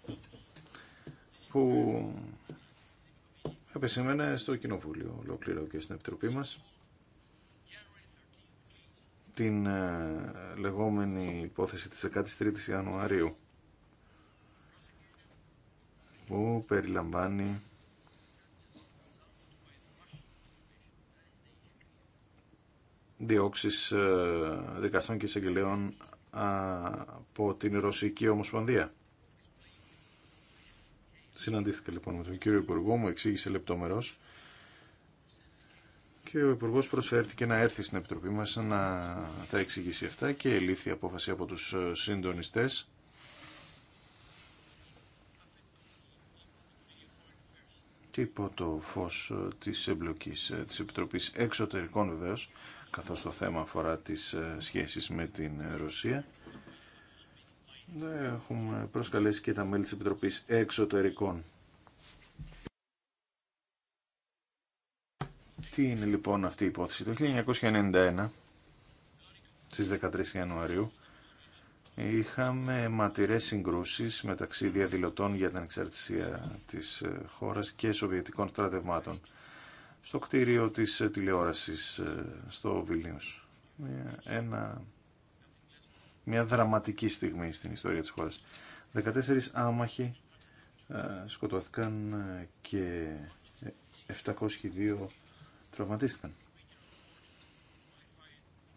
που επισήμενε στο Κοινοβούλιο ολόκληρο και στην Επιτροπή μας την ε, λεγόμενη υπόθεση της 13ης Ιανουαρίου που περιλαμβάνει διώξεις ε, δικαστών και εισαγγελέων από την Ρωσική Ομοσπονδία. Συναντήθηκα λοιπόν με τον κύριο Υπουργό, μου εξήγησε λεπτόμερος και ο Υπουργό προσφέρθηκε να έρθει στην Επιτροπή μας να τα εξηγήσει αυτά και ελήφθη απόφαση από τους ε, συντονιστές υπό το φως ε, της εμπλοκής ε, της Επιτροπής Εξωτερικών βεβαίως, καθώς το θέμα αφορά τις ε, σχέσεις με την Ρωσία. Ναι, έχουμε προσκαλέσει και τα μέλη της Επιτροπής Εξωτερικών. Τι είναι λοιπόν αυτή η υπόθεση. Το 1991, στις 13 Ιανουαρίου, είχαμε ματηρές συγκρούσεις μεταξύ διαδηλωτών για την εξαρτησία της ε, χώρας και σοβιετικών στρατευμάτων στο κτίριο της ε, τηλεόρασης ε, στο Βιλνίους. Μια, ένα, μια δραματική στιγμή στην ιστορία της χώρας. 14 άμαχοι σκοτώθηκαν και 702 τραυματίστηκαν.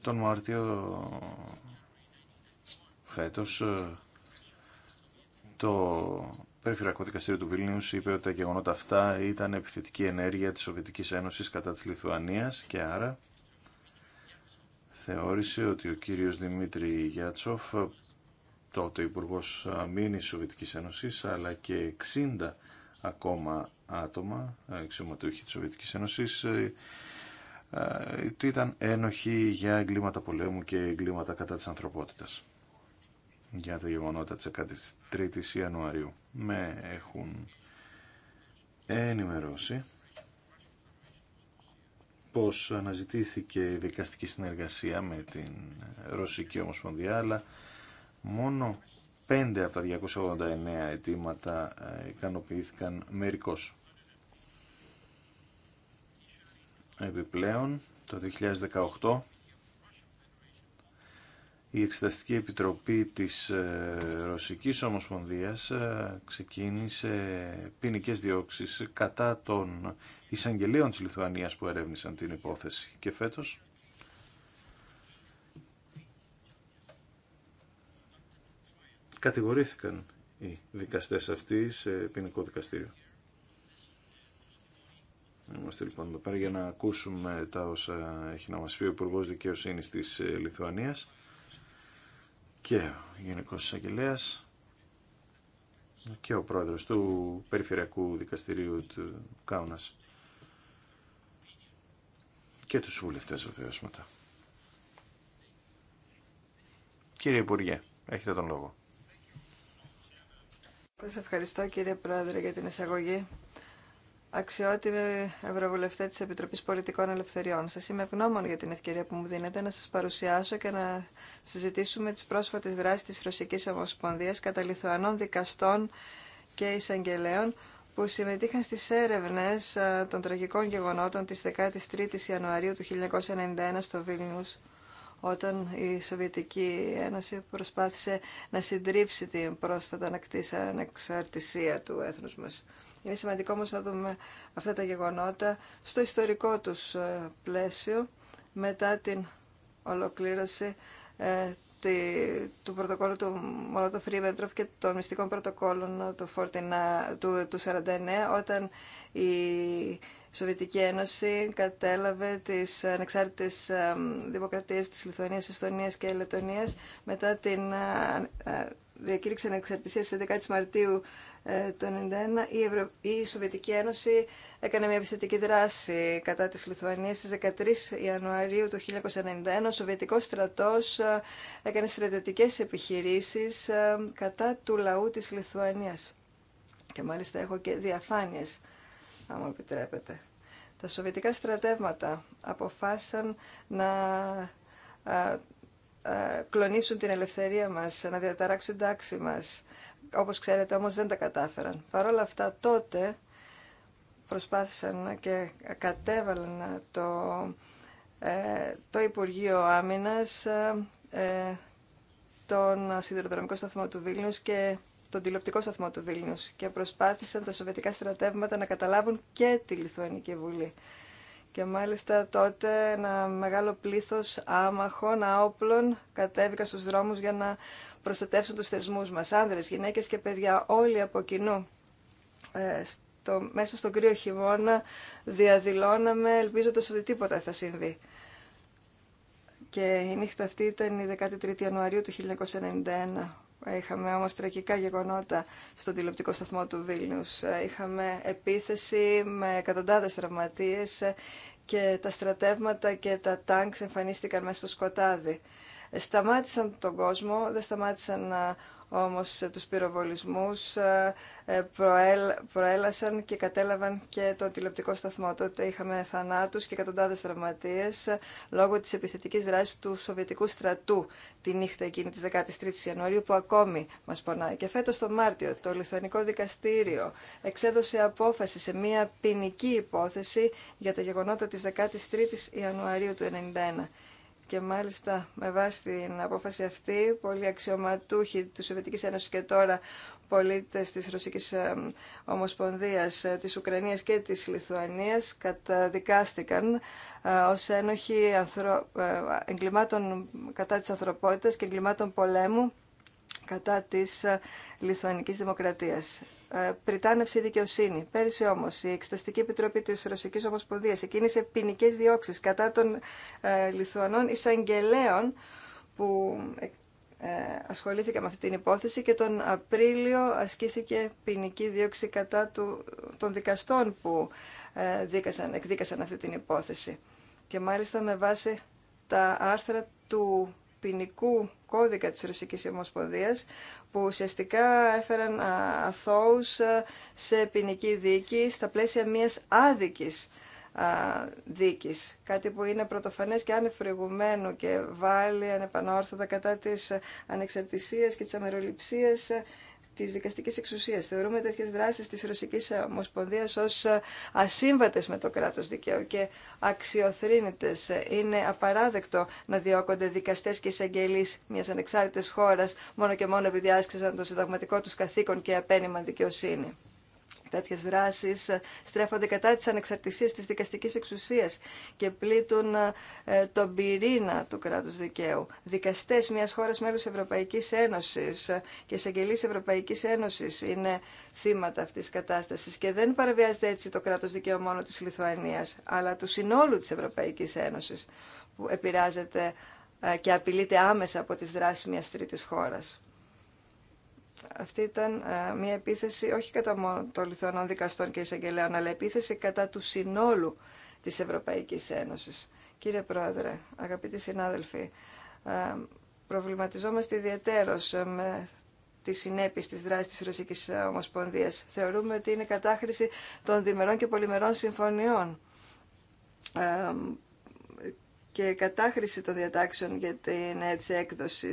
Τον Μάρτιο φέτος ε, το Περιφυρακό Δικαστήριο του Βίλνιους είπε ότι τα γεγονότα αυτά ήταν επιθετική ενέργεια της Σοβιετικής Ένωσης κατά της Λιθουανίας και άρα θεώρησε ότι ο κύριος Δημήτρη Γιάτσοφ, τότε υπουργό Αμήνης Σοβιετικής Ένωσης, αλλά και 60 ακόμα άτομα, αξιωματούχοι της Σοβιετικής Ένωσης, ε, ε, ήταν ένοχοι για εγκλήματα πολέμου και εγκλήματα κατά της ανθρωπότητας για τα γεγονότα της 13ης Ιανουαρίου. Με έχουν ενημερώσει πως αναζητήθηκε η δικαστική συνεργασία με την Ρωσική Ομοσπονδία, αλλά μόνο 5 από τα 289 αιτήματα ε, ικανοποιήθηκαν μερικώς. Επιπλέον, το 2018 η Εξεταστική Επιτροπή της ε, Ρωσικής Ομοσπονδίας ε, ξεκίνησε ποινικέ διώξεις κατά των εισαγγελίων της Λιθουανίας που ερεύνησαν την υπόθεση. Και φέτος κατηγορήθηκαν οι δικαστές αυτοί σε ποινικό δικαστήριο. Είμαστε λοιπόν εδώ πέρα για να ακούσουμε τα όσα έχει να μας πει ο Υπουργός Δικαιοσύνης της ε, Λιθουανίας και ο Γενικός Εισαγγελέα και ο πρόεδρος του Περιφερειακού Δικαστηρίου του Κάουνας και τους βουλευτέ βεβαίω μετά. Κύριε Υπουργέ, έχετε τον λόγο. Σας ευχαριστώ κύριε Πρόεδρε για την εισαγωγή. Αξιότιμη Ευρωβουλευτέ τη Επιτροπή Πολιτικών Ελευθεριών, σα είμαι ευγνώμων για την ευκαιρία που μου δίνετε να σα παρουσιάσω και να συζητήσουμε τι πρόσφατε δράσει τη Ρωσική Ομοσπονδία κατά Λιθουανών δικαστών και εισαγγελέων που συμμετείχαν στις έρευνες των τραγικών γεγονότων της 13 η Ιανουαρίου του 1991 στο Βίλνιους, όταν η Σοβιετική Ένωση προσπάθησε να συντρίψει την πρόσφατα ανακτήσα ανεξαρτησία του έθνους μας. Είναι σημαντικό όμως να δούμε αυτά τα γεγονότα στο ιστορικό τους ε, πλαίσιο μετά την ολοκλήρωση ε, τη, του πρωτοκόλλου του Μολότοφ Ρίβεντροφ και των μυστικών πρωτοκόλλων ε, του, 49, του, του 49 όταν η Σοβιετική Ένωση κατέλαβε τις ανεξάρτητες δημοκρατίες της Λιθουανίας, Εστονίας και Λετωνίας μετά την Διακήρυξαν εξαρτησία στις 11 Μαρτίου ε, του 1991, η, η Σοβιετική Ένωση έκανε μια επιθετική δράση κατά της Λιθουανίας στις 13 Ιανουαρίου του 1991. Ο Σοβιετικός στρατός ε, έκανε στρατιωτικές επιχειρήσεις ε, κατά του λαού της Λιθουανίας. Και μάλιστα έχω και διαφάνειες, αν μου επιτρέπετε. Τα σοβιετικά στρατεύματα αποφάσισαν να ε, κλονίσουν την ελευθερία μας, να διαταράξουν την τάξη μας. Όπως ξέρετε όμως δεν τα κατάφεραν. Παρ' όλα αυτά τότε προσπάθησαν και κατέβαλαν το, ε, το Υπουργείο Άμυνας, ε, τον σιδηροδρομικό σταθμό του Βίλνιους και τον τηλεοπτικό σταθμό του Βίλνιους και προσπάθησαν τα σοβιετικά στρατεύματα να καταλάβουν και τη Λιθουανική Βουλή και μάλιστα τότε ένα μεγάλο πλήθος άμαχων, άοπλων κατέβηκαν στους δρόμους για να προστατεύσουν τους θεσμούς μας. Άνδρες, γυναίκες και παιδιά όλοι από κοινού ε, στο, μέσα στον κρύο χειμώνα διαδηλώναμε ελπίζοντας ότι τίποτα θα συμβεί. Και η νύχτα αυτή ήταν η 13η Ιανουαρίου του 1991 Είχαμε όμως τραγικά γεγονότα στον τηλεοπτικό σταθμό του Βίλνιους. Είχαμε επίθεση με εκατοντάδες τραυματίες και τα στρατεύματα και τα τάγκ εμφανίστηκαν μέσα στο σκοτάδι. Σταμάτησαν τον κόσμο, δεν σταμάτησαν να όμως ε, τους πυροβολισμούς ε, ε, προέλασαν και κατέλαβαν και το τηλεοπτικό σταθμό. Τότε είχαμε θανάτους και εκατοντάδες τραυματίες λόγω της επιθετικής δράσης του Σοβιετικού στρατού τη νύχτα εκείνη της 13ης Ιανουαρίου που ακόμη μας πονάει. Και φέτος το Μάρτιο το Λιθουανικό Δικαστήριο εξέδωσε απόφαση σε μια ποινική υπόθεση για τα γεγονότα της 13ης Ιανουαρίου του 1991. Και μάλιστα με βάση την απόφαση αυτή, πολλοί αξιωματούχοι του Σοβιετικής Ένωσης και τώρα πολίτες της Ρωσικής ε, Ομοσπονδίας, ε, της Ουκρανίας και της Λιθουανίας καταδικάστηκαν ε, ως ένοχοι εγκλημάτων κατά της ανθρωπότητας και εγκλημάτων πολέμου κατά της ε, Λιθουανικής Δημοκρατίας. Ε, Πριτάνευση δικαιοσύνη. Πέρυσι όμω η Εξεταστική Επιτροπή τη Ρωσική Ομοσπονδία εκείνησε ποινικέ διώξει κατά των ε, Λιθουανών εισαγγελέων που ασχολήθηκαν με αυτή την υπόθεση και τον Απρίλιο ασκήθηκε ποινική δίωξη κατά του, των δικαστών που δίκασαν, εκδίκασαν αυτή την υπόθεση. Και μάλιστα με βάση τα άρθρα του ποινικού κώδικα της Ρωσικής Ομοσπονδίας που ουσιαστικά έφεραν αθώους σε ποινική δίκη στα πλαίσια μιας άδικης δίκης. Κάτι που είναι πρωτοφανές και ανεφρεγουμένο και βάλει ανεπανόρθωτα κατά της ανεξαρτησίας και της αμεροληψίας Τη δικαστική εξουσία. Θεωρούμε τέτοιε δράσει της Ρωσικής Ομοσπονδία ως ε, ασύμβατες με το κράτος δικαίου και αξιοθρύνητε. Είναι απαράδεκτο να διώκονται δικαστές και εισαγγελεί μιας ανεξάρτητης χώρας μόνο και μόνο επειδή άσκησαν το συνταγματικό τους καθήκον και απένιμαν δικαιοσύνη τέτοιες δράσεις ε, στρέφονται κατά της ανεξαρτησία της δικαστικής εξουσίας και πλήττουν ε, τον πυρήνα του κράτους δικαίου. Δικαστές μιας χώρας μέλους Ευρωπαϊκής Ένωσης ε, και εισαγγελεί Ευρωπαϊκής Ένωσης είναι θύματα αυτής τη κατάστασης και δεν παραβιάζεται έτσι το κράτος δικαίου μόνο της Λιθουανίας αλλά του συνόλου τη Ευρωπαϊκή Ένωση που επηρεάζεται και απειλείται άμεσα από τις δράσεις μιας τρίτης χώρας αυτή ήταν ε, μια επίθεση όχι κατά μόνο των λιθώνων δικαστών και εισαγγελέων, αλλά επίθεση κατά του συνόλου της Ευρωπαϊκής Ένωσης. Κύριε Πρόεδρε, αγαπητοί συνάδελφοι, ε, προβληματιζόμαστε ιδιαίτερως ε, με τη συνέπειε τη δράση τη Ρωσική Ομοσπονδία. Θεωρούμε ότι είναι κατάχρηση των διμερών και πολυμερών συμφωνιών και κατάχρηση των διατάξεων για την έτσι έκδοση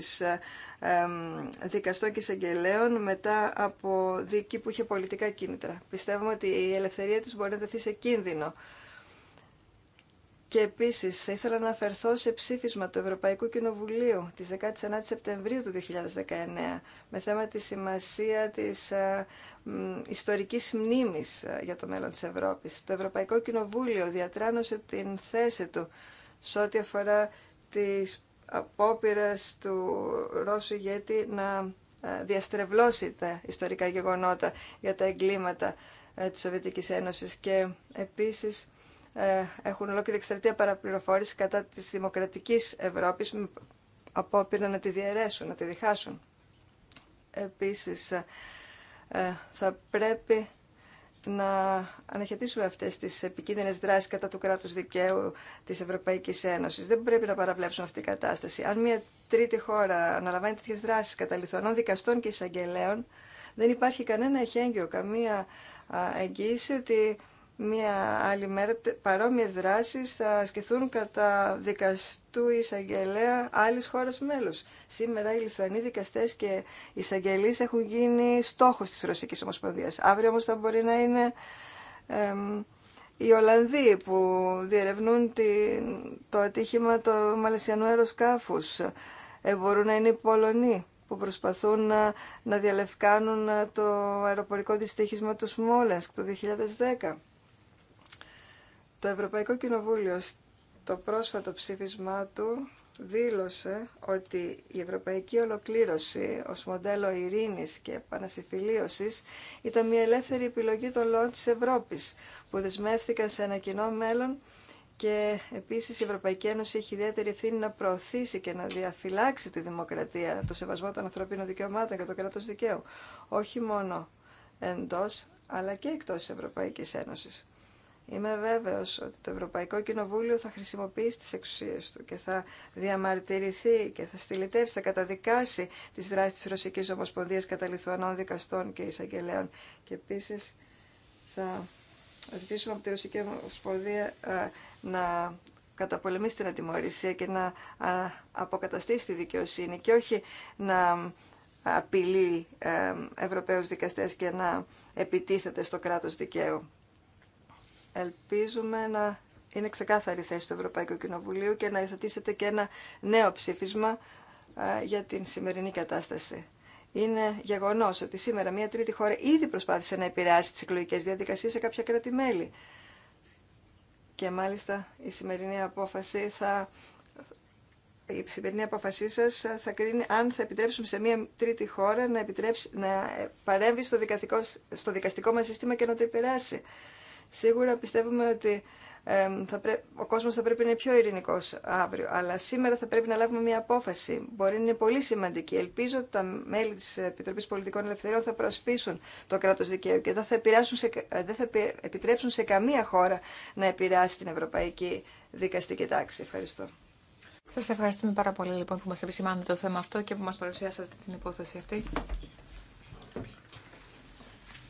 δικαστών και εισαγγελέων μετά από δίκη που είχε πολιτικά κίνητρα. Πιστεύουμε ότι η ελευθερία τους μπορεί να δεθεί σε κίνδυνο. Και επίσης θα ήθελα να αναφερθώ σε ψήφισμα του Ευρωπαϊκού Κοινοβουλίου τη 19 Σεπτεμβρίου του 2019 με θέμα τη σημασία της ιστορική ε, μνήμη ιστορικής ε, για το μέλλον τη Ευρώπη. Το Ευρωπαϊκό Κοινοβούλιο διατράνωσε την θέση του σε ό,τι αφορά τις απόπειρες του Ρώσου ηγέτη να ε, διαστρεβλώσει τα ιστορικά γεγονότα για τα εγκλήματα ε, της Σοβιετικής Ένωσης και επίσης ε, έχουν ολόκληρη εκστρατεία παραπληροφόρηση κατά της δημοκρατικής Ευρώπης με απόπειρα να τη διαιρέσουν, να τη διχάσουν. Επίσης θα πρέπει να αναχαιτήσουμε αυτές τις επικίνδυνες δράσεις κατά του κράτους δικαίου της Ευρωπαϊκής Ένωση. Δεν πρέπει να παραβλέψουμε αυτή την κατάσταση. Αν μια τρίτη χώρα αναλαμβάνει τέτοιε δράσεις κατά λιθωνών δικαστών και εισαγγελέων, δεν υπάρχει κανένα εχέγγυο, καμία εγγύηση ότι μία άλλη μέρα παρόμοιες δράσεις θα ασκηθούν κατά δικαστού εισαγγελέα άλλης χώρας μέλους. Σήμερα οι Λιθουανοί δικαστές και εισαγγελείς έχουν γίνει στόχος της Ρωσικής Ομοσπονδίας. Αύριο όμως θα μπορεί να είναι οι Ολλανδοί που διερευνούν το ατύχημα του Μαλαισιανού αεροσκάφους. Ε, μπορούν να είναι οι Πολωνοί που προσπαθούν να, να διαλευκάνουν το αεροπορικό δυστύχισμα του Σμόλενσκ το 2010. Το Ευρωπαϊκό Κοινοβούλιο στο πρόσφατο ψήφισμά του δήλωσε ότι η ευρωπαϊκή ολοκλήρωση ως μοντέλο ειρήνης και επανασυφιλίωσης ήταν μια ελεύθερη επιλογή των λόγων της Ευρώπης που δεσμεύθηκαν σε ένα κοινό μέλλον και επίσης η Ευρωπαϊκή Ένωση έχει ιδιαίτερη ευθύνη να προωθήσει και να διαφυλάξει τη δημοκρατία, το σεβασμό των ανθρωπίνων δικαιωμάτων και το κράτος δικαίου, όχι μόνο εντός αλλά και εκτός της Ευρωπαϊκής Ένωσης. Είμαι βέβαιος ότι το Ευρωπαϊκό Κοινοβούλιο θα χρησιμοποιήσει τις εξουσίες του και θα διαμαρτυρηθεί και θα στυλιτεύσει, θα καταδικάσει τις δράσεις της Ρωσικής Ομοσπονδίας κατά Λιθουανών δικαστών και εισαγγελέων. Και επίσης θα ζητήσουμε από τη Ρωσική Ομοσπονδία ε, να καταπολεμήσει την ατιμορρησία και να αποκαταστήσει τη δικαιοσύνη και όχι να απειλεί ε, Ευρωπαίους δικαστές και να επιτίθεται στο κράτος δικαίου. Ελπίζουμε να είναι ξεκάθαρη η θέση του Ευρωπαϊκού Κοινοβουλίου και να υιοθετήσετε και ένα νέο ψήφισμα ε, για την σημερινή κατάσταση. Είναι γεγονό ότι σήμερα μια τρίτη χώρα ήδη προσπάθησε να επηρεάσει τι εκλογικέ διαδικασίε σε κάποια κράτη-μέλη. Και μάλιστα η σημερινή απόφαση θα. Η σημερινή απόφασή σα θα κρίνει αν θα επιτρέψουμε σε μια τρίτη χώρα να, να παρέμβει στο, δικαστικό, στο δικαστικό μα σύστημα και να το επηρεάσει. Σίγουρα πιστεύουμε ότι θα πρέ... ο κόσμο θα πρέπει να είναι πιο ειρηνικό αύριο, αλλά σήμερα θα πρέπει να λάβουμε μια απόφαση. Μπορεί να είναι πολύ σημαντική. Ελπίζω ότι τα μέλη τη Επιτροπής Πολιτικών Ελευθεριών θα προσπίσουν το κράτο δικαίου και δεν θα, ε, δεν θα επιτρέψουν σε καμία χώρα να επηρεάσει την Ευρωπαϊκή Δικαστική Τάξη. Ευχαριστώ. Σα ευχαριστούμε πάρα πολύ λοιπόν που μα επισημάνετε το θέμα αυτό και που μα παρουσιάσατε την υπόθεση αυτή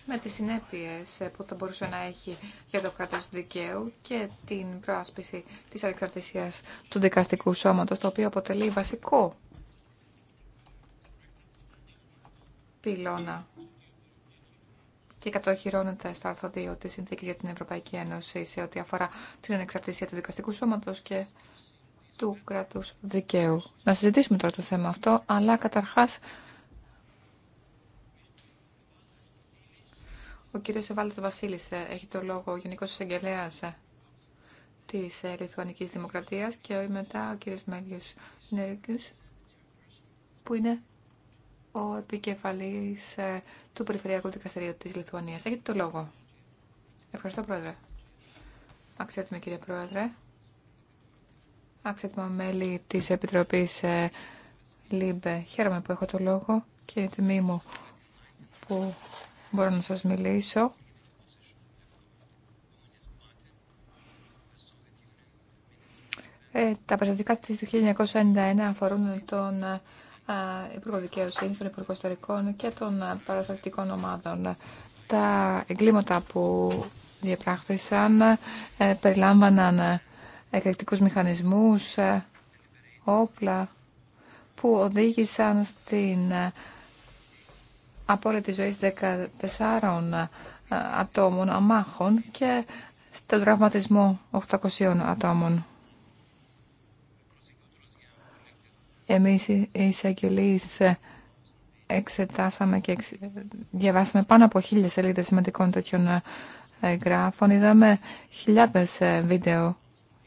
με τις συνέπειες ε, που θα μπορούσε να έχει για το κράτος δικαίου και την προάσπιση της ανεξαρτησίας του δικαστικού σώματος, το οποίο αποτελεί βασικό πυλώνα και κατοχυρώνεται στο άρθρο 2 της Συνθήκης για την Ευρωπαϊκή Ένωση σε ό,τι αφορά την ανεξαρτησία του δικαστικού σώματος και του κράτους δικαίου. Να συζητήσουμε τώρα το θέμα αυτό, αλλά καταρχάς Ο κύριος Ευάλωτο Βασίλη ε, έχει το λόγο, ο Γενικό Εισαγγελέα ε, της ε, Λιθουανική Δημοκρατίας και μετά ο κύριο Μέλιος Νέργκιου, που είναι ο επικεφαλής του Περιφερειακού Δικαστηρίου της Λιθουανία. Έχετε το λόγο. Ευχαριστώ, Πρόεδρε. Αξιότιμη κύριε Πρόεδρε. Αξιότιμα μέλη της Επιτροπής ΛΥΜΠΕ. Χαίρομαι που έχω το λόγο και είναι τιμή μου που μπορώ να σας μιλήσω. Ε, τα περιστατικά της του 1991 αφορούν τον α, ε, Υπουργό δικαιοσύνης, τον Υπουργό Ιστορικών και των ε, παραστατικών ομάδων. Τα εγκλήματα που διαπράχθησαν ε, περιλάμβαναν εκρηκτικούς μηχανισμούς, όπλα που οδήγησαν στην τη ζωή 14 ε, ατόμων αμάχων και στον τραυματισμό 800 ατόμων. Εμείς οι εισαγγελείς ε, εξετάσαμε και διαβάσαμε πάνω από χίλιες σελίδες σημαντικών τέτοιων ε, γράφων. Είδαμε χιλιάδες βίντεο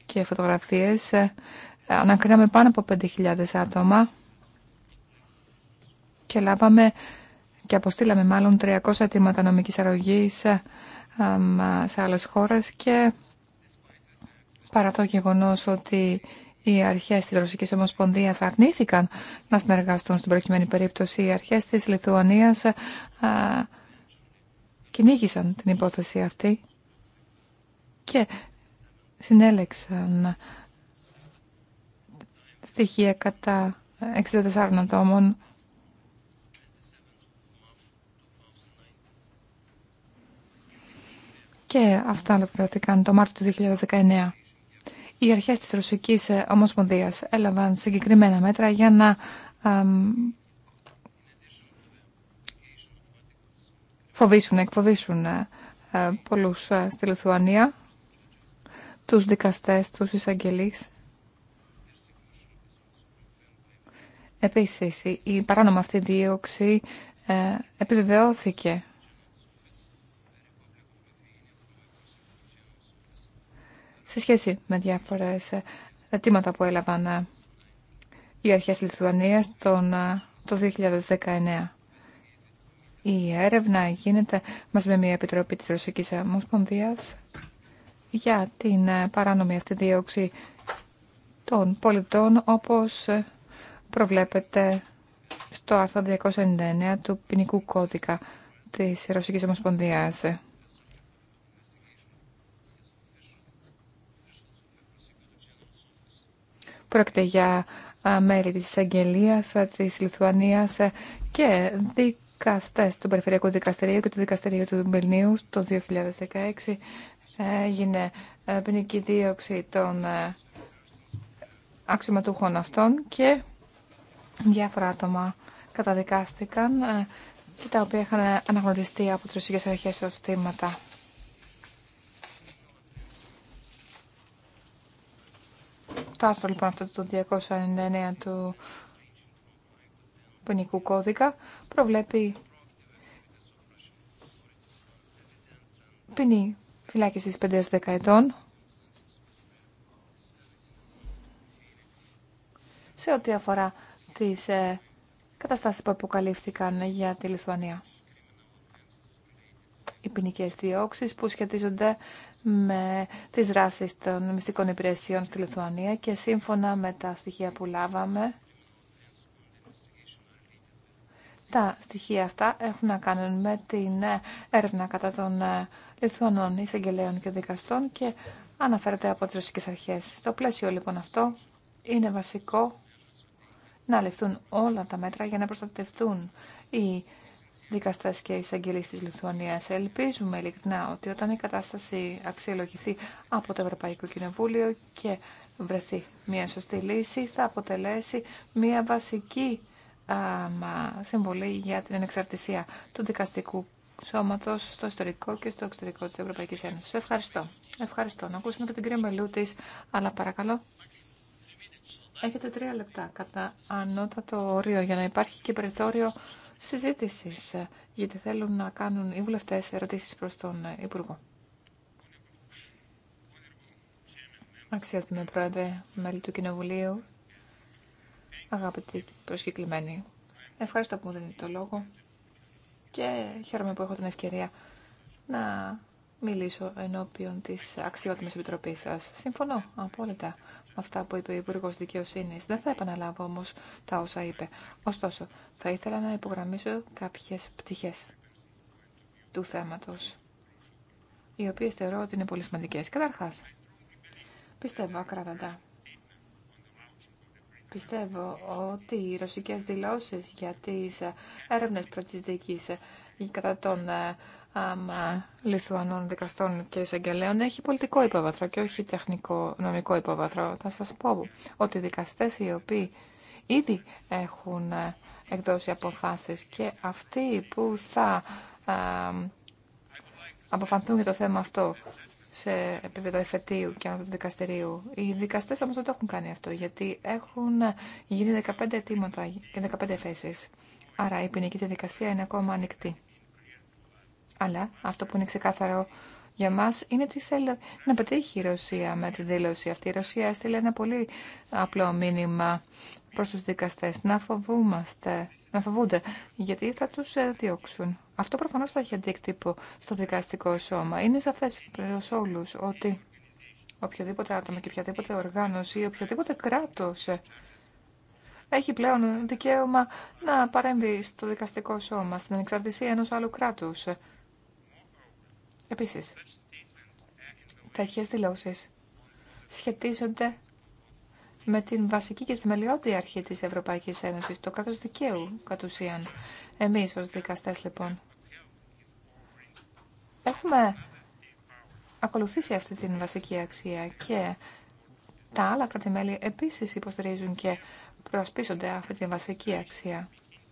και φωτογραφίες. Ανακρίναμε πάνω από 5.000 άτομα και λάβαμε και αποστήλαμε μάλλον 300 αιτήματα νομικής αρρωγής σε, σε άλλες χώρες και παρά το γεγονός ότι οι αρχές της Ρωσικής Ομοσπονδίας αρνήθηκαν να συνεργαστούν στην προκειμένη περίπτωση, οι αρχές της Λιθουανίας α, ε, κυνήγησαν την υπόθεση αυτή και συνέλεξαν στοιχεία κατά 64 ατόμων Και αυτά ολοκληρώθηκαν το Μάρτιο του 2019. Οι αρχές της Ρωσικής ε, Ομοσπονδίας έλαβαν συγκεκριμένα μέτρα για να φοβήσουν, εκφοβήσουν ε, ε, πολλούς στη Λιθουανία, τους δικαστές, τους εισαγγελείς. Επίσης, η παράνομα αυτή δίωξη επιβεβαιώθηκε σε σχέση με διάφορε ε, αιτήματα που έλαβαν ε, οι αρχέ της Λιθουανίας ε, το 2019. Η έρευνα γίνεται μαζί με μια επιτροπή της Ρωσικής Ομοσπονδίας για την παράνομη αυτή δίωξη των πολιτών όπως προβλέπεται στο άρθρο 299 του ποινικού κώδικα της Ρωσικής Ομοσπονδίας. Πρόκειται για μέλη της Αγγελίας, της Λιθουανίας και δικαστές του Περιφερειακού Δικαστηρίου και του Δικαστηρίου του Μπελνίου το 2016 έγινε ποινική δίωξη των αξιωματούχων αυτών και διάφορα άτομα καταδικάστηκαν και τα οποία είχαν αναγνωριστεί από τις ρωσικές αρχές ως θύματα. Το άρθρο λοιπόν αυτό το 299 του ποινικού κώδικα προβλέπει στις φυλάκισης 5-10 ετών σε ό,τι αφορά τις ε, καταστάσεις που αποκαλύφθηκαν για τη Λιθουανία. Οι ποινικέ διώξεις που σχετίζονται με τις δράσεις των μυστικών υπηρεσιών στη Λιθουανία και σύμφωνα με τα στοιχεία που λάβαμε, τα στοιχεία αυτά έχουν να κάνουν με την έρευνα κατά των Λιθουανών εισαγγελέων και δικαστών και αναφέρονται από τις αρχές. Στο πλαίσιο λοιπόν αυτό είναι βασικό να ληφθούν όλα τα μέτρα για να προστατευτούν οι δικαστέ και εισαγγελεί τη Λιθουανία. Ελπίζουμε ειλικρινά ότι όταν η κατάσταση αξιολογηθεί από το Ευρωπαϊκό Κοινοβούλιο και βρεθεί μια σωστή λύση θα αποτελέσει μια βασική α, συμβολή για την ανεξαρτησία του δικαστικού σώματο στο ιστορικό και στο εξωτερικό τη Ευρωπαϊκή Ένωση. Ευχαριστώ. Ευχαριστώ. Να ακούσουμε και την κυρία Μελούτη, αλλά παρακαλώ. Έχετε τρία λεπτά κατά ανώτατο όριο για να υπάρχει και περιθώριο συζήτηση, ε, γιατί θέλουν να κάνουν οι βουλευτέ ερωτήσει προ τον ε, Υπουργό. Αξιότιμε Πρόεδρε, μέλη του Κοινοβουλίου, αγαπητοί προσκεκλημένοι, ευχαριστώ που μου δίνετε το λόγο και χαίρομαι που έχω την ευκαιρία να μιλήσω ενώπιον της αξιότιμης επιτροπής σας. Συμφωνώ απόλυτα αυτά που είπε ο Υπουργό Δικαιοσύνη. Δεν θα επαναλάβω όμω τα όσα είπε. Ωστόσο, θα ήθελα να υπογραμμίσω κάποιε πτυχέ του θέματο, οι οποίε θεωρώ ότι είναι πολύ σημαντικέ. Καταρχά, πιστεύω ακράδαντα. Πιστεύω ότι οι ρωσικές δηλώσεις για τις ε, έρευνες πρώτης ε, κατά των ε, Λιθουανών δικαστών και εισαγγελέων έχει πολιτικό υπόβαθρο και όχι τεχνικό νομικό υπόβαθρο. Θα σας πω ότι οι δικαστές οι οποίοι ήδη έχουν εκδώσει αποφάσεις και αυτοί που θα αποφανθούν για το θέμα αυτό σε επίπεδο εφετείου και ανώτατου δικαστηρίου. Οι δικαστές όμως δεν το έχουν κάνει αυτό, γιατί έχουν γίνει 15 αιτήματα, 15 εφέσεις. Άρα η ποινική διαδικασία είναι ακόμα ανοιχτή. Αλλά αυτό που είναι ξεκάθαρο για μα είναι τι θέλει να πετύχει η Ρωσία με τη δήλωση αυτή. Η Ρωσία έστειλε ένα πολύ απλό μήνυμα προ του δικαστέ. Να φοβούμαστε, να φοβούνται, γιατί θα του διώξουν. Αυτό προφανώ θα έχει αντίκτυπο στο δικαστικό σώμα. Είναι σαφέ προ όλου ότι οποιοδήποτε άτομο και οποιαδήποτε οργάνωση ή οποιοδήποτε κράτο έχει πλέον δικαίωμα να παρέμβει στο δικαστικό σώμα, στην ανεξαρτησία ενός άλλου κράτους. Επίσης, τέτοιες δηλώσεις σχετίζονται με την βασική και θεμελιώδη αρχή της Ευρωπαϊκής Ένωσης, το κράτος δικαίου κατ' ουσίαν. Εμείς ως δικαστές λοιπόν έχουμε ακολουθήσει αυτή την βασική αξία και τα άλλα κρατημέλη επίσης υποστηρίζουν και προσπίσονται αυτή την βασική αξία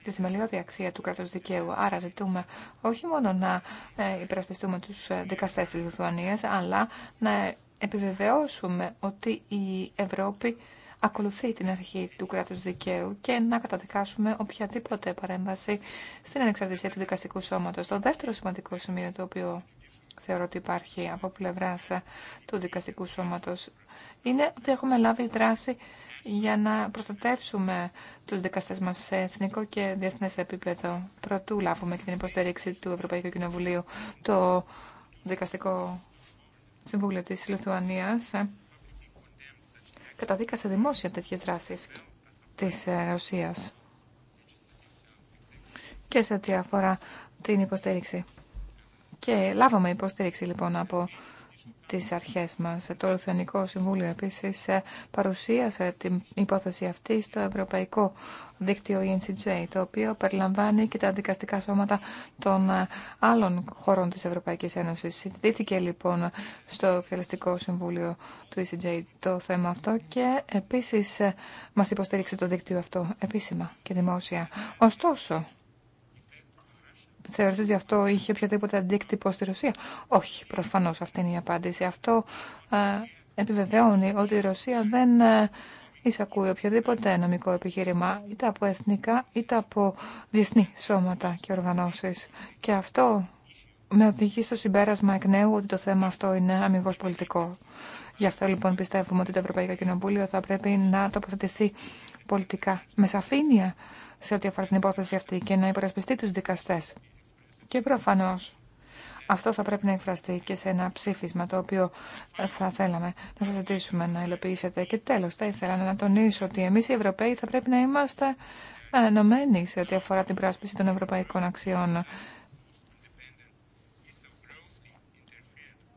τη θεμελιώδη αξία του κράτους δικαίου. Άρα ζητούμε όχι μόνο να ε, υπερασπιστούμε του ε, δικαστέ τη Λιθουανία, αλλά να επιβεβαιώσουμε ότι η Ευρώπη ακολουθεί την αρχή του κράτους δικαίου και να καταδικάσουμε οποιαδήποτε παρέμβαση στην ανεξαρτησία του δικαστικού σώματος. Το δεύτερο σημαντικό σημείο το οποίο θεωρώ ότι υπάρχει από πλευρά ε, του δικαστικού σώματος είναι ότι έχουμε λάβει δράση για να προστατεύσουμε τους δικαστές μας σε εθνικό και διεθνές επίπεδο. Προτού λάβουμε και την υποστήριξη του Ευρωπαϊκού Κοινοβουλίου το Δικαστικό Συμβούλιο της Λιθουανίας ε, καταδίκασε δημόσια τέτοιες δράσεις της ε, Ρωσίας και σε ό,τι αφορά την υποστήριξη. Και λάβαμε υποστήριξη λοιπόν από τι αρχέ μα. Ε, το Λουθενικό Συμβούλιο επίση ε, παρουσίασε την υπόθεση αυτή στο Ευρωπαϊκό Δίκτυο ENCJ, το οποίο περιλαμβάνει και τα δικαστικά σώματα των ε, άλλων χωρών της Ευρωπαϊκής Ένωση. Συντήθηκε λοιπόν στο Εκτελεστικό Συμβούλιο του ECJ το θέμα αυτό και επίσης μας υποστήριξε το δίκτυο αυτό επίσημα και δημόσια. Ωστόσο, Θεωρείτε ότι αυτό είχε οποιοδήποτε αντίκτυπο στη Ρωσία. Όχι, προφανώς αυτή είναι η απάντηση. Αυτό ε, επιβεβαιώνει ότι η Ρωσία δεν ε, εισακούει οποιοδήποτε νομικό επιχείρημα, είτε από εθνικά, είτε από διεθνή σώματα και οργανώσεις. Και αυτό με οδηγεί στο συμπέρασμα εκ νέου ότι το θέμα αυτό είναι αμυγός πολιτικό. Γι' αυτό λοιπόν πιστεύουμε ότι το Ευρωπαϊκό Κοινοβούλιο θα πρέπει να τοποθετηθεί πολιτικά με σαφήνεια σε ό,τι αφορά την υπόθεση αυτή και να υπερασπιστεί τους δικαστές και προφανώς αυτό θα πρέπει να εκφραστεί και σε ένα ψήφισμα το οποίο θα θέλαμε να σας ζητήσουμε να υλοποιήσετε. Και τέλος, θα ήθελα να τονίσω ότι εμείς οι Ευρωπαίοι θα πρέπει να είμαστε ενωμένοι σε ό,τι αφορά την πράσπιση των ευρωπαϊκών αξιών.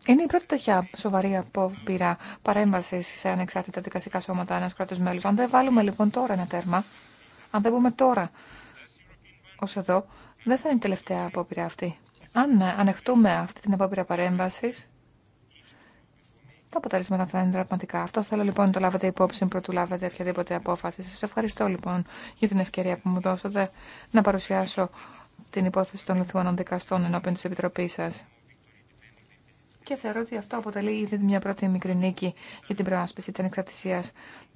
Είναι η πρώτη τέτοια σοβαρή απόπειρα παρέμβαση σε ανεξάρτητα δικαστικά σώματα ένα κράτο μέλου. Αν δεν βάλουμε λοιπόν τώρα ένα τέρμα, αν δεν πούμε τώρα ω εδώ, δεν θα είναι η τελευταία απόπειρα αυτή. Αν ε, ανεχτούμε αυτή την απόπειρα παρέμβαση, τα αποτελέσματα θα είναι δραματικά. Αυτό θέλω λοιπόν να το λάβετε υπόψη του λάβετε οποιαδήποτε απόφαση. Σα ευχαριστώ λοιπόν για την ευκαιρία που μου δώσατε να παρουσιάσω την υπόθεση των Λιθουανών δικαστών ενώπιον τη Επιτροπή σα και θεωρώ ότι αυτό αποτελεί ήδη μια πρώτη μικρή νίκη για την προάσπιση της ανεξαρτησίας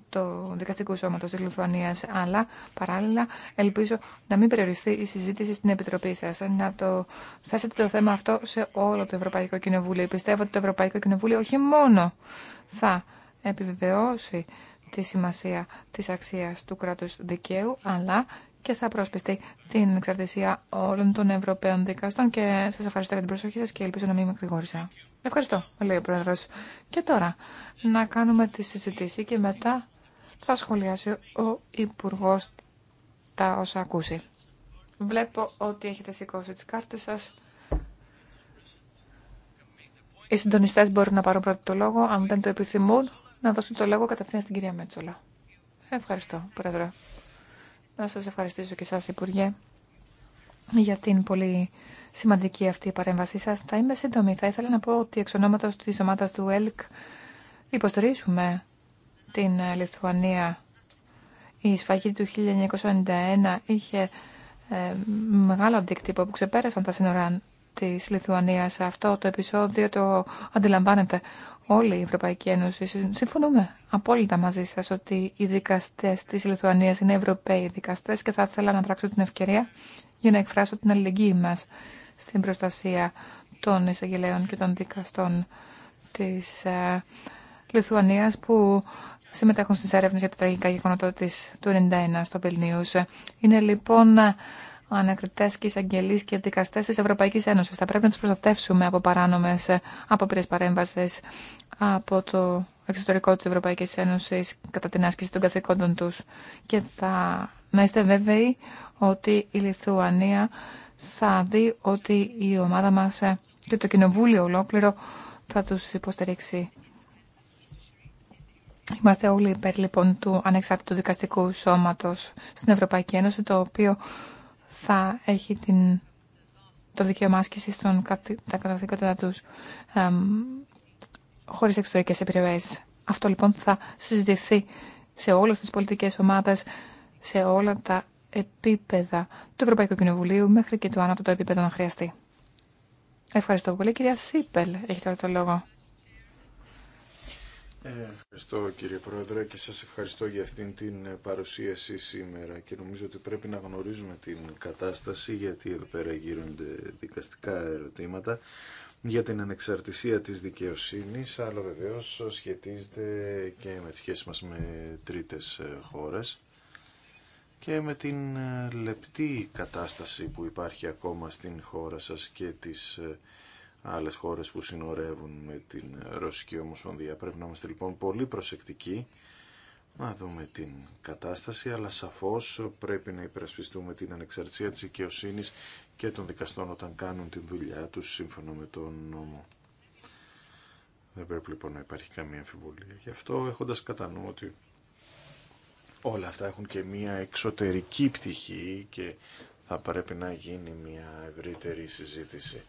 του δικαστικού σώματος της Λιθουανίας. Αλλά παράλληλα ελπίζω να μην περιοριστεί η συζήτηση στην Επιτροπή σας, να το θέσετε το θέμα αυτό σε όλο το Ευρωπαϊκό Κοινοβούλιο. Πιστεύω ότι το Ευρωπαϊκό Κοινοβούλιο όχι μόνο θα επιβεβαιώσει τη σημασία της αξίας του κράτους δικαίου, αλλά και θα προσπιστεί την εξαρτησία όλων των Ευρωπαίων δικαστών και σας ευχαριστώ για την προσοχή σας και ελπίζω να μην με Ευχαριστώ, λέει ο Πρόεδρος. Και τώρα, να κάνουμε τη συζητήση και μετά θα σχολιάσει ο υπουργό τα όσα ακούσει. Βλέπω ότι έχετε σηκώσει τις κάρτες σας. Οι συντονιστές μπορούν να πάρουν πρώτο το λόγο, αν δεν το επιθυμούν, να δώσουν το λόγο κατευθείαν στην κυρία Μέτσολα. Ευχαριστώ, Πρόεδρε. Να σας ευχαριστήσω και εσάς, Υπουργέ, για την πολύ σημαντική αυτή η παρέμβασή σα Θα είμαι σύντομη. Θα ήθελα να πω ότι εξ ονόματο τη ομάδα του ΕΛΚ υποστηρίζουμε την Λιθουανία. Η σφαγή του 1991 είχε ε, μεγάλο αντίκτυπο που ξεπέρασαν τα σύνορα τη Λιθουανία. Αυτό το επεισόδιο το αντιλαμβάνεται όλη η Ευρωπαϊκή Ένωση. Συμφωνούμε απόλυτα μαζί σας ότι οι δικαστές της Λιθουανίας είναι Ευρωπαίοι δικαστές και θα ήθελα να τράξω την ευκαιρία για να εκφράσω την αλληλεγγύη μας στην προστασία των εισαγγελέων και των δικαστών της ε, Λιθουανίας που συμμετέχουν στις έρευνες για τα τραγικά γεγονότα της του 1991 στο Πελνίους. Είναι λοιπόν ανακριτέ και εισαγγελεί και δικαστέ τη Ευρωπαϊκή Ένωση. Θα πρέπει να του προστατεύσουμε από παράνομε απόπειρε παρέμβαση από το εξωτερικό τη Ευρωπαϊκή Ένωση κατά την άσκηση των καθηκόντων του. Και θα να είστε βέβαιοι ότι η Λιθουανία θα δει ότι η ομάδα μας ε, και το κοινοβούλιο ολόκληρο θα τους υποστηρίξει. Είμαστε όλοι υπέρ λοιπόν του ανεξάρτητου δικαστικού σώματος στην Ευρωπαϊκή Ένωση, το οποίο θα έχει την, το δικαίωμα άσκηση των κατα τα τους εμ, χωρίς εξωτερικές επιρροές. Αυτό λοιπόν θα συζητηθεί σε όλες τις πολιτικές ομάδες, σε όλα τα επίπεδα του Ευρωπαϊκού Κοινοβουλίου μέχρι και του άνατο το επίπεδο να χρειαστεί. Ευχαριστώ πολύ. Κυρία Σίπελ, έχει τώρα το λόγο. Ευχαριστώ κύριε Πρόεδρε και σας ευχαριστώ για αυτήν την παρουσίαση σήμερα και νομίζω ότι πρέπει να γνωρίζουμε την κατάσταση γιατί εδώ πέρα γύρονται δικαστικά ερωτήματα για την ανεξαρτησία της δικαιοσύνης αλλά βεβαίως σχετίζεται και με τις σχέσεις μας με τρίτες χώρες και με την ε, λεπτή κατάσταση που υπάρχει ακόμα στην χώρα σας και τις ε, άλλες χώρες που συνορεύουν με την ε, Ρωσική Ομοσπονδία. Πρέπει να είμαστε λοιπόν πολύ προσεκτικοί να δούμε την κατάσταση, αλλά σαφώς πρέπει να υπερασπιστούμε την ανεξαρτησία της δικαιοσύνη και των δικαστών όταν κάνουν την δουλειά τους σύμφωνα με τον νόμο. Δεν πρέπει λοιπόν να υπάρχει καμία αμφιβολία. Γι' αυτό έχοντας κατά νου ότι όλα αυτά έχουν και μία εξωτερική πτυχή και θα πρέπει να γίνει μία ευρύτερη συζήτηση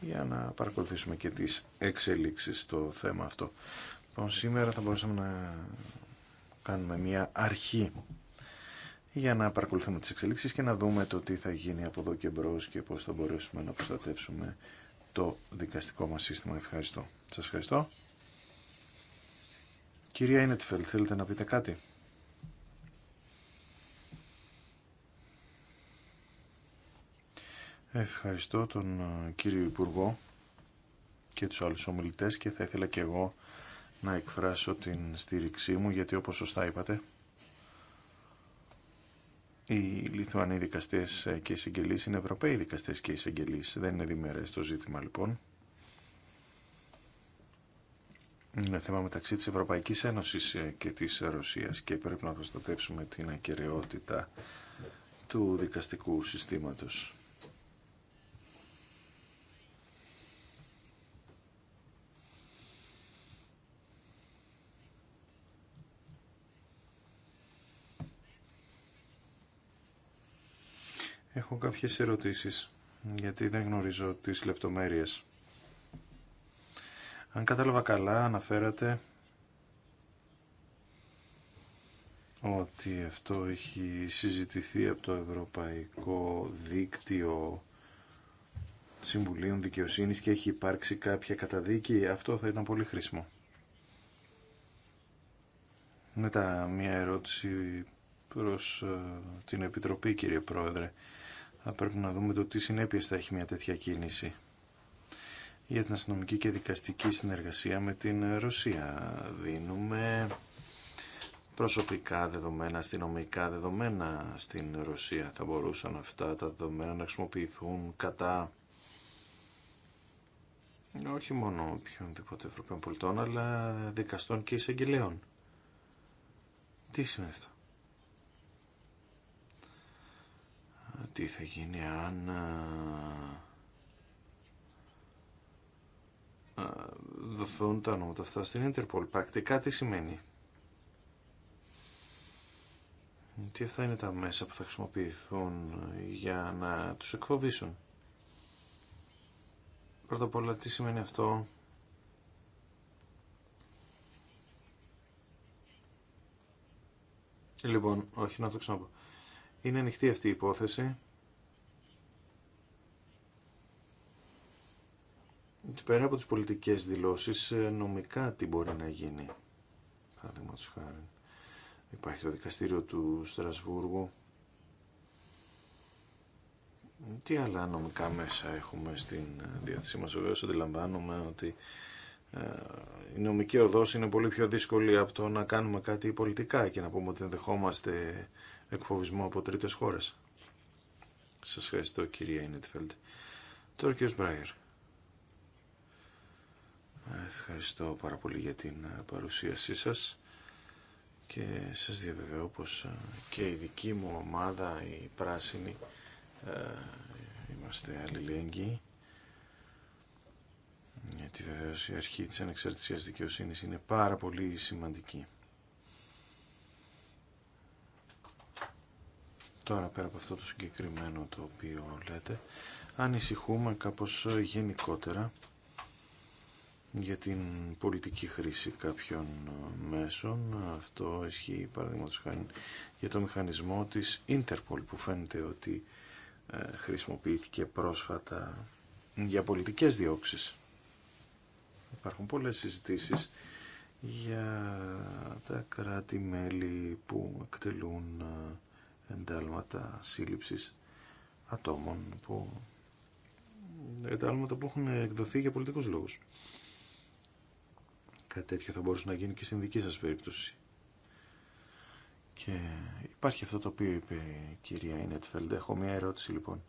για να παρακολουθήσουμε και τις εξελίξεις στο θέμα αυτό. Λοιπόν, σήμερα θα μπορούσαμε να κάνουμε μία αρχή για να παρακολουθούμε τις εξελίξεις και να δούμε το τι θα γίνει από εδώ και μπρος και πώς θα μπορέσουμε να προστατεύσουμε το δικαστικό μας σύστημα. Ευχαριστώ. Σας ευχαριστώ. Κυρία Ίνετφελ, θέλετε να πείτε κάτι. Ευχαριστώ τον ε, κύριο Υπουργό και τους άλλους ομιλητές και θα ήθελα και εγώ να εκφράσω την στήριξή μου γιατί όπως σωστά είπατε οι Λιθουανοί δικαστές ε, και εισαγγελείς είναι Ευρωπαίοι δικαστές και οι εισαγγελείς. Δεν είναι διμερές το ζήτημα λοιπόν. Είναι θέμα μεταξύ της Ευρωπαϊκής Ένωσης ε, και της Ρωσίας και πρέπει να προστατεύσουμε την ακαιρεότητα του δικαστικού συστήματος. Έχω κάποιες ερωτήσεις, γιατί δεν γνωρίζω τις λεπτομέρειες. Αν κατάλαβα καλά, αναφέρατε ότι αυτό έχει συζητηθεί από το Ευρωπαϊκό Δίκτυο Συμβουλίων Δικαιοσύνης και έχει υπάρξει κάποια καταδίκη. Αυτό θα ήταν πολύ χρήσιμο. Μετά μια ερώτηση προς ε, την Επιτροπή, κύριε Πρόεδρε θα πρέπει να δούμε το τι συνέπειες θα έχει μια τέτοια κίνηση για την αστυνομική και δικαστική συνεργασία με την Ρωσία. Δίνουμε προσωπικά δεδομένα, αστυνομικά δεδομένα στην Ρωσία. Θα μπορούσαν αυτά τα δεδομένα να χρησιμοποιηθούν κατά όχι μόνο οποιονδήποτε Ευρωπαίων πολιτών, αλλά δικαστών και εισαγγελέων. Τι σημαίνει αυτό. τι θα γίνει αν ε, ε, δοθούν τα νόματα αυτά στην Interpol. Πρακτικά τι σημαίνει. Τι αυτά είναι τα μέσα που θα χρησιμοποιηθούν για να τους εκφοβήσουν. Πρώτα απ' όλα τι σημαίνει αυτό Λοιπόν, όχι να το ξαναπώ. Είναι ανοιχτή αυτή η υπόθεση. Πέρα από τις πολιτικές δηλώσεις, ε, νομικά τι μπορεί να γίνει. Παραδείγματος χάρη. Υπάρχει το δικαστήριο του Στρασβούργου. Τι άλλα νομικά μέσα έχουμε στην ε, διάθεσή μας. Βεβαίως αντιλαμβάνομαι ότι ε, η νομική οδός είναι πολύ πιο δύσκολη από το να κάνουμε κάτι πολιτικά και να πούμε ότι δεχόμαστε εκφοβισμό από τρίτες χώρες. Σας ευχαριστώ κυρία Ινετφέλντ. Τώρα κύριος Μπράιερ. Ευχαριστώ πάρα πολύ για την ε, παρουσίασή σας και σας διαβεβαιώ πως ε, και η δική μου ομάδα, η πράσινη, ε, είμαστε αλληλέγγυοι γιατί βεβαίως η αρχή της ανεξαρτησίας δικαιοσύνης είναι πάρα πολύ σημαντική. Τώρα πέρα από αυτό το συγκεκριμένο το οποίο λέτε, ανησυχούμε κάπως γενικότερα για την πολιτική χρήση κάποιων μέσων. Αυτό ισχύει παραδείγματο χάρη για το μηχανισμό της Interpol που φαίνεται ότι ε, χρησιμοποιήθηκε πρόσφατα για πολιτικές διώξεις. Υπάρχουν πολλές συζητήσεις για τα κράτη-μέλη που εκτελούν ε, εντάλματα σύλληψης ατόμων που εντάλματα που έχουν εκδοθεί για πολιτικούς λόγους. Κάτι τέτοιο θα μπορούσε να γίνει και στην δική σας περίπτωση. Και υπάρχει αυτό το οποίο είπε η κυρία Ινέτφελντ. Έχω μια ερώτηση λοιπόν.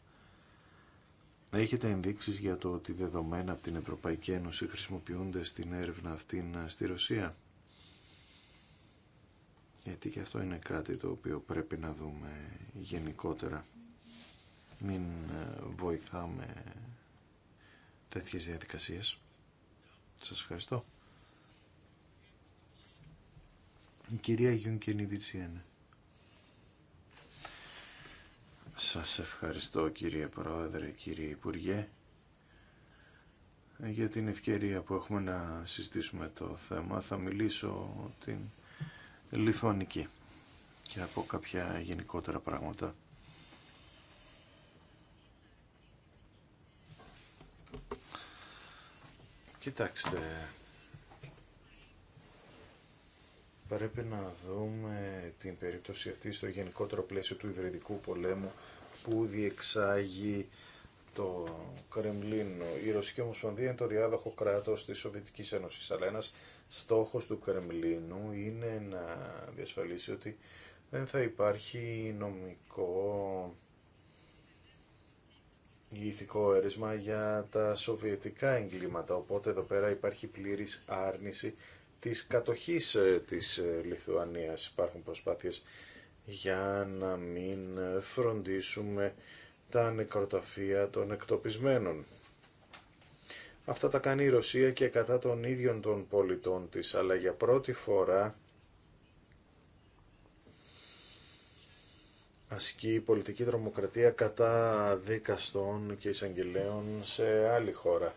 Έχετε ενδείξεις για το ότι δεδομένα από την Ευρωπαϊκή Ένωση χρησιμοποιούνται στην έρευνα αυτή στη Ρωσία γιατί και αυτό είναι κάτι το οποίο πρέπει να δούμε γενικότερα. Μην ε, βοηθάμε τέτοιες διαδικασίες. Σας ευχαριστώ. Η κυρία είναι. Σας ευχαριστώ κύριε Πρόεδρε, κύριε Υπουργέ για την ευκαιρία που έχουμε να συζητήσουμε το θέμα. Θα μιλήσω την Λιθουανική και από κάποια γενικότερα πράγματα. Κοιτάξτε, πρέπει να δούμε την περίπτωση αυτή στο γενικότερο πλαίσιο του υβριδικού πολέμου που διεξάγει το Κρεμλίνο. Η Ρωσική Ομοσπονδία είναι το διάδοχο κράτος της Σοβιετικής Ένωσης, αλλά ένα στόχος του Κρεμλίνου είναι να διασφαλίσει ότι δεν θα υπάρχει νομικό ηθικό αίρεσμα για τα σοβιετικά εγκλήματα, οπότε εδώ πέρα υπάρχει πλήρης άρνηση της κατοχής ε, της ε, Λιθουανίας. Υπάρχουν προσπάθειες για να μην φροντίσουμε τα νεκροταφεία των εκτοπισμένων. Αυτά τα κάνει η Ρωσία και κατά των ίδιων των πολιτών της, αλλά για πρώτη φορά ασκεί η πολιτική τρομοκρατία κατά δίκαστων και εισαγγελέων σε άλλη χώρα.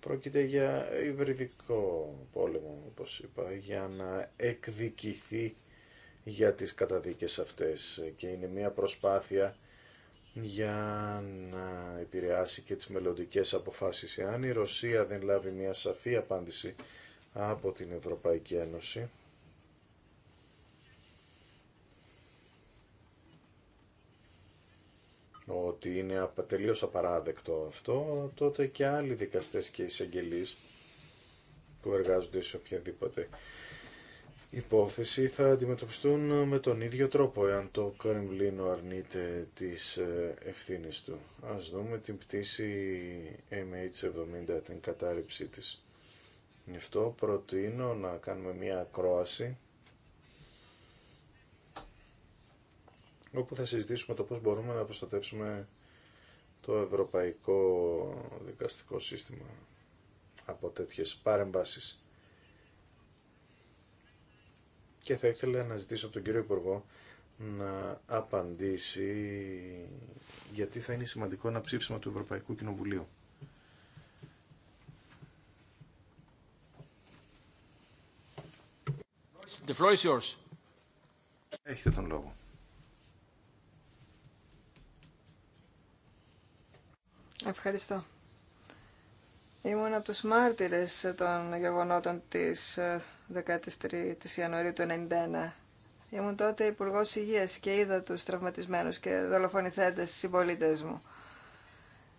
Πρόκειται για υβριδικό πόλεμο, όπως είπα, για να εκδικηθεί για τις καταδίκες αυτές και είναι μια προσπάθεια για να επηρεάσει και τις μελλοντικέ αποφάσεις. Αν η Ρωσία δεν λάβει μια σαφή απάντηση από την Ευρωπαϊκή Ένωση, ότι είναι τελείως απαράδεκτο αυτό, τότε και άλλοι δικαστές και εισαγγελείς που εργάζονται σε οποιαδήποτε υπόθεση θα αντιμετωπιστούν με τον ίδιο τρόπο εάν το Κρεμλίνο αρνείται τις ε, ευθύνες του. Ας δούμε την πτήση MH70, την κατάρριψή της. Γι' αυτό προτείνω να κάνουμε μία ακρόαση όπου θα συζητήσουμε το πώς μπορούμε να προστατεύσουμε το ευρωπαϊκό δικαστικό σύστημα από τέτοιες παρεμβάσεις και θα ήθελα να ζητήσω από τον κύριο Υπουργό να απαντήσει γιατί θα είναι σημαντικό ένα ψήφισμα του Ευρωπαϊκού Κοινοβουλίου. The Έχετε τον λόγο. Ευχαριστώ. Ήμουν από τους μάρτυρες των γεγονότων της 13ης ε, Ιανουαρίου του 1991. Ήμουν τότε υπουργό Υγεία και είδα τους τραυματισμένους και δολοφονηθέντες συμπολίτε μου.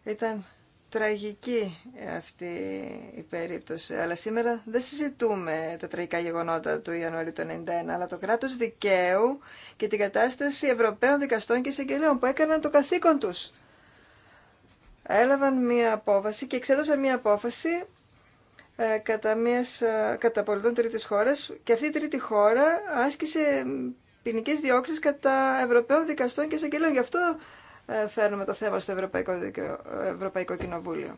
Ήταν τραγική αυτή η περίπτωση, αλλά σήμερα δεν συζητούμε τα τραγικά γεγονότα του Ιανουαρίου του 1991, αλλά το κράτος δικαίου και την κατάσταση Ευρωπαίων δικαστών και Εισαγγελίων που έκαναν το καθήκον τους έλαβαν μία απόφαση και εξέδωσαν μία απόφαση ε, κατά, μίας, ε, κατά πολιτών τρίτης χώρας και αυτή η τρίτη χώρα άσκησε ποινικέ διώξεις κατά Ευρωπαίων δικαστών και εισαγγελίων. Γι' αυτό ε, φέρνουμε το θέμα στο Ευρωπαϊκό, Ευρωπαϊκό Κοινοβούλιο.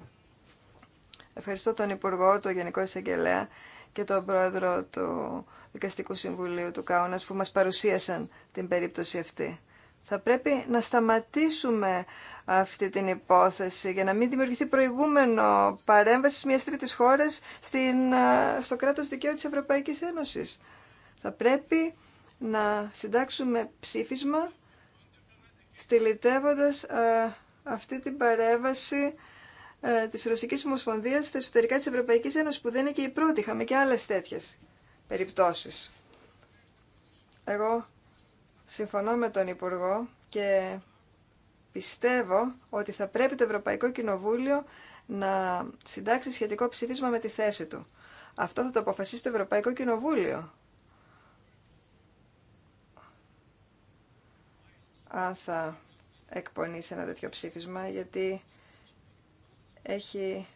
Ευχαριστώ τον Υπουργό, τον Γενικό Εισαγγελέα και τον Πρόεδρο του Δικαστικού Συμβουλίου του Κάουνας που μας παρουσίασαν την περίπτωση αυτή. Θα πρέπει να σταματήσουμε αυτή την υπόθεση για να μην δημιουργηθεί προηγούμενο παρέμβαση μιας τρίτης χώρας στην, στο κράτος δικαίου της Ευρωπαϊκής Ένωσης. Θα πρέπει να συντάξουμε ψήφισμα στυλιτεύοντας αυτή την παρέμβαση της Ρωσικής Ομοσπονδίας στα εσωτερικά της Ευρωπαϊκής Ένωσης που δεν είναι και η πρώτη, είχαμε και άλλες τέτοιες περιπτώσεις. Εγώ συμφωνώ με τον Υπουργό και πιστεύω ότι θα πρέπει το Ευρωπαϊκό Κοινοβούλιο να συντάξει σχετικό ψήφισμα με τη θέση του. Αυτό θα το αποφασίσει το Ευρωπαϊκό Κοινοβούλιο. Αν θα εκπονήσει ένα τέτοιο ψήφισμα, γιατί έχει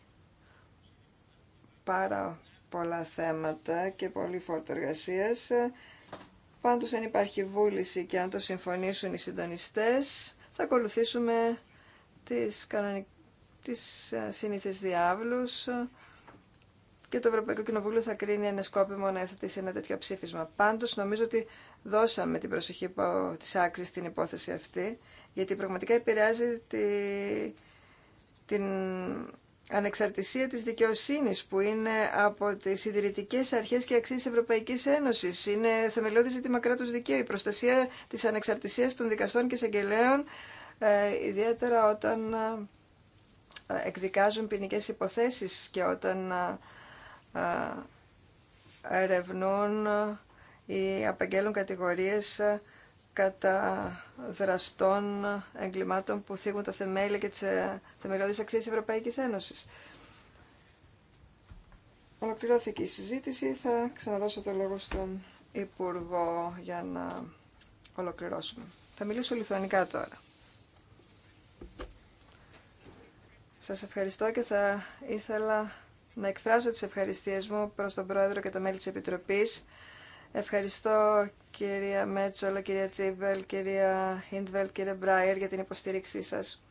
πάρα πολλά θέματα και πολύ φόρτο εργασίας Πάντως αν υπάρχει βούληση και αν το συμφωνήσουν οι συντονιστές, θα ακολουθήσουμε τις, κανονικ... τις ε, συνήθες διάβλους και το Ευρωπαϊκό Κοινοβούλιο θα κρίνει ένα σκόπιμο να σε ένα τέτοιο ψήφισμα. Πάντως νομίζω ότι δώσαμε την προσοχή της άξης στην υπόθεση αυτή, γιατί πραγματικά επηρεάζει τη... την ανεξαρτησία της δικαιοσύνης που είναι από τις ιδρυτικές αρχές και αξίες Ευρωπαϊκής Ένωσης. Είναι θεμελιώδη ζήτημα κράτους δικαίου, η προστασία της ανεξαρτησίας των δικαστών και εισαγγελέων, ε, ιδιαίτερα όταν ε, εκδικάζουν ποινικέ υποθέσεις και όταν ε, ε, ερευνούν ή απαγγέλουν κατηγορίες ε, κατά δραστών εγκλημάτων που θίγουν τα θεμέλια και τις ε, θεμελιώδεις αξίες της Ευρωπαϊκής Ένωσης. Ολοκληρώθηκε η συζήτηση. Θα ξαναδώσω το λόγο στον Υπουργό για να ολοκληρώσουμε. Θα μιλήσω λιθουανικά τώρα. Σας ευχαριστώ και θα ήθελα να εκφράσω τις ευχαριστίες μου προς τον Πρόεδρο και τα μέλη της Επιτροπής Ευχαριστώ κυρία Μέτσολα, κυρία Τσίβελ, κυρία Χίντβελ, κύριε Μπράιερ για την υποστήριξή σας.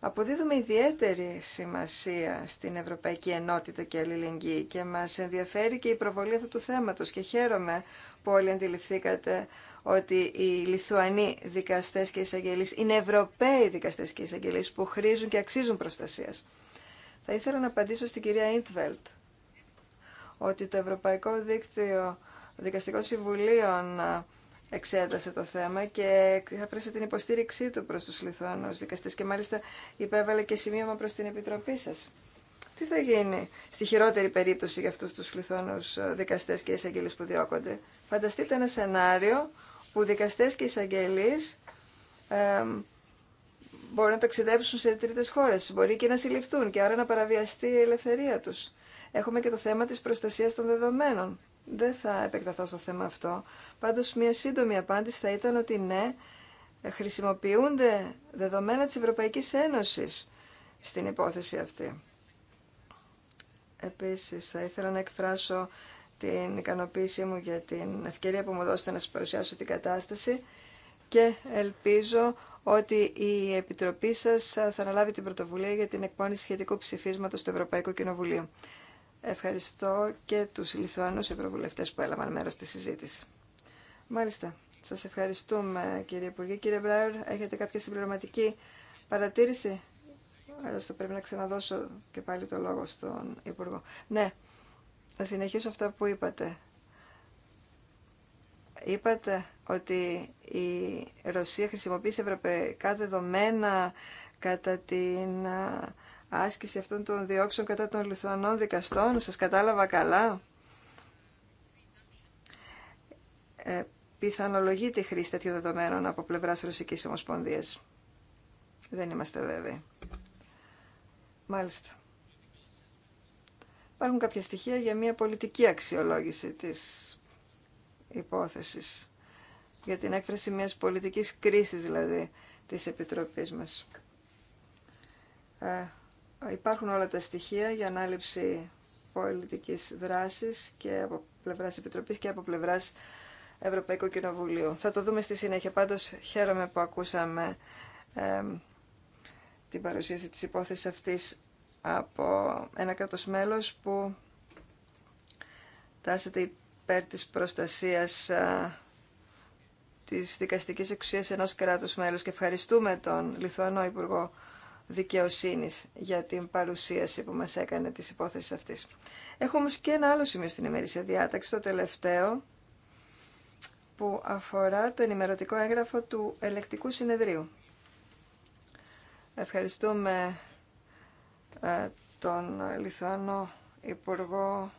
Αποδίδουμε ιδιαίτερη σημασία στην Ευρωπαϊκή Ενότητα και Αλληλεγγύη και μας ενδιαφέρει και η προβολή αυτού του θέματος και χαίρομαι που όλοι αντιληφθήκατε ότι οι Λιθουανοί δικαστές και εισαγγελείς είναι Ευρωπαίοι δικαστές και εισαγγελείς που χρήζουν και αξίζουν προστασίας. Θα ήθελα να απαντήσω στην κυρία Ιντβελτ ότι το Ευρωπαϊκό Δίκτυο ο δικαστικό Συμβουλίων ε, εξέτασε το θέμα και θα πρέσει την υποστήριξή του προς τους λιθόνους δικαστές και μάλιστα υπέβαλε και σημείωμα προς την Επιτροπή σας. Τι θα γίνει στη χειρότερη περίπτωση για αυτούς τους λιθόνους ε, δικαστές και εισαγγελείς που διώκονται. Φανταστείτε ένα σενάριο που δικαστές και εισαγγελείς ε, μπορεί να ταξιδέψουν σε τρίτες χώρες, μπορεί και να συλληφθούν και άρα να παραβιαστεί η ελευθερία τους. Έχουμε και το θέμα της προστασίας των δεδομένων. Δεν θα επεκταθώ στο θέμα αυτό. Πάντως μια σύντομη απάντηση θα ήταν ότι ναι, χρησιμοποιούνται δεδομένα της Ευρωπαϊκής Ένωσης στην υπόθεση αυτή. Επίσης, θα ήθελα να εκφράσω την ικανοποίησή μου για την ευκαιρία που μου δώσετε να σας παρουσιάσω την κατάσταση και ελπίζω ότι η Επιτροπή σας θα αναλάβει την πρωτοβουλία για την εκπόνηση σχετικού ψηφίσματος του Ευρωπαϊκού Κοινοβουλίου. Ευχαριστώ και τους Λιθουανούς Ευρωβουλευτές που έλαβαν μέρος στη συζήτηση. Μάλιστα, σας ευχαριστούμε κύριε Υπουργέ. Κύριε Μπράουρ, έχετε κάποια συμπληρωματική παρατήρηση. Άλλωστε πρέπει να ξαναδώσω και πάλι το λόγο στον Υπουργό. Ναι, θα συνεχίσω αυτά που είπατε. Είπατε ότι η Ρωσία χρησιμοποιεί ευρωπαϊκά δεδομένα κατά την άσκηση αυτών των διώξεων κατά των Λιθουανών δικαστών. Σας κατάλαβα καλά. Ε, τη χρήση τέτοιων δεδομένων από πλευράς Ρωσικής Ομοσπονδίας. Δεν είμαστε βέβαιοι. Μάλιστα. Υπάρχουν κάποια στοιχεία για μια πολιτική αξιολόγηση της υπόθεσης. Για την έκφραση μιας πολιτικής κρίσης δηλαδή της Επιτροπής μας. Ε, Υπάρχουν όλα τα στοιχεία για ανάληψη πολιτικής δράσης και από πλευράς Επιτροπής και από πλευράς Ευρωπαϊκού Κοινοβουλίου. Θα το δούμε στη συνέχεια. Πάντως χαίρομαι που ακούσαμε την παρουσίαση της υπόθεσης αυτής από ένα κράτος μέλος που τάσεται υπέρ της προστασίας της δικαστικής εξουσίας ενός κράτους μέλους και ευχαριστούμε τον Λιθουανό Υπουργό δικαιοσύνης για την παρουσίαση που μας έκανε της υπόθεσης αυτής. Έχω όμως και ένα άλλο σημείο στην ημερήσια διάταξη, το τελευταίο, που αφορά το ενημερωτικό έγγραφο του ελεκτικού συνεδρίου. Ευχαριστούμε ε, τον Λιθουανό Υπουργό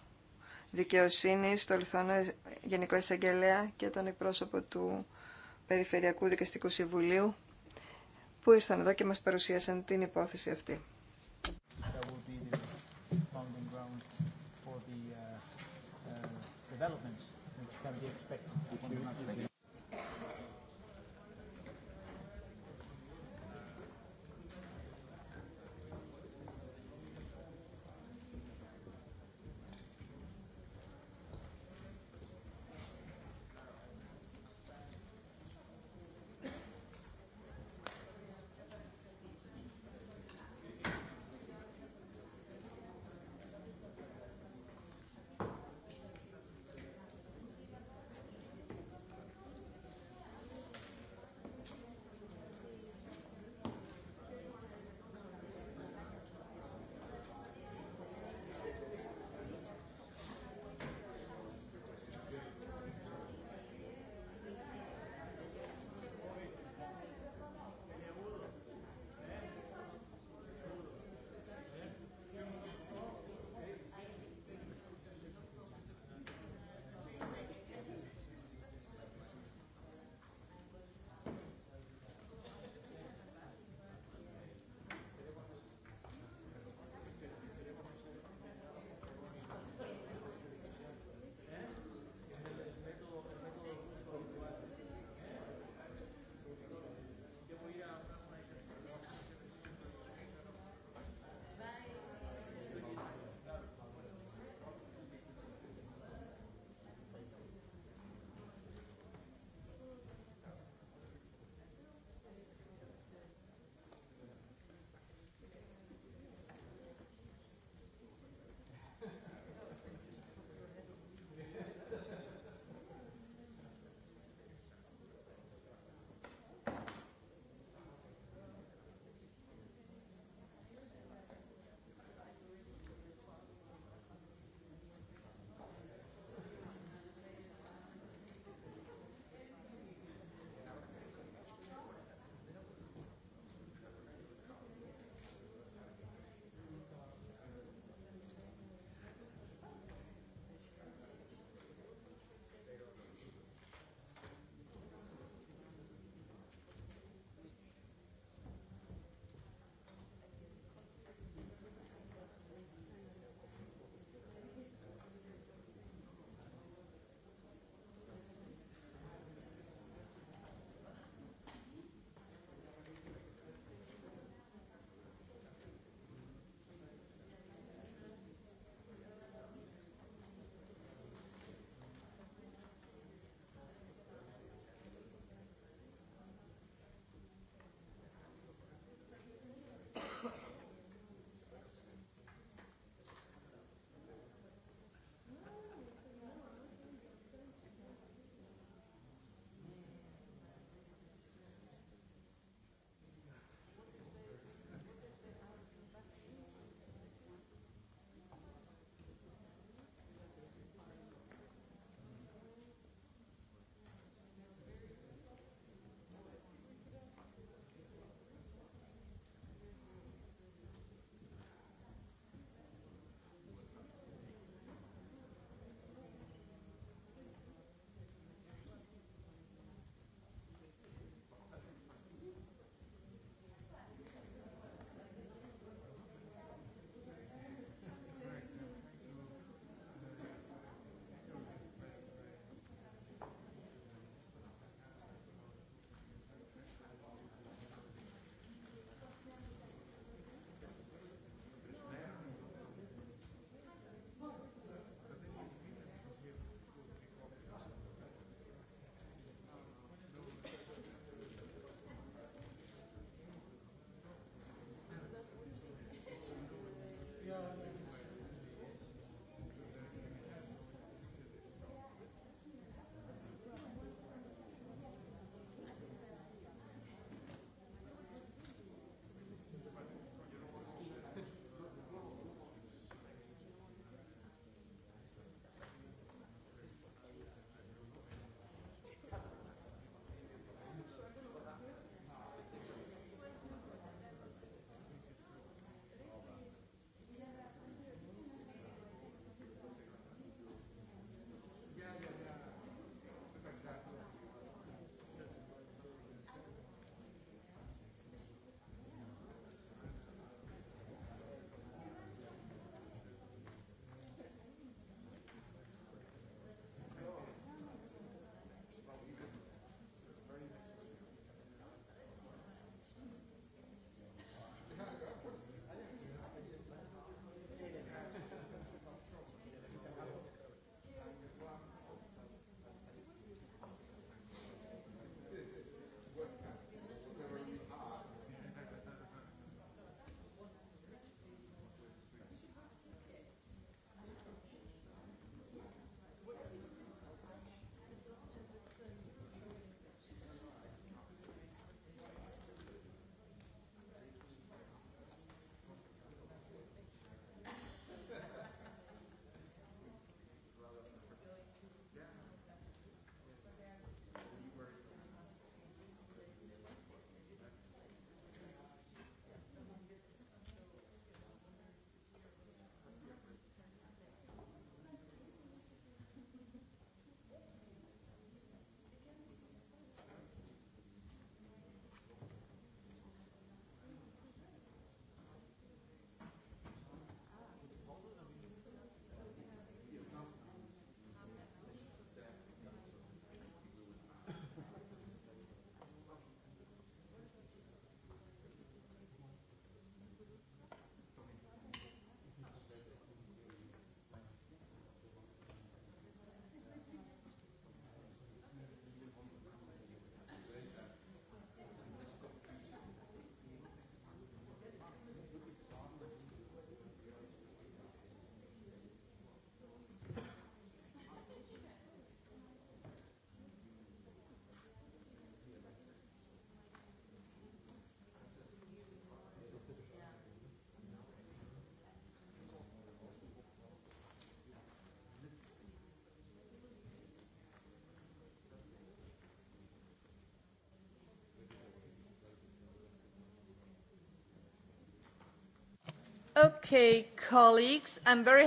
Δικαιοσύνης, τον Λιθουανό Γενικό Εισαγγελέα και τον εκπρόσωπο του Περιφερειακού Δικαστικού Συμβουλίου που ήρθαν εδώ και μας παρουσίασαν την υπόθεση αυτή.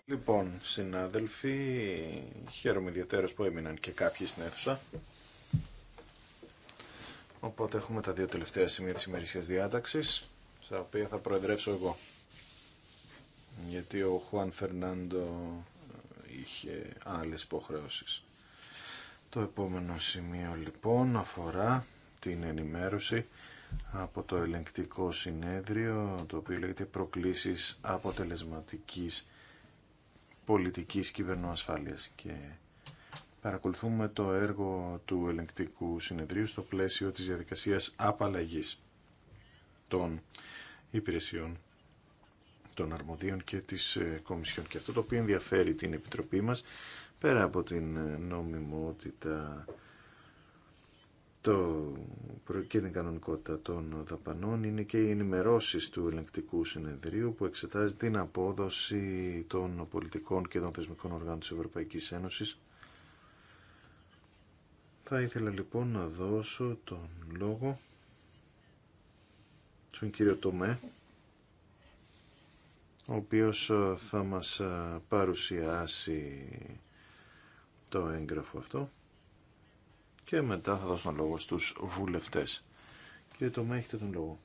Λοιπόν, συνάδελφοι, χαίρομαι ιδιαίτερα που έμειναν και κάποιοι στην αίθουσα. Οπότε έχουμε τα δύο τελευταία σημεία της ημερησίας διάταξης, στα οποία θα προεδρεύσω εγώ. Γιατί ο Χουάν Φερνάντο είχε άλλες υποχρεώσεις. Το επόμενο σημείο λοιπόν αφορά την ενημέρωση από το ελεγκτικό συνέδριο, το οποίο λέγεται «Προκλήσεις αποτελεσματικής πολιτικής κυβερνοασφάλειας». Και παρακολουθούμε το έργο του ελεγκτικού συνεδρίου στο πλαίσιο της διαδικασίας απαλλαγής των υπηρεσιών των αρμοδίων και της ε, Κομισιόν. Και αυτό το οποίο ενδιαφέρει την Επιτροπή μας, πέρα από την ε, νομιμότητα το και την κανονικότητα των δαπανών είναι και οι ενημερώσεις του ελεγκτικού συνεδρίου που εξετάζει την απόδοση των πολιτικών και των θεσμικών οργάνων της Ευρωπαϊκής Ένωσης. Θα ήθελα λοιπόν να δώσω τον λόγο στον κύριο Τομέ ο οποίος ε, θα μας ε, παρουσιάσει το έγγραφο αυτό και μετά θα δώσω τον λόγο στους βουλευτές. Κύριε Τωμά, έχετε τον λόγο.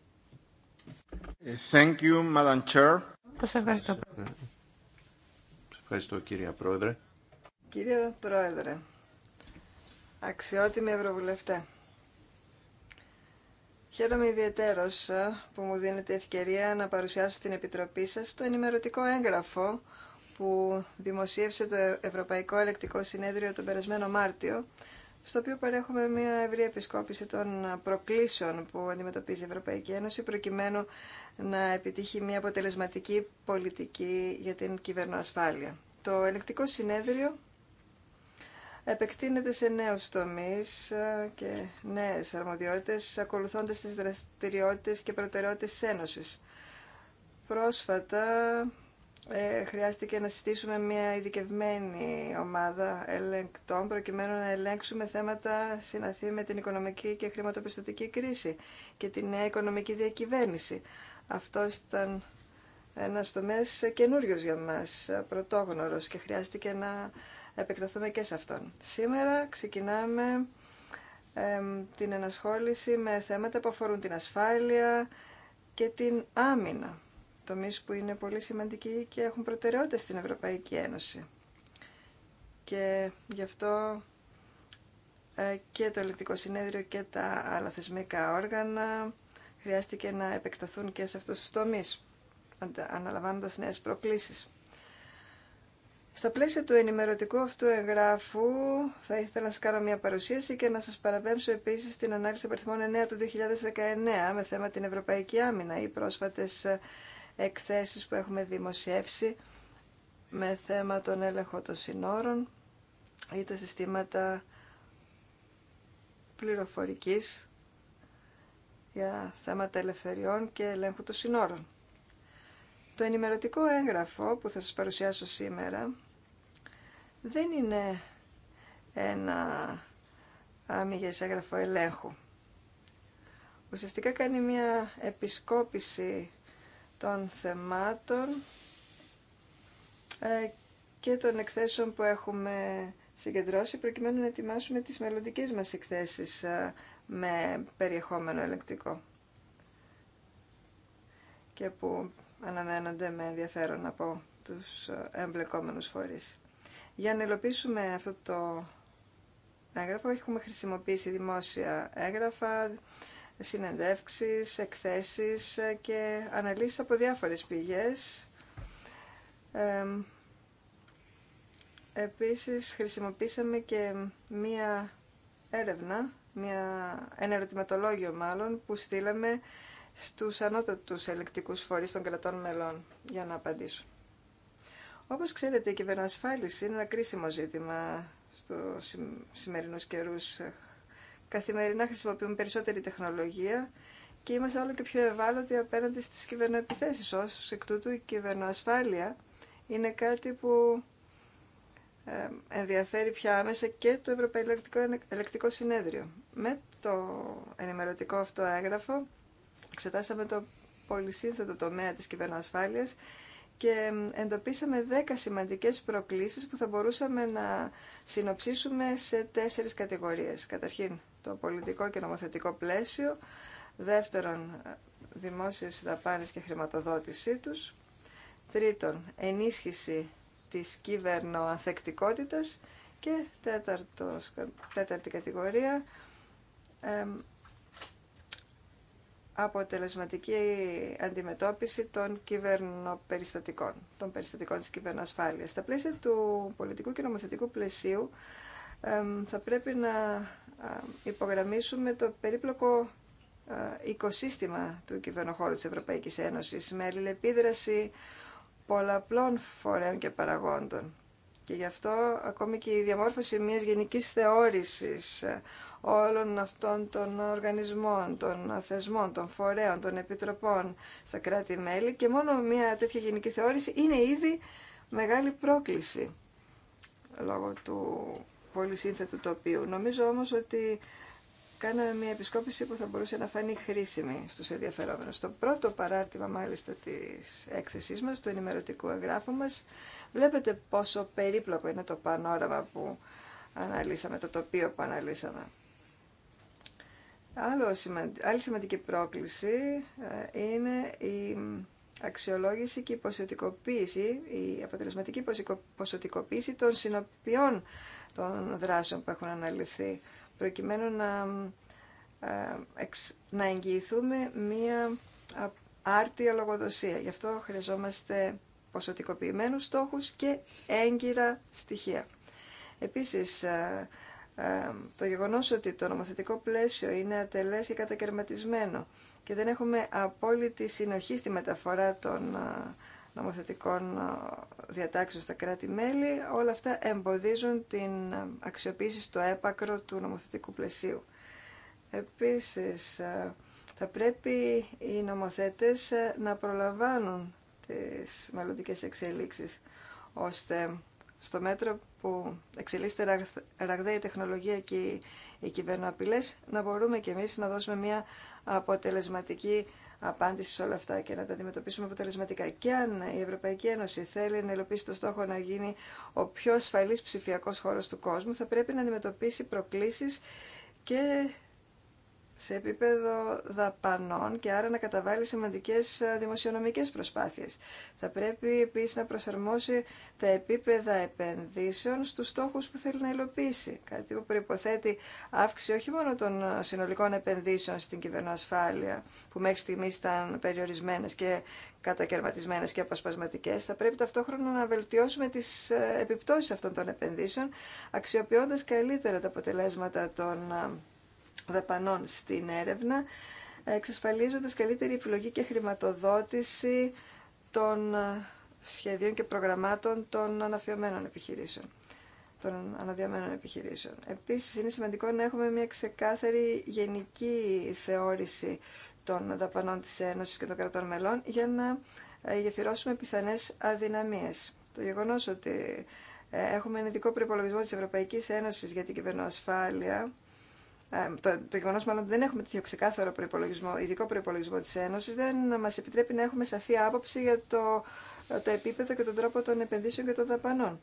Thank you, Madam Chair. Σας ευχαριστώ. Σας ευχαριστώ, κύριε Πρόεδρε. Κύριε Πρόεδρε, αξιότιμη Ευρωβουλευτέ, χαίρομαι ιδιαίτερος ε, που μου δίνετε ευκαιρία να παρουσιάσω στην Επιτροπή σας το ενημερωτικό έγγραφο που δημοσίευσε το Ευρωπαϊκό Ελεκτικό Συνέδριο τον περασμένο Μάρτιο στο οποίο παρέχουμε μια ευρή επισκόπηση των προκλήσεων που αντιμετωπίζει η Ευρωπαϊκή Ένωση, προκειμένου να επιτύχει μια αποτελεσματική πολιτική για την κυβερνοασφάλεια. Το ελεκτικό συνέδριο επεκτείνεται σε νέους τομείς ε, και νέες αρμοδιότητες, ακολουθώντας τις δραστηριότητες και προτεραιότητες της Ένωσης. Πρόσφατα ε, χρειάστηκε να συστήσουμε μια ειδικευμένη ομάδα ελεγκτών προκειμένου να ελέγξουμε θέματα συναφή με την οικονομική και χρηματοπιστωτική κρίση και την νέα οικονομική διακυβέρνηση. Αυτό ήταν ένα τομέα καινούριο για μα, πρωτόγνωρο και χρειάστηκε να επεκταθούμε και σε αυτόν. Σήμερα ξεκινάμε την ενασχόληση με θέματα που αφορούν την ασφάλεια και την άμυνα τομείς που είναι πολύ σημαντικοί και έχουν προτεραιότητα στην Ευρωπαϊκή Ένωση. Και γι' αυτό ε, και το Ελεκτικό Συνέδριο και τα άλλα θεσμικά όργανα χρειάστηκε να επεκταθούν και σε αυτούς τους τομείς, αναλαμβάνοντας νέες προκλήσεις. Στα πλαίσια του ενημερωτικού αυτού εγγράφου θα ήθελα να σας κάνω μια παρουσίαση και να σας παραπέμψω επίσης στην ανάλυση απαριθμών 9 του 2019 με θέμα την Ευρωπαϊκή Άμυνα. ή πρόσφατες ε, εκθέσεις που έχουμε δημοσιεύσει με θέμα τον έλεγχο των συνόρων ή τα συστήματα πληροφορικής για θέματα ελευθεριών και ελέγχου των συνόρων. Το ενημερωτικό έγγραφο που θα σας παρουσιάσω σήμερα δεν είναι ένα άμυγες έγγραφο ελέγχου. Ουσιαστικά κάνει μια επισκόπηση των θεμάτων ε, και των εκθέσεων που έχουμε συγκεντρώσει προκειμένου να ετοιμάσουμε τις μελλοντικές μας εκθέσεις ε, με περιεχόμενο ελεκτικό και που αναμένονται με ενδιαφέρον από τους ε, εμπλεκόμενους φορείς. Για να υλοποιήσουμε αυτό το έγγραφο έχουμε χρησιμοποιήσει δημόσια έγγραφα, συνεντεύξεις, εκθέσεις και αναλύσεις από διάφορες πηγές. Ε, επίσης χρησιμοποίησαμε και μία έρευνα, μία, ένα ερωτηματολόγιο μάλλον, που στείλαμε στους ανώτατους ελεκτικούς φορείς των κρατών μελών για να απαντήσουν. Όπως ξέρετε, η κυβερνοασφάλιση είναι ένα κρίσιμο ζήτημα στους σημερινούς καιρούς καθημερινά χρησιμοποιούμε περισσότερη τεχνολογία και είμαστε όλο και πιο ευάλωτοι απέναντι στις κυβερνοεπιθέσεις. Ως εκ τούτου η κυβερνοασφάλεια είναι κάτι που ενδιαφέρει πια άμεσα και το Ευρωπαϊκό Ελεκτικό Συνέδριο. Με το ενημερωτικό αυτό έγγραφο εξετάσαμε το πολυσύνθετο τομέα της κυβερνοασφάλειας και εντοπίσαμε 10 σημαντικές προκλήσεις που θα μπορούσαμε να συνοψίσουμε σε τέσσερις κατηγορίε. Καταρχήν, το πολιτικό και νομοθετικό πλαίσιο, δεύτερον, δημόσιες δαπάνες και χρηματοδότησή τους, τρίτον, ενίσχυση της κυβερνοαθεκτικότητας και τέταρτος, τέταρτη κατηγορία, αποτελεσματική αντιμετώπιση των κυβερνοπεριστατικών, των περιστατικών της κυβερνοασφάλειας. Στα πλαίσια του πολιτικού και νομοθετικού πλαισίου θα πρέπει να υπογραμμίσουμε το περίπλοκο οικοσύστημα του κυβερνοχώρου της Ευρωπαϊκής Ένωσης με αλληλεπίδραση πολλαπλών φορέων και παραγόντων. Και γι' αυτό ακόμη και η διαμόρφωση μιας γενικής θεώρησης όλων αυτών των οργανισμών, των θεσμών, των φορέων, των επιτροπών στα κράτη-μέλη και μόνο μια τέτοια γενική θεώρηση είναι ήδη μεγάλη πρόκληση λόγω του πολύ σύνθετου τοπίου. Νομίζω όμως ότι κάναμε μια επισκόπηση που θα μπορούσε να φανεί χρήσιμη στους ενδιαφερόμενους. Στο πρώτο παράρτημα μάλιστα της έκθεσής μας, του ενημερωτικού εγγράφου μας, βλέπετε πόσο περίπλοκο είναι το πανόραμα που αναλύσαμε, το τοπίο που αναλύσαμε. Άλλο, άλλη σημαντική πρόκληση ε, είναι η αξιολόγηση και η ποσοτικοποίηση, η αποτελεσματική ποσοτικοποίηση των συνοποιών των δράσεων που έχουν αναλυθεί, προκειμένου να, ε, να εγγυηθούμε μία άρτια λογοδοσία. Γι' αυτό χρειαζόμαστε ποσοτικοποιημένους στόχους και έγκυρα στοιχεία. Επίσης, ε, ε, το γεγονός ότι το νομοθετικό πλαίσιο είναι ατελές και κατακαιρματισμένο και δεν έχουμε απόλυτη συνοχή στη μεταφορά των νομοθετικών ε, διατάξεων στα κράτη-μέλη, όλα αυτά εμποδίζουν την αξιοποίηση στο έπακρο του νομοθετικού πλαισίου. Επίσης, ε, θα πρέπει οι νομοθέτες ε, να προλαμβάνουν τις μελλοντικές εξελίξεις, ώστε στο μέτρο που εξελίσσεται ραγδαία η τεχνολογία και οι κυβερνοαπειλές, να μπορούμε και εμείς να δώσουμε μια αποτελεσματική απάντηση σε όλα αυτά και να τα αντιμετωπίσουμε αποτελεσματικά. Και αν η Ευρωπαϊκή Ένωση θέλει να υλοποιήσει το στόχο να γίνει ο πιο ασφαλής ψηφιακός χώρος του κόσμου, θα πρέπει να αντιμετωπίσει προκλήσεις και σε επίπεδο δαπανών και άρα να καταβάλει σημαντικές ε, δημοσιονομικές προσπάθειες. Θα πρέπει επίσης να προσαρμόσει τα επίπεδα επενδύσεων στους στόχους που θέλει να υλοποιήσει. Κάτι που προϋποθέτει αύξηση όχι μόνο των ε, συνολικών επενδύσεων στην κυβερνοασφάλεια που μέχρι στιγμή ήταν περιορισμένες και κατακαιρματισμένες και αποσπασματικές. Θα πρέπει ταυτόχρονα να βελτιώσουμε τις ε, επιπτώσεις αυτών των επενδύσεων αξιοποιώντας καλύτερα τα αποτελέσματα των δαπανών στην έρευνα, εξασφαλίζοντας καλύτερη επιλογή και χρηματοδότηση των ε, σχεδίων και προγραμμάτων των αναφιωμένων επιχειρήσεων των αναδιαμένων επιχειρήσεων. Επίσης, είναι σημαντικό να έχουμε μια ξεκάθαρη γενική θεώρηση των δαπανών της Ένωσης και των κρατών μελών για να ε, γεφυρώσουμε πιθανές αδυναμίες. Το γεγονός ότι ε, έχουμε ένα ειδικό προπολογισμό της Ευρωπαϊκής Ένωσης για την κυβερνοασφάλεια ε, το, το γεγονό μάλλον ότι δεν έχουμε τέτοιο ξεκάθαρο προπολογισμό, ειδικό προπολογισμό τη Ένωση, δεν μα επιτρέπει να έχουμε σαφή άποψη για το, το επίπεδο και τον τρόπο των επενδύσεων και των δαπανών.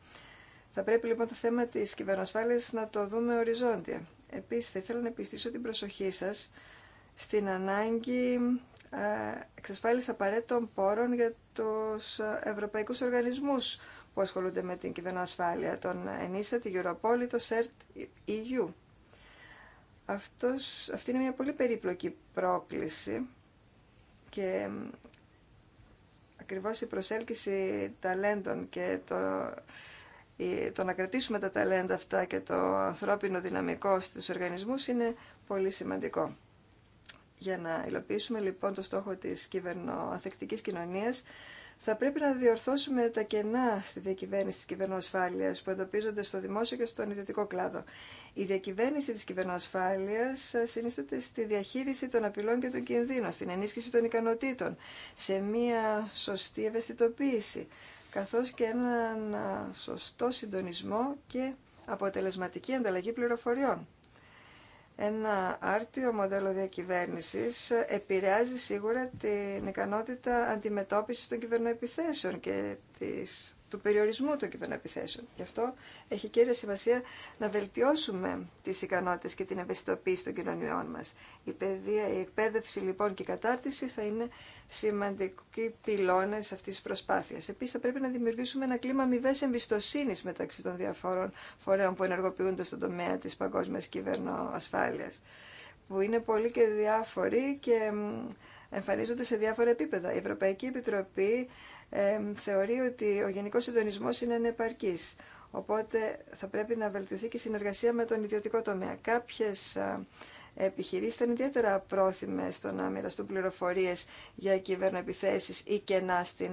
Θα πρέπει λοιπόν το θέμα τη κυβερνοασφάλεια να το δούμε οριζόντια. Επίση, θα ήθελα να επιστήσω την προσοχή σα στην ανάγκη ε, εξασφάλιση απαραίτητων πόρων για του Ευρωπαϊκού Οργανισμού που ασχολούνται με την κυβερνοασφάλεια, τον ΕΝΙΣΑ, την Europol, το CERT, EU. Αυτός, αυτή είναι μια πολύ περίπλοκη πρόκληση και ακριβώς η προσέλκυση ταλέντων και το, το να κρατήσουμε τα ταλέντα αυτά και το ανθρώπινο δυναμικό στους οργανισμούς είναι πολύ σημαντικό. Για να υλοποιήσουμε λοιπόν το στόχο της κυβερνοαθεκτικής κοινωνίας, θα πρέπει να διορθώσουμε τα κενά στη διακυβέρνηση της κυβερνοασφάλεια που εντοπίζονται στο δημόσιο και στον ιδιωτικό κλάδο. Η διακυβέρνηση της κυβερνοασφάλεια συνίσταται στη διαχείριση των απειλών και των κινδύνων, στην ενίσχυση των ικανοτήτων, σε μια σωστή ευαισθητοποίηση, καθώς και έναν σωστό συντονισμό και αποτελεσματική ανταλλαγή πληροφοριών ένα άρτιο μοντέλο διακυβέρνησης επηρεάζει σίγουρα την ικανότητα αντιμετώπισης των κυβερνοεπιθέσεων και της του περιορισμού των κυβερνοεπιθέσεων. Γι' αυτό έχει κύρια σημασία να βελτιώσουμε τις ικανότητες και την ευαισθητοποίηση των κοινωνιών μας. Η παιδεία, η εκπαίδευση λοιπόν και η κατάρτιση θα είναι σημαντικοί πυλώνες αυτής της προσπάθειας. Επίσης θα πρέπει να δημιουργήσουμε ένα κλίμα αμοιβές εμπιστοσύνης μεταξύ των διαφόρων φορέων που ενεργοποιούνται στον τομέα της παγκόσμιας κυβερνοασφάλειας που είναι πολύ και διάφοροι και εμφανίζονται σε διάφορα επίπεδα. Η Ευρωπαϊκή Επιτροπή θεωρεί ότι ο γενικό συντονισμό είναι ανεπαρκής. Οπότε θα πρέπει να βελτιωθεί και η συνεργασία με τον ιδιωτικό τομέα. Κάποιες επιχειρήσει ήταν ιδιαίτερα πρόθυμε στο να μοιραστούν πληροφορίε για κυβερνοεπιθέσει ή κενά στην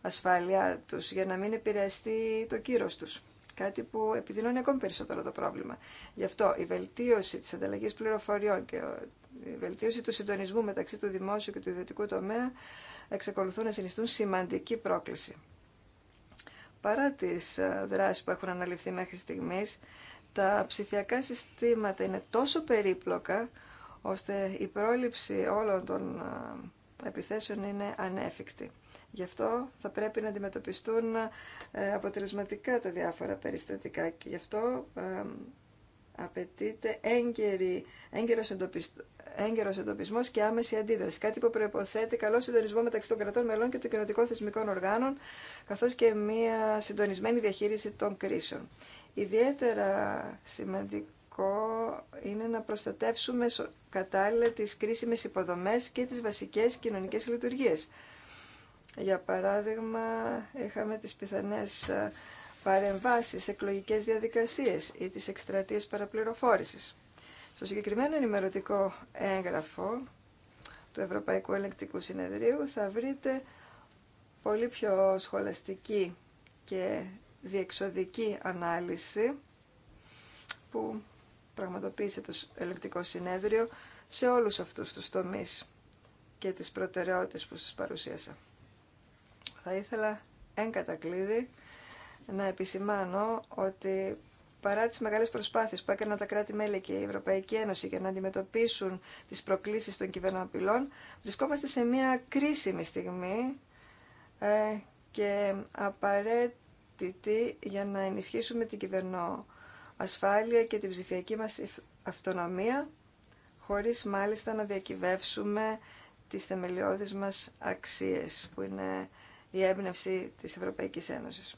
ασφάλειά του για να μην επηρεαστεί το κύρος του. Κάτι που επιδεινώνει ακόμη περισσότερο το πρόβλημα. Γι' αυτό η βελτίωση τη ανταλλαγή πληροφοριών και η βελτίωση του συντονισμού μεταξύ του δημόσιου και του ιδιωτικού τομέα εξακολουθούν να συνιστούν σημαντική πρόκληση. Παρά τις ε, δράσεις που έχουν αναλυθεί μέχρι στιγμής, τα ψηφιακά συστήματα είναι τόσο περίπλοκα, ώστε η πρόληψη όλων των ε, επιθέσεων είναι ανέφικτη. Γι' αυτό θα πρέπει να αντιμετωπιστούν ε, αποτελεσματικά τα διάφορα περιστατικά και γι' αυτό Απαιτείται έγκαιρη, έγκαιρος, εντοπισμός και άμεση αντίδραση. Κάτι που προποθέτει καλό συντονισμό μεταξύ των κρατών μελών και των κοινωτικών θεσμικών οργάνων, καθώς και μια συντονισμένη διαχείριση των κρίσεων. Ιδιαίτερα σημαντικό είναι να προστατεύσουμε κατάλληλα τις κρίσιμες υποδομές και τις βασικές κοινωνικές λειτουργίες. Για παράδειγμα, είχαμε τις πιθανές παρεμβάσεις, εκλογικές διαδικασίες ή τις εκστρατείες παραπληροφόρησης. Στο συγκεκριμένο ενημερωτικό έγγραφο του Ευρωπαϊκού Ελεκτικού Συνεδρίου θα βρείτε πολύ πιο σχολαστική και διεξοδική ανάλυση που πραγματοποίησε το Ελεκτικό Συνέδριο σε όλους αυτούς τους τομείς και τις προτεραιότητες που σας παρουσίασα. Θα ήθελα εν κατακλείδη να επισημάνω ότι παρά τις μεγάλες προσπάθειες που έκαναν τα κράτη-μέλη και η Ευρωπαϊκή Ένωση για να αντιμετωπίσουν τις προκλήσεις των κυβερνοαπειλών, βρισκόμαστε σε μια κρίσιμη στιγμή ε, και απαραίτητη για να ενισχύσουμε την κυβερνοασφάλεια και την ψηφιακή μας αυτονομία, χωρίς μάλιστα να διακυβεύσουμε τις θεμελιώδεις μας αξίες, που είναι η έμπνευση της Ευρωπαϊκής Ένωσης.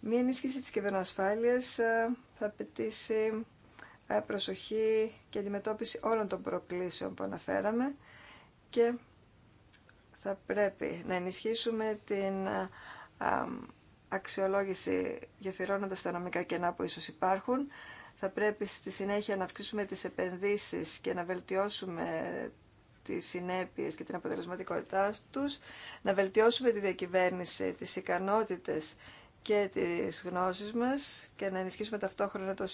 Μία ενίσχυση της κυβερνοασφάλεια ε, θα απαιτήσει ε, προσοχή και αντιμετώπιση όλων των προκλήσεων που αναφέραμε και θα πρέπει να ενισχύσουμε την ε, αξιολόγηση γεφυρώνοντας τα νομικά κενά που ίσως υπάρχουν. Θα πρέπει στη συνέχεια να αυξήσουμε τις επενδύσεις και να βελτιώσουμε τις συνέπειες και την αποτελεσματικότητά τους, να βελτιώσουμε τη διακυβέρνηση, τις ικανότητες και τις γνώσεις μας και να ενισχύσουμε ταυτόχρονα το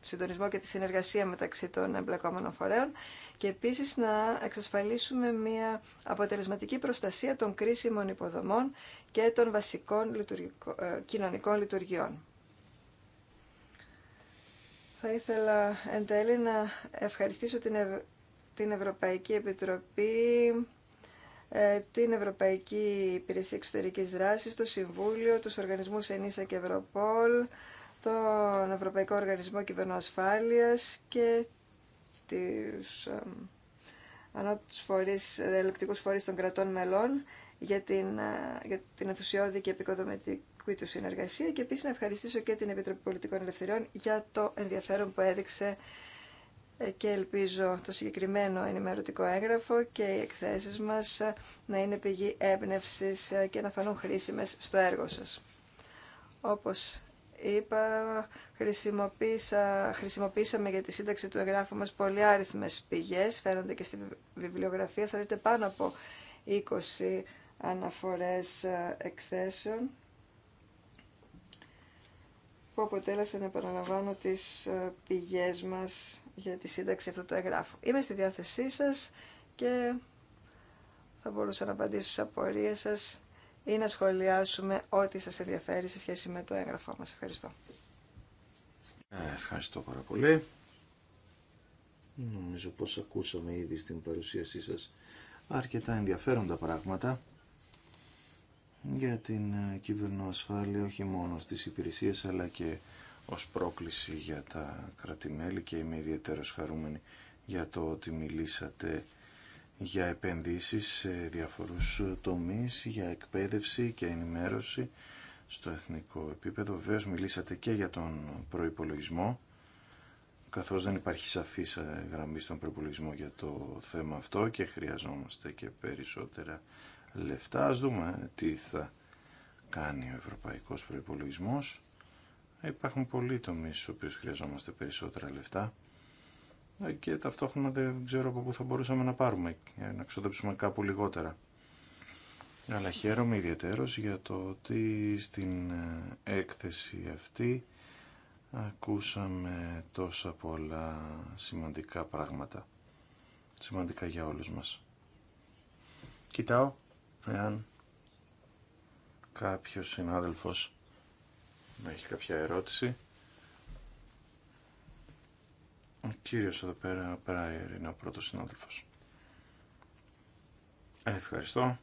συντονισμό και τη συνεργασία μεταξύ των εμπλεκόμενων φορέων και επίσης να εξασφαλίσουμε μια αποτελεσματική προστασία των κρίσιμων υποδομών και των βασικών ε, κοινωνικών λειτουργιών. Θα ήθελα εν τέλει να ευχαριστήσω την, Ευρωπαϊκή Επιτροπή ε, την Ευρωπαϊκή Υπηρεσία Εξωτερικής Δράσης, το Συμβούλιο, τους οργανισμούς ΕΝΙΣΑ και Ευρωπόλ, τον Ευρωπαϊκό Οργανισμό Κυβερνοασφάλειας και τους ανώτατους φορείς, ελεκτικούς φορείς των κρατών μελών για την, ε, για την ενθουσιώδη και επικοδομητική του συνεργασία και επίσης να ευχαριστήσω και την Επιτροπή Πολιτικών Ελευθεριών για το ενδιαφέρον που έδειξε ε, και ελπίζω το συγκεκριμένο ενημερωτικό έγγραφο και οι εκθέσεις μας ε, να είναι πηγή έμπνευσης ε, και να φανούν χρήσιμες στο έργο σας. Όπως είπα, χρησιμοποίησα, χρησιμοποίησαμε για τη σύνταξη του εγγράφου μας πολλοί άριθμες πηγές, φαίνονται και στη βιβλιογραφία, θα δείτε πάνω από 20 αναφορές εκθέσεων που να επαναλαμβάνω, τις ε, πηγές μας για τη σύνταξη αυτού του εγγράφου. Είμαι στη διάθεσή σας και θα μπορούσα να απαντήσω στις απορίες σας ή να σχολιάσουμε ό,τι σας ενδιαφέρει σε σχέση με το έγγραφό μας. Ευχαριστώ. Ε, ευχαριστώ πάρα πολύ. Νομίζω πως ακούσαμε ήδη στην παρουσίασή σας αρκετά ενδιαφέροντα πράγματα για την ε, κυβερνοασφάλεια όχι μόνο στις υπηρεσίες αλλά και ως πρόκληση για τα κρατημέλη και είμαι ιδιαίτερο χαρούμενη για το ότι μιλήσατε για επενδύσεις σε διαφορούς ε, τομείς, για εκπαίδευση και ενημέρωση στο εθνικό επίπεδο. Βεβαίω μιλήσατε και για τον προϋπολογισμό, καθώς δεν υπάρχει σαφής ε, γραμμή στον προϋπολογισμό για το θέμα αυτό και χρειαζόμαστε και περισσότερα λεφτά. Ας δούμε τι θα κάνει ο ευρωπαϊκός προϋπολογισμός. Υπάρχουν πολλοί τομεί στους οποίους χρειαζόμαστε περισσότερα λεφτά ε, και ταυτόχρονα δεν ξέρω από πού θα μπορούσαμε να πάρουμε, ε, να ξοδέψουμε κάπου λιγότερα. Αλλά χαίρομαι ιδιαίτερος για το ότι στην ε, έκθεση αυτή ακούσαμε τόσα πολλά σημαντικά πράγματα. Σημαντικά για όλους μας. Κοιτάω Εάν κάποιος συνάδελφος να έχει κάποια ερώτηση. Ο κύριος εδώ πέρα, Πράιερ, είναι ο πρώτος συνάδελφος. Ευχαριστώ.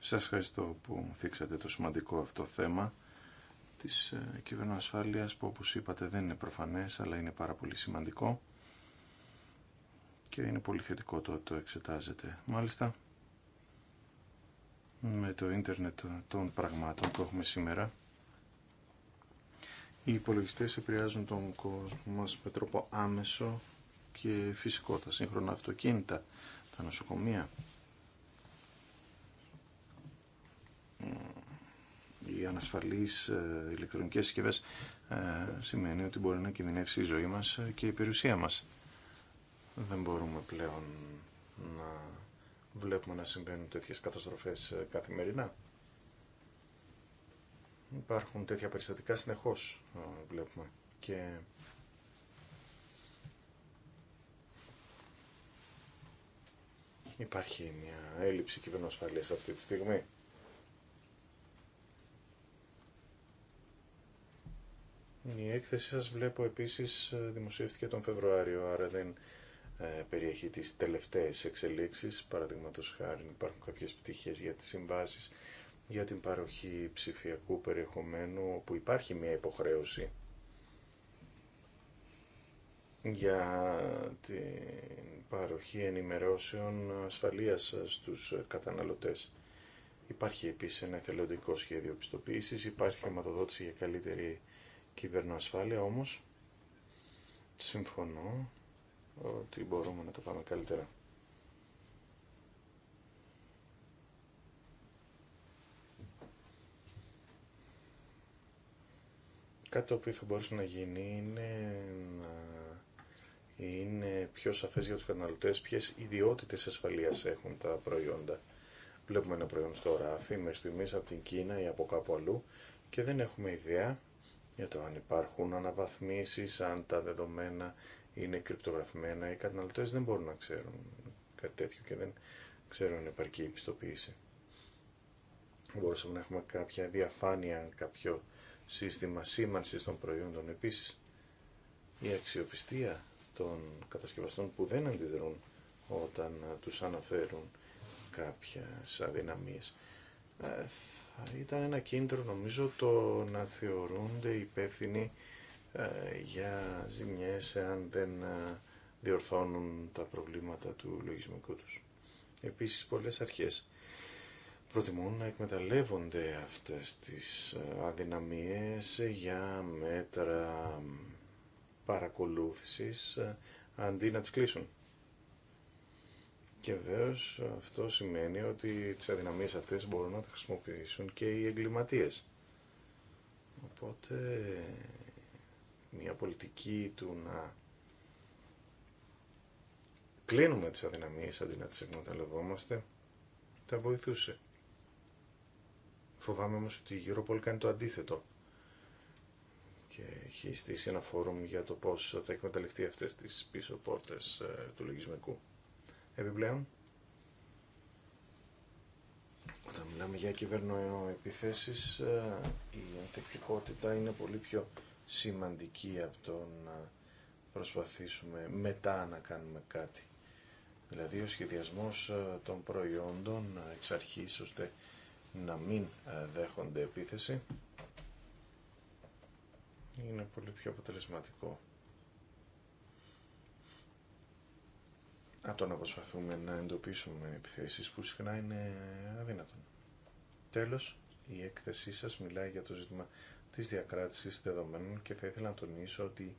Σας ευχαριστώ που θίξατε το σημαντικό αυτό θέμα της ε, κυβερνοασφάλειας που όπως είπατε δεν είναι προφανές αλλά είναι πάρα πολύ σημαντικό και είναι πολύ θετικό το ότι το εξετάζεται. Μάλιστα, με το ίντερνετ των πραγμάτων που έχουμε σήμερα, οι υπολογιστές επηρεάζουν τον κόσμο μας με τρόπο άμεσο και φυσικό, τα σύγχρονα αυτοκίνητα, τα νοσοκομεία, οι ανασφαλείς ε, ηλεκτρονικές συσκευές ε, σημαίνει ότι μπορεί να κινδυνεύσει η ζωή μας και η περιουσία μας. Δεν μπορούμε πλέον να βλέπουμε να συμβαίνουν τέτοιες καταστροφές ε, καθημερινά. Υπάρχουν τέτοια περιστατικά συνεχώς ε, βλέπουμε και υπάρχει μια έλλειψη ασφαλείας αυτή τη στιγμή. Η έκθεση σας βλέπω επίσης ε, δημοσιεύτηκε τον Φεβρουάριο, άρα δεν ε, περιέχει τις τελευταίες εξελίξεις. Παραδείγματος χάρη υπάρχουν κάποιες πτυχές για τις συμβάσεις για την παροχή ψηφιακού περιεχομένου που υπάρχει μια υποχρέωση για την παροχή ενημερώσεων ασφαλείας στους καταναλωτές. Υπάρχει επίσης ένα εθελοντικό σχέδιο πιστοποίησης, υπάρχει χρηματοδότηση για καλύτερη κυβερνοασφάλεια, όμως συμφωνώ ότι μπορούμε να τα πάμε καλύτερα. Κάτι το οποίο θα μπορούσε να γίνει είναι να είναι πιο σαφές για τους καταναλωτές ποιες ιδιότητες ασφαλείας έχουν τα προϊόντα. Βλέπουμε ένα προϊόν στο ράφι με στιγμής από την Κίνα ή από κάπου αλλού και δεν έχουμε ιδέα για το αν υπάρχουν αναβαθμίσεις, αν τα δεδομένα είναι κρυπτογραφημένα, οι καταναλωτές δεν μπορούν να ξέρουν κάτι τέτοιο και δεν ξέρουν επαρκή επιστοποίηση. Μπορούσαμε να έχουμε κάποια διαφάνεια, κάποιο σύστημα σήμανσης των προϊόντων επίσης. Η αξιοπιστία των κατασκευαστών που δεν αντιδρούν όταν τους αναφέρουν κάποιες αδυναμίες. Ε, θα ήταν ένα κίνητρο νομίζω το να θεωρούνται υπεύθυνοι ε, για ζημιές αν δεν ε, διορθώνουν τα προβλήματα του λογισμικού τους. Επίσης πολλές αρχές προτιμούν να εκμεταλλεύονται αυτές τις ε, αδυναμίες για μέτρα παρακολούθησης αντί να τις κλείσουν. Και βεβαίω αυτό σημαίνει ότι τις αδυναμίες αυτές μπορούν να τα χρησιμοποιήσουν και οι εγκληματίες. Οπότε μια πολιτική του να κλείνουμε τις αδυναμίες αντί να τις εκμεταλλευόμαστε, τα βοηθούσε. Φοβάμαι όμως ότι η Europol κάνει το αντίθετο και έχει στήσει ένα φόρουμ για το πώς θα εκμεταλλευτεί αυτές τις πίσω πόρτες ε, του λογισμικού. Επιπλέον, όταν μιλάμε για κυβερνοεπιθέσεις, ε, η ανθεκτικότητα είναι πολύ πιο σημαντική από το να προσπαθήσουμε μετά να κάνουμε κάτι. Δηλαδή ο σχεδιασμός ε, των προϊόντων ε, εξ αρχής ώστε να μην ε, δέχονται επίθεση είναι πολύ πιο αποτελεσματικό. Από το να προσπαθούμε να εντοπίσουμε επιθέσεις που συχνά είναι αδύνατον. Τέλος, η έκθεσή σας μιλάει για το ζήτημα της διακράτησης δεδομένων και θα ήθελα να τονίσω ότι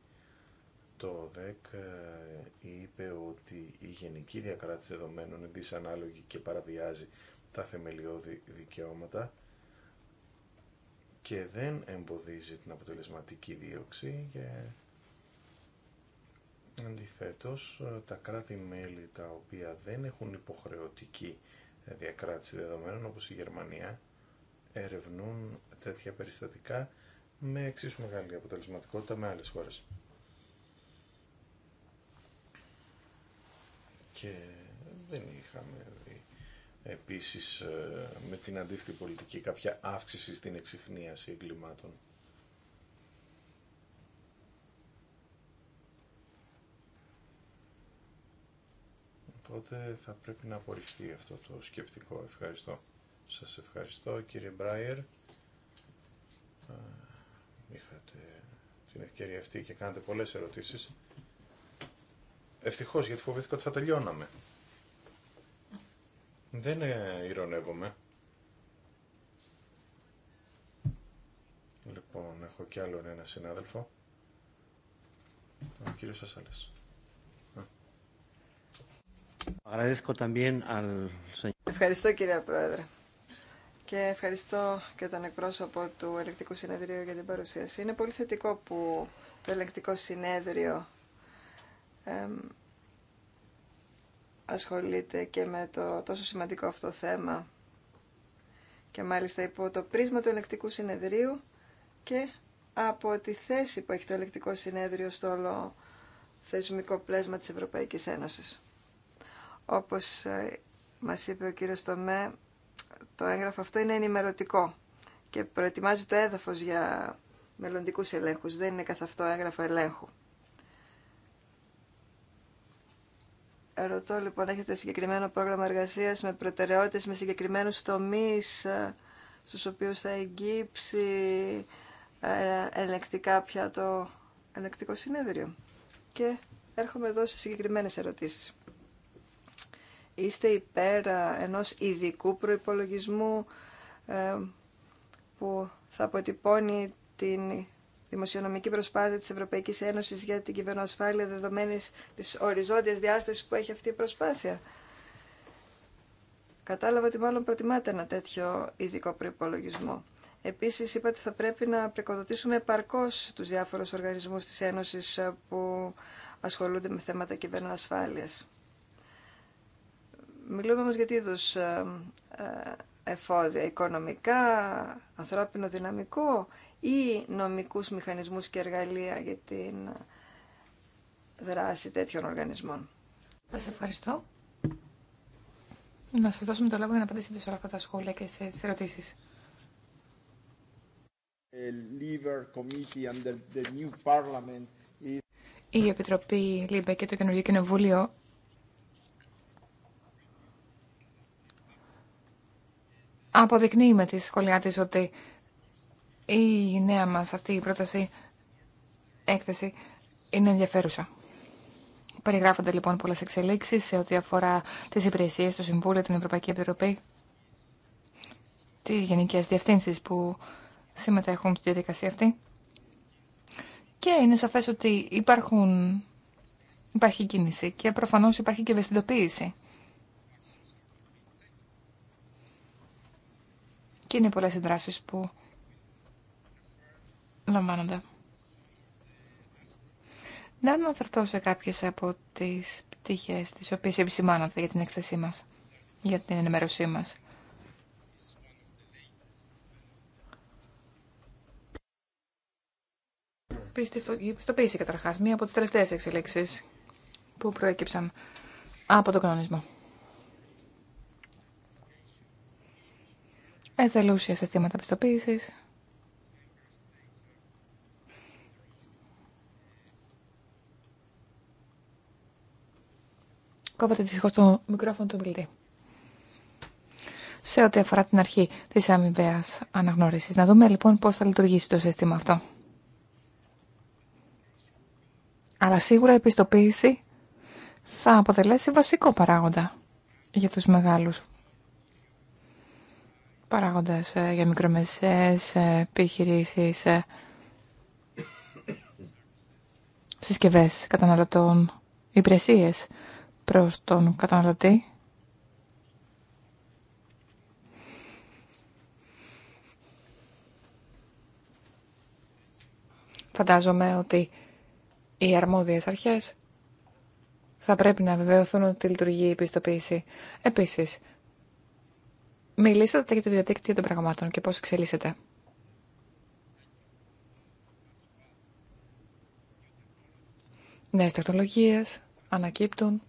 το ΔΕΚ ε, είπε ότι η γενική διακράτηση δεδομένων είναι δυσανάλογη και παραβιάζει τα θεμελιώδη δικαιώματα και δεν εμποδίζει την αποτελεσματική δίωξη και αντιθέτως ε, τα κράτη-μέλη τα οποία δεν έχουν υποχρεωτική ε, διακράτηση δεδομένων όπως η Γερμανία ερευνούν τέτοια περιστατικά με εξίσου μεγάλη αποτελεσματικότητα με άλλες χώρες. Και δεν είχαμε δει επίσης ε, με την αντίθετη πολιτική κάποια αύξηση στην εξυχνίαση εγκλημάτων. Οπότε θα πρέπει να απορριφθεί αυτό το σκεπτικό. Ευχαριστώ. Σας ευχαριστώ κύριε Μπράιερ. Ε, είχατε την ευκαιρία αυτή και κάνατε πολλές ερωτήσεις. Ευτυχώς, γιατί φοβήθηκα ότι θα τελειώναμε. Δεν ε, ηρωνεύομαι. Λοιπόν, έχω κι άλλον ένα συνάδελφο. Ο κύριος Ασάλης. Ευχαριστώ κύριε Πρόεδρε και ευχαριστώ και τον εκπρόσωπο του Ελεκτικού Συνεδρίου για την παρουσίαση. Είναι πολύ θετικό που το Ελεκτικό Συνέδριο ασχολείται και με το τόσο σημαντικό αυτό θέμα και μάλιστα υπό το πρίσμα του Ελεκτικού Συνεδρίου και από τη θέση που έχει το Ελεκτικό Συνέδριο στο όλο θεσμικό πλέσμα της Ευρωπαϊκής Ένωσης. Όπως ε, μας είπε ο κύριος Τομέ, το έγγραφο αυτό είναι ενημερωτικό και προετοιμάζει το έδαφος για μελλοντικούς ελέγχους. Δεν είναι καθ' αυτό έγγραφο ελέγχου. Ρωτώ λοιπόν, έχετε συγκεκριμένο πρόγραμμα εργασίας με προτεραιότητες, με συγκεκριμένους τομείς ε, στους οποίους θα εγγύψει ελεκτικά πια το ελεκτικό συνέδριο. Και έρχομαι εδώ σε συγκεκριμένες ερωτήσεις. Είστε υπέρα ενός ειδικού προϋπολογισμού ε, που θα αποτυπώνει την δημοσιονομική προσπάθεια της Ευρωπαϊκής Ένωσης για την κυβερνοασφάλεια δεδομένης της οριζόντιας διάστασης που έχει αυτή η προσπάθεια. Κατάλαβα ότι μάλλον προτιμάτε ένα τέτοιο ειδικό προϋπολογισμό. Επίσης είπατε θα πρέπει να προκοδοτήσουμε επαρκώς τους διάφορους οργανισμούς της Ένωσης ε, που ασχολούνται με θέματα κυβερνοασφάλειας. Μιλούμε όμως για τι είδου ε, ε, εφόδια, οικονομικά, ανθρώπινο δυναμικό ή νομικούς μηχανισμούς και εργαλεία για την δράση τέτοιων οργανισμών. Σας ευχαριστώ. Να σας δώσουμε το λόγο για να απαντήσετε σε όλα αυτά τα σχόλια και σε ερωτήσει. ερωτήσεις. Η Επιτροπή ΛΥΜΠΕ και το Καινούργιο Κοινοβούλιο αποδεικνύει με τη σχολιά της ότι η νέα μας αυτή η πρόταση έκθεση είναι ενδιαφέρουσα. Περιγράφονται λοιπόν πολλές εξελίξεις σε ό,τι αφορά τις υπηρεσίες, του Συμβούλιο, την Ευρωπαϊκή Επιτροπή, τις γενικές διευθύνσεις που συμμετέχουν στη διαδικασία αυτή. Και είναι σαφές ότι υπάρχουν, υπάρχει κίνηση και προφανώς υπάρχει και ευαισθητοποίηση και είναι πολλές οι που λαμβάνονται. Να αναφερθώ σε κάποιες από τις πτυχές τις οποίες επισημάνατε για την έκθεσή μας, για την ενημέρωσή μας. πιστοποίηση καταρχάς, μία από τις τελευταίες εξελίξεις που προέκυψαν από τον κανονισμό. εθελούσια συστήματα πιστοποίησης. Κόβεται δυστυχώς το μικρόφωνο του μιλτή. Σε ό,τι αφορά την αρχή της αμοιβαίας αναγνώρισης. Να δούμε λοιπόν πώς θα λειτουργήσει το σύστημα αυτό. Αλλά σίγουρα η πιστοποίηση θα αποτελέσει βασικό παράγοντα για τους μεγάλους παράγοντας ε, για μικρομεσαίες ε, επιχειρήσεις, ε, συσκευές καταναλωτών, υπηρεσίες προς τον καταναλωτή. Φαντάζομαι ότι οι αρμόδιες αρχές θα πρέπει να βεβαιωθούν ότι λειτουργεί η πιστοποίηση. Επίσης, Μιλήσατε για το διαδίκτυο των πραγμάτων και πώς εξελίσσεται. Νέες τεχνολογίες ανακύπτουν.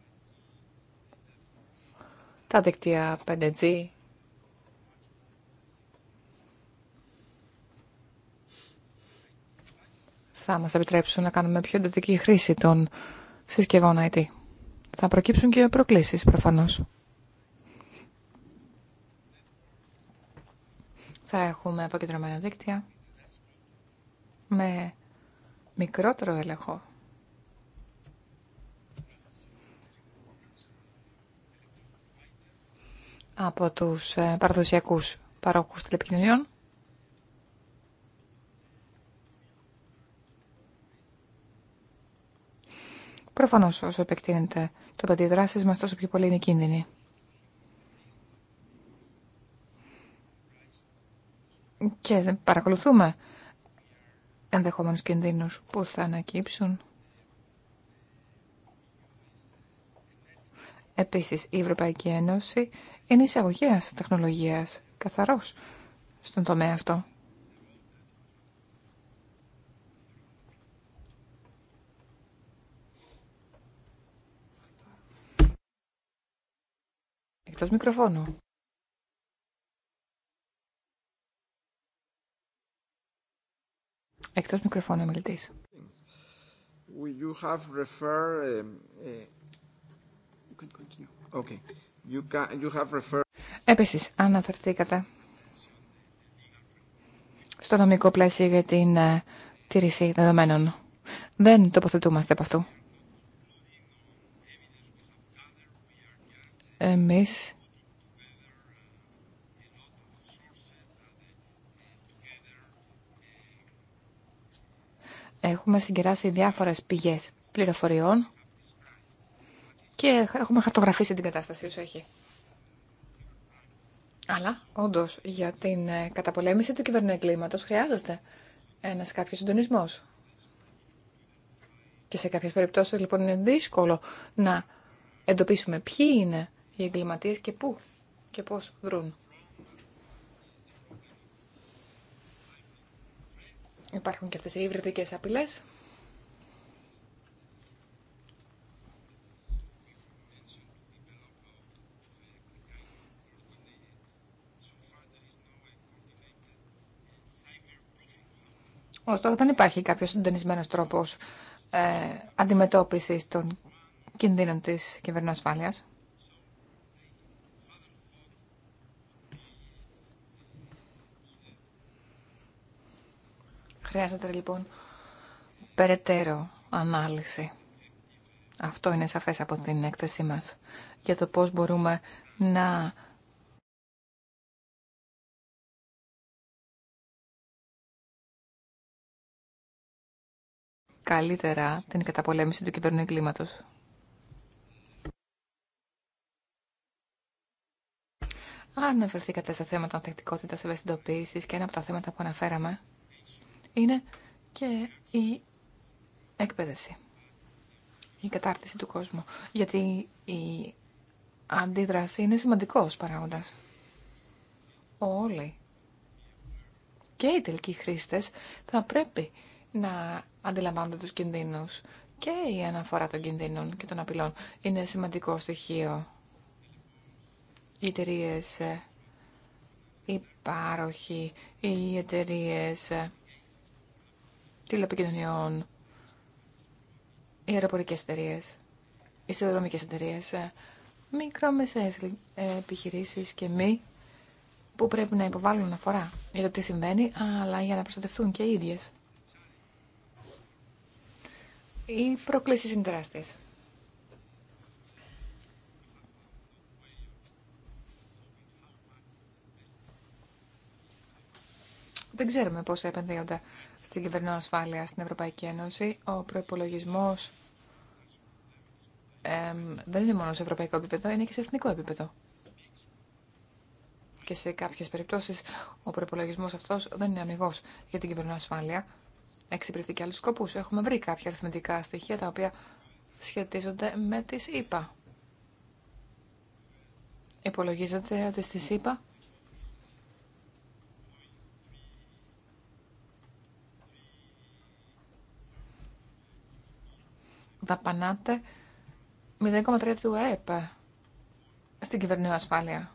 Τα δίκτυα 5G. Θα μας επιτρέψουν να κάνουμε πιο εντατική χρήση των συσκευών IT. Θα προκύψουν και προκλήσεις προφανώς. θα έχουμε αποκεντρωμένα δίκτυα με μικρότερο έλεγχο. από τους ε, παραδοσιακούς παρόχους τηλεπικοινωνιών. Προφανώς όσο επεκτείνεται το πεδίο μας τόσο πιο πολύ είναι κίνδυνοι. και παρακολουθούμε ενδεχόμενους κινδύνους που θα ανακύψουν. Επίσης, η Ευρωπαϊκή Ένωση είναι εισαγωγέας τεχνολογίας, καθαρός στον τομέα αυτό. Εκτός μικροφώνου. Εκτός μικροφώνου μιλητής. You have referred... Um, ε, okay. You can... you have refer... Επίσης, αναφερθήκατε στο νομικό πλαίσιο για την ε, τήρηση δεδομένων. Δεν τοποθετούμαστε από αυτού. Εμείς Έχουμε συγκεράσει διάφορες πηγές πληροφοριών και έχουμε χαρτογραφήσει την κατάσταση όσο έχει. Αλλά, όντω, για την ε, καταπολέμηση του κυβερνοεγκλήματος χρειάζεται ένας κάποιος συντονισμό. Και σε κάποιες περιπτώσεις, λοιπόν, είναι δύσκολο να εντοπίσουμε ποιοι είναι οι εγκληματίες και πού και πώς βρουν. Υπάρχουν και αυτές οι υβριδικές απειλές. Ως τώρα δεν υπάρχει κάποιος συντονισμένος τρόπος ε, αντιμετώπισης των κινδύνων της κυβερνοασφάλειας. Χρειάζεται λοιπόν περαιτέρω ανάλυση. Αυτό είναι σαφές από την έκθεσή μας για το πώς μπορούμε να καλύτερα την καταπολέμηση του κυβερνού Αν Αναφερθήκατε σε θέματα ανθεκτικότητας ευαισθητοποίησης και ένα από τα θέματα που αναφέραμε είναι και η εκπαίδευση, η κατάρτιση του κόσμου. Γιατί η αντίδραση είναι σημαντικός παράγοντας. Όλοι και οι τελικοί χρήστες θα πρέπει να αντιλαμβάνονται τους κινδύνους και η αναφορά των κινδύνων και των απειλών είναι σημαντικό στοιχείο. Οι εταιρείε, ε, οι πάροχοι, οι εταιρείε ε, τηλεπικοινωνιών, οι αεροπορικές εταιρείε, οι σιδηροδρομικές εταιρείε, ε, μικρομεσαίες ε, επιχειρήσεις και μη που πρέπει να υποβάλουν αφορά για το τι συμβαίνει, αλλά για να προστατευτούν και οι ίδιες. Οι προκλήσεις είναι τεράστιες. Δεν ξέρουμε πόσο επενδύονται στην κυβερνοασφάλεια στην Ευρωπαϊκή Ένωση. Ο προπολογισμό δεν είναι μόνο σε ευρωπαϊκό επίπεδο, είναι και σε εθνικό επίπεδο. Και σε κάποιε περιπτώσει ο προπολογισμό αυτό δεν είναι αμυγό για την κυβερνοασφάλεια. Εξυπηρετεί και άλλου σκοπού. Έχουμε βρει κάποια αριθμητικά στοιχεία τα οποία σχετίζονται με τι ΗΠΑ. Υπολογίζεται ότι στι ΗΠΑ. δαπανάτε 0,3 του ΕΕΠ στην κυβερνή ασφάλεια.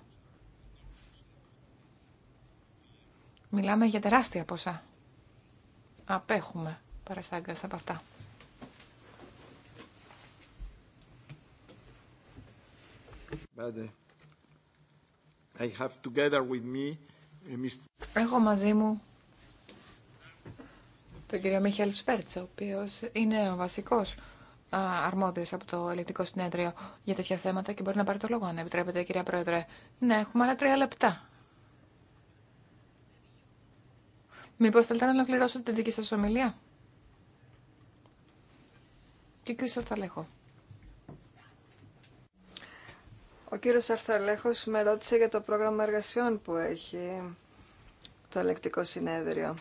Μιλάμε για τεράστια ποσά. Απέχουμε παρασάγκα από αυτά. I have together with me, ε, Έχω μαζί μου τον κύριο Μίχελ Σφέρτσα, ο οποίος είναι ο βασικός αρμόδιο από το ελληνικό συνέδριο για τέτοια θέματα και μπορεί να πάρει το λόγο, αν επιτρέπετε, κυρία Πρόεδρε. Ναι, έχουμε άλλα τρία λεπτά. Μήπω θέλετε να ολοκληρώσετε τη δική σα ομιλία. Και κύριο Αρθαλέχο. Ο κύριος Αρθαλέχος με ρώτησε για το πρόγραμμα εργασιών που έχει το ελεκτικό συνέδριο.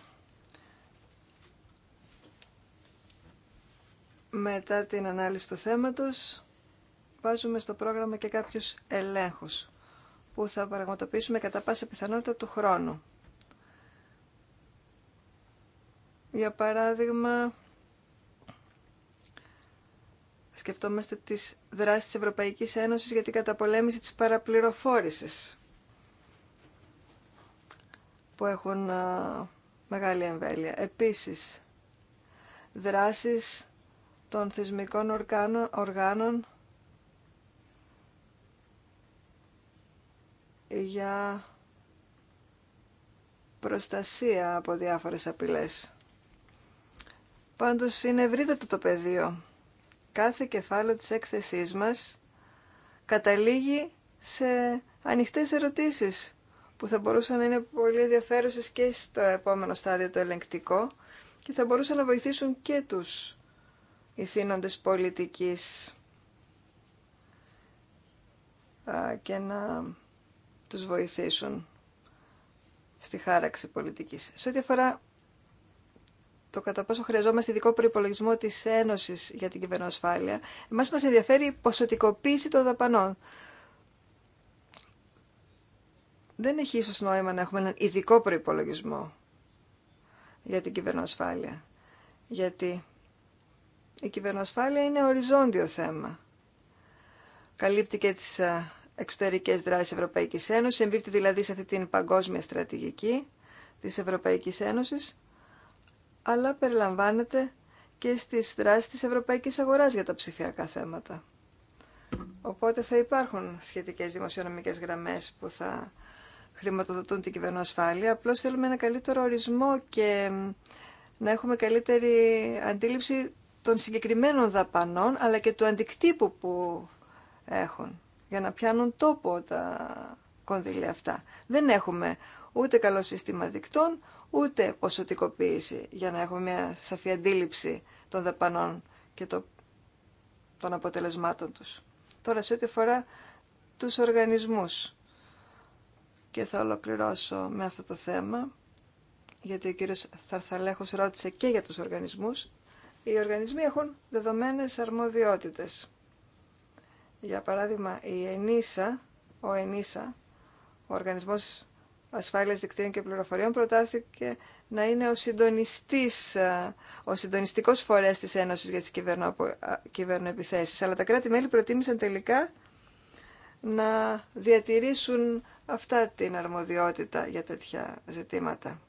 Μετά την ανάλυση του θέματος βάζουμε στο πρόγραμμα και κάποιους ελέγχους που θα πραγματοποιήσουμε κατά πάσα πιθανότητα του χρόνου. Για παράδειγμα, σκεφτόμαστε τις δράσεις της Ευρωπαϊκής Ένωσης για την καταπολέμηση της παραπληροφόρησης που έχουν μεγάλη εμβέλεια. Επίσης, δράσεις των θεσμικών οργάνων, οργάνων για προστασία από διάφορες απειλές. Πάντως είναι ευρύτατο το πεδίο. Κάθε κεφάλαιο της έκθεσής μας καταλήγει σε ανοιχτές ερωτήσεις που θα μπορούσαν να είναι πολύ ενδιαφέρουσες και στο επόμενο στάδιο το ελεγκτικό και θα μπορούσαν να βοηθήσουν και τους ηθήνοντες πολιτικής και να τους βοηθήσουν στη χάραξη πολιτικής. Σε ό,τι αφορά το κατά πόσο χρειαζόμαστε ειδικό προπολογισμό της Ένωσης για την κυβερνοασφάλεια, εμάς μας ενδιαφέρει η ποσοτικοποίηση των δαπανών. Δεν έχει ίσως νόημα να έχουμε έναν ειδικό προϋπολογισμό για την κυβερνοασφάλεια. Γιατί η κυβερνοασφάλεια είναι οριζόντιο θέμα. Καλύπτει και τις ε, εξωτερικές δράσεις Ευρωπαϊκής Ένωσης, εμπίπτει δηλαδή σε αυτή την παγκόσμια στρατηγική της Ευρωπαϊκής Ένωσης, αλλά περιλαμβάνεται και στις δράσεις της Ευρωπαϊκής Αγοράς για τα ψηφιακά θέματα. Οπότε θα υπάρχουν σχετικές δημοσιονομικές γραμμές που θα χρηματοδοτούν την κυβερνοασφάλεια. Απλώς θέλουμε ένα καλύτερο ορισμό και να έχουμε καλύτερη αντίληψη των συγκεκριμένων δαπανών αλλά και του αντικτύπου που έχουν για να πιάνουν τόπο τα κονδύλια αυτά. Δεν έχουμε ούτε καλό σύστημα δικτών, ούτε ποσοτικοποίηση για να έχουμε μια σαφή αντίληψη των δαπανών και των αποτελεσμάτων τους. Τώρα σε ό,τι αφορά τους οργανισμούς και θα ολοκληρώσω με αυτό το θέμα γιατί ο κύριος Θαρθαλέχος ρώτησε και για τους οργανισμούς οι οργανισμοί έχουν δεδομένες αρμοδιότητες. Για παράδειγμα, η ΕΝΙΣΑ, ο ΕΝΙΣΑ, ο Οργανισμός Ασφάλειας Δικτύων και Πληροφοριών, προτάθηκε να είναι ο συντονιστής, ε, ο συντονιστικός φορέας της Ένωσης για τις ε, κυβερνοεπιθέσεις. Αλλά τα κράτη-μέλη προτίμησαν τελικά να διατηρήσουν αυτά την αρμοδιότητα για τέτοια ζητήματα.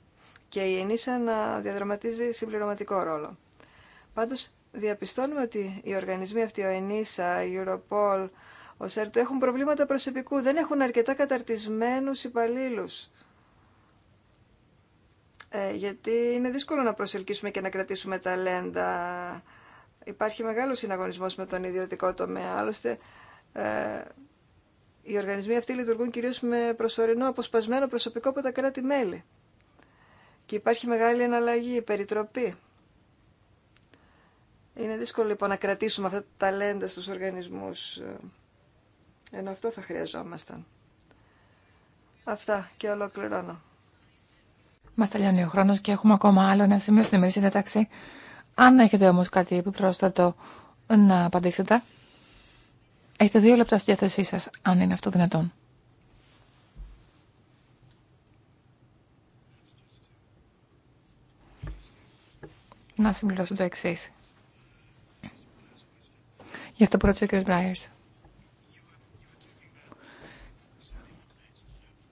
Και η ΕΝΙΣΑ να διαδραματίζει συμπληρωματικό ρόλο. Πάντως διαπιστώνουμε ότι οι οργανισμοί αυτοί, ο ΕΝΙΣΑ, η Europol, ο ΣΕΡΤΟ έχουν προβλήματα προσωπικού, δεν έχουν αρκετά καταρτισμένους υπαλλήλου. Ε, γιατί είναι δύσκολο να προσελκύσουμε και να κρατήσουμε ταλέντα. Υπάρχει μεγάλος συναγωνισμός με τον ιδιωτικό τομέα. Άλλωστε, ε, οι οργανισμοί αυτοί λειτουργούν κυρίως με προσωρινό αποσπασμένο προσωπικό από τα κράτη-μέλη. Και υπάρχει μεγάλη εναλλαγή, περιτροπή. Είναι δύσκολο λοιπόν να κρατήσουμε αυτά τα ταλέντα στους οργανισμούς, ε, ενώ αυτό θα χρειαζόμασταν. Αυτά και ολοκληρώνω. Μα τελειώνει ο χρόνο και έχουμε ακόμα άλλο ένα σημείο στην ημερήσια διάταξη. Αν έχετε όμω κάτι επιπρόσθετο να απαντήσετε, έχετε δύο λεπτά στη διάθεσή σα, αν είναι αυτό δυνατόν. Να συμπληρώσω το εξή. Γι' αυτό πρώτο ο κ. Μπράιερ.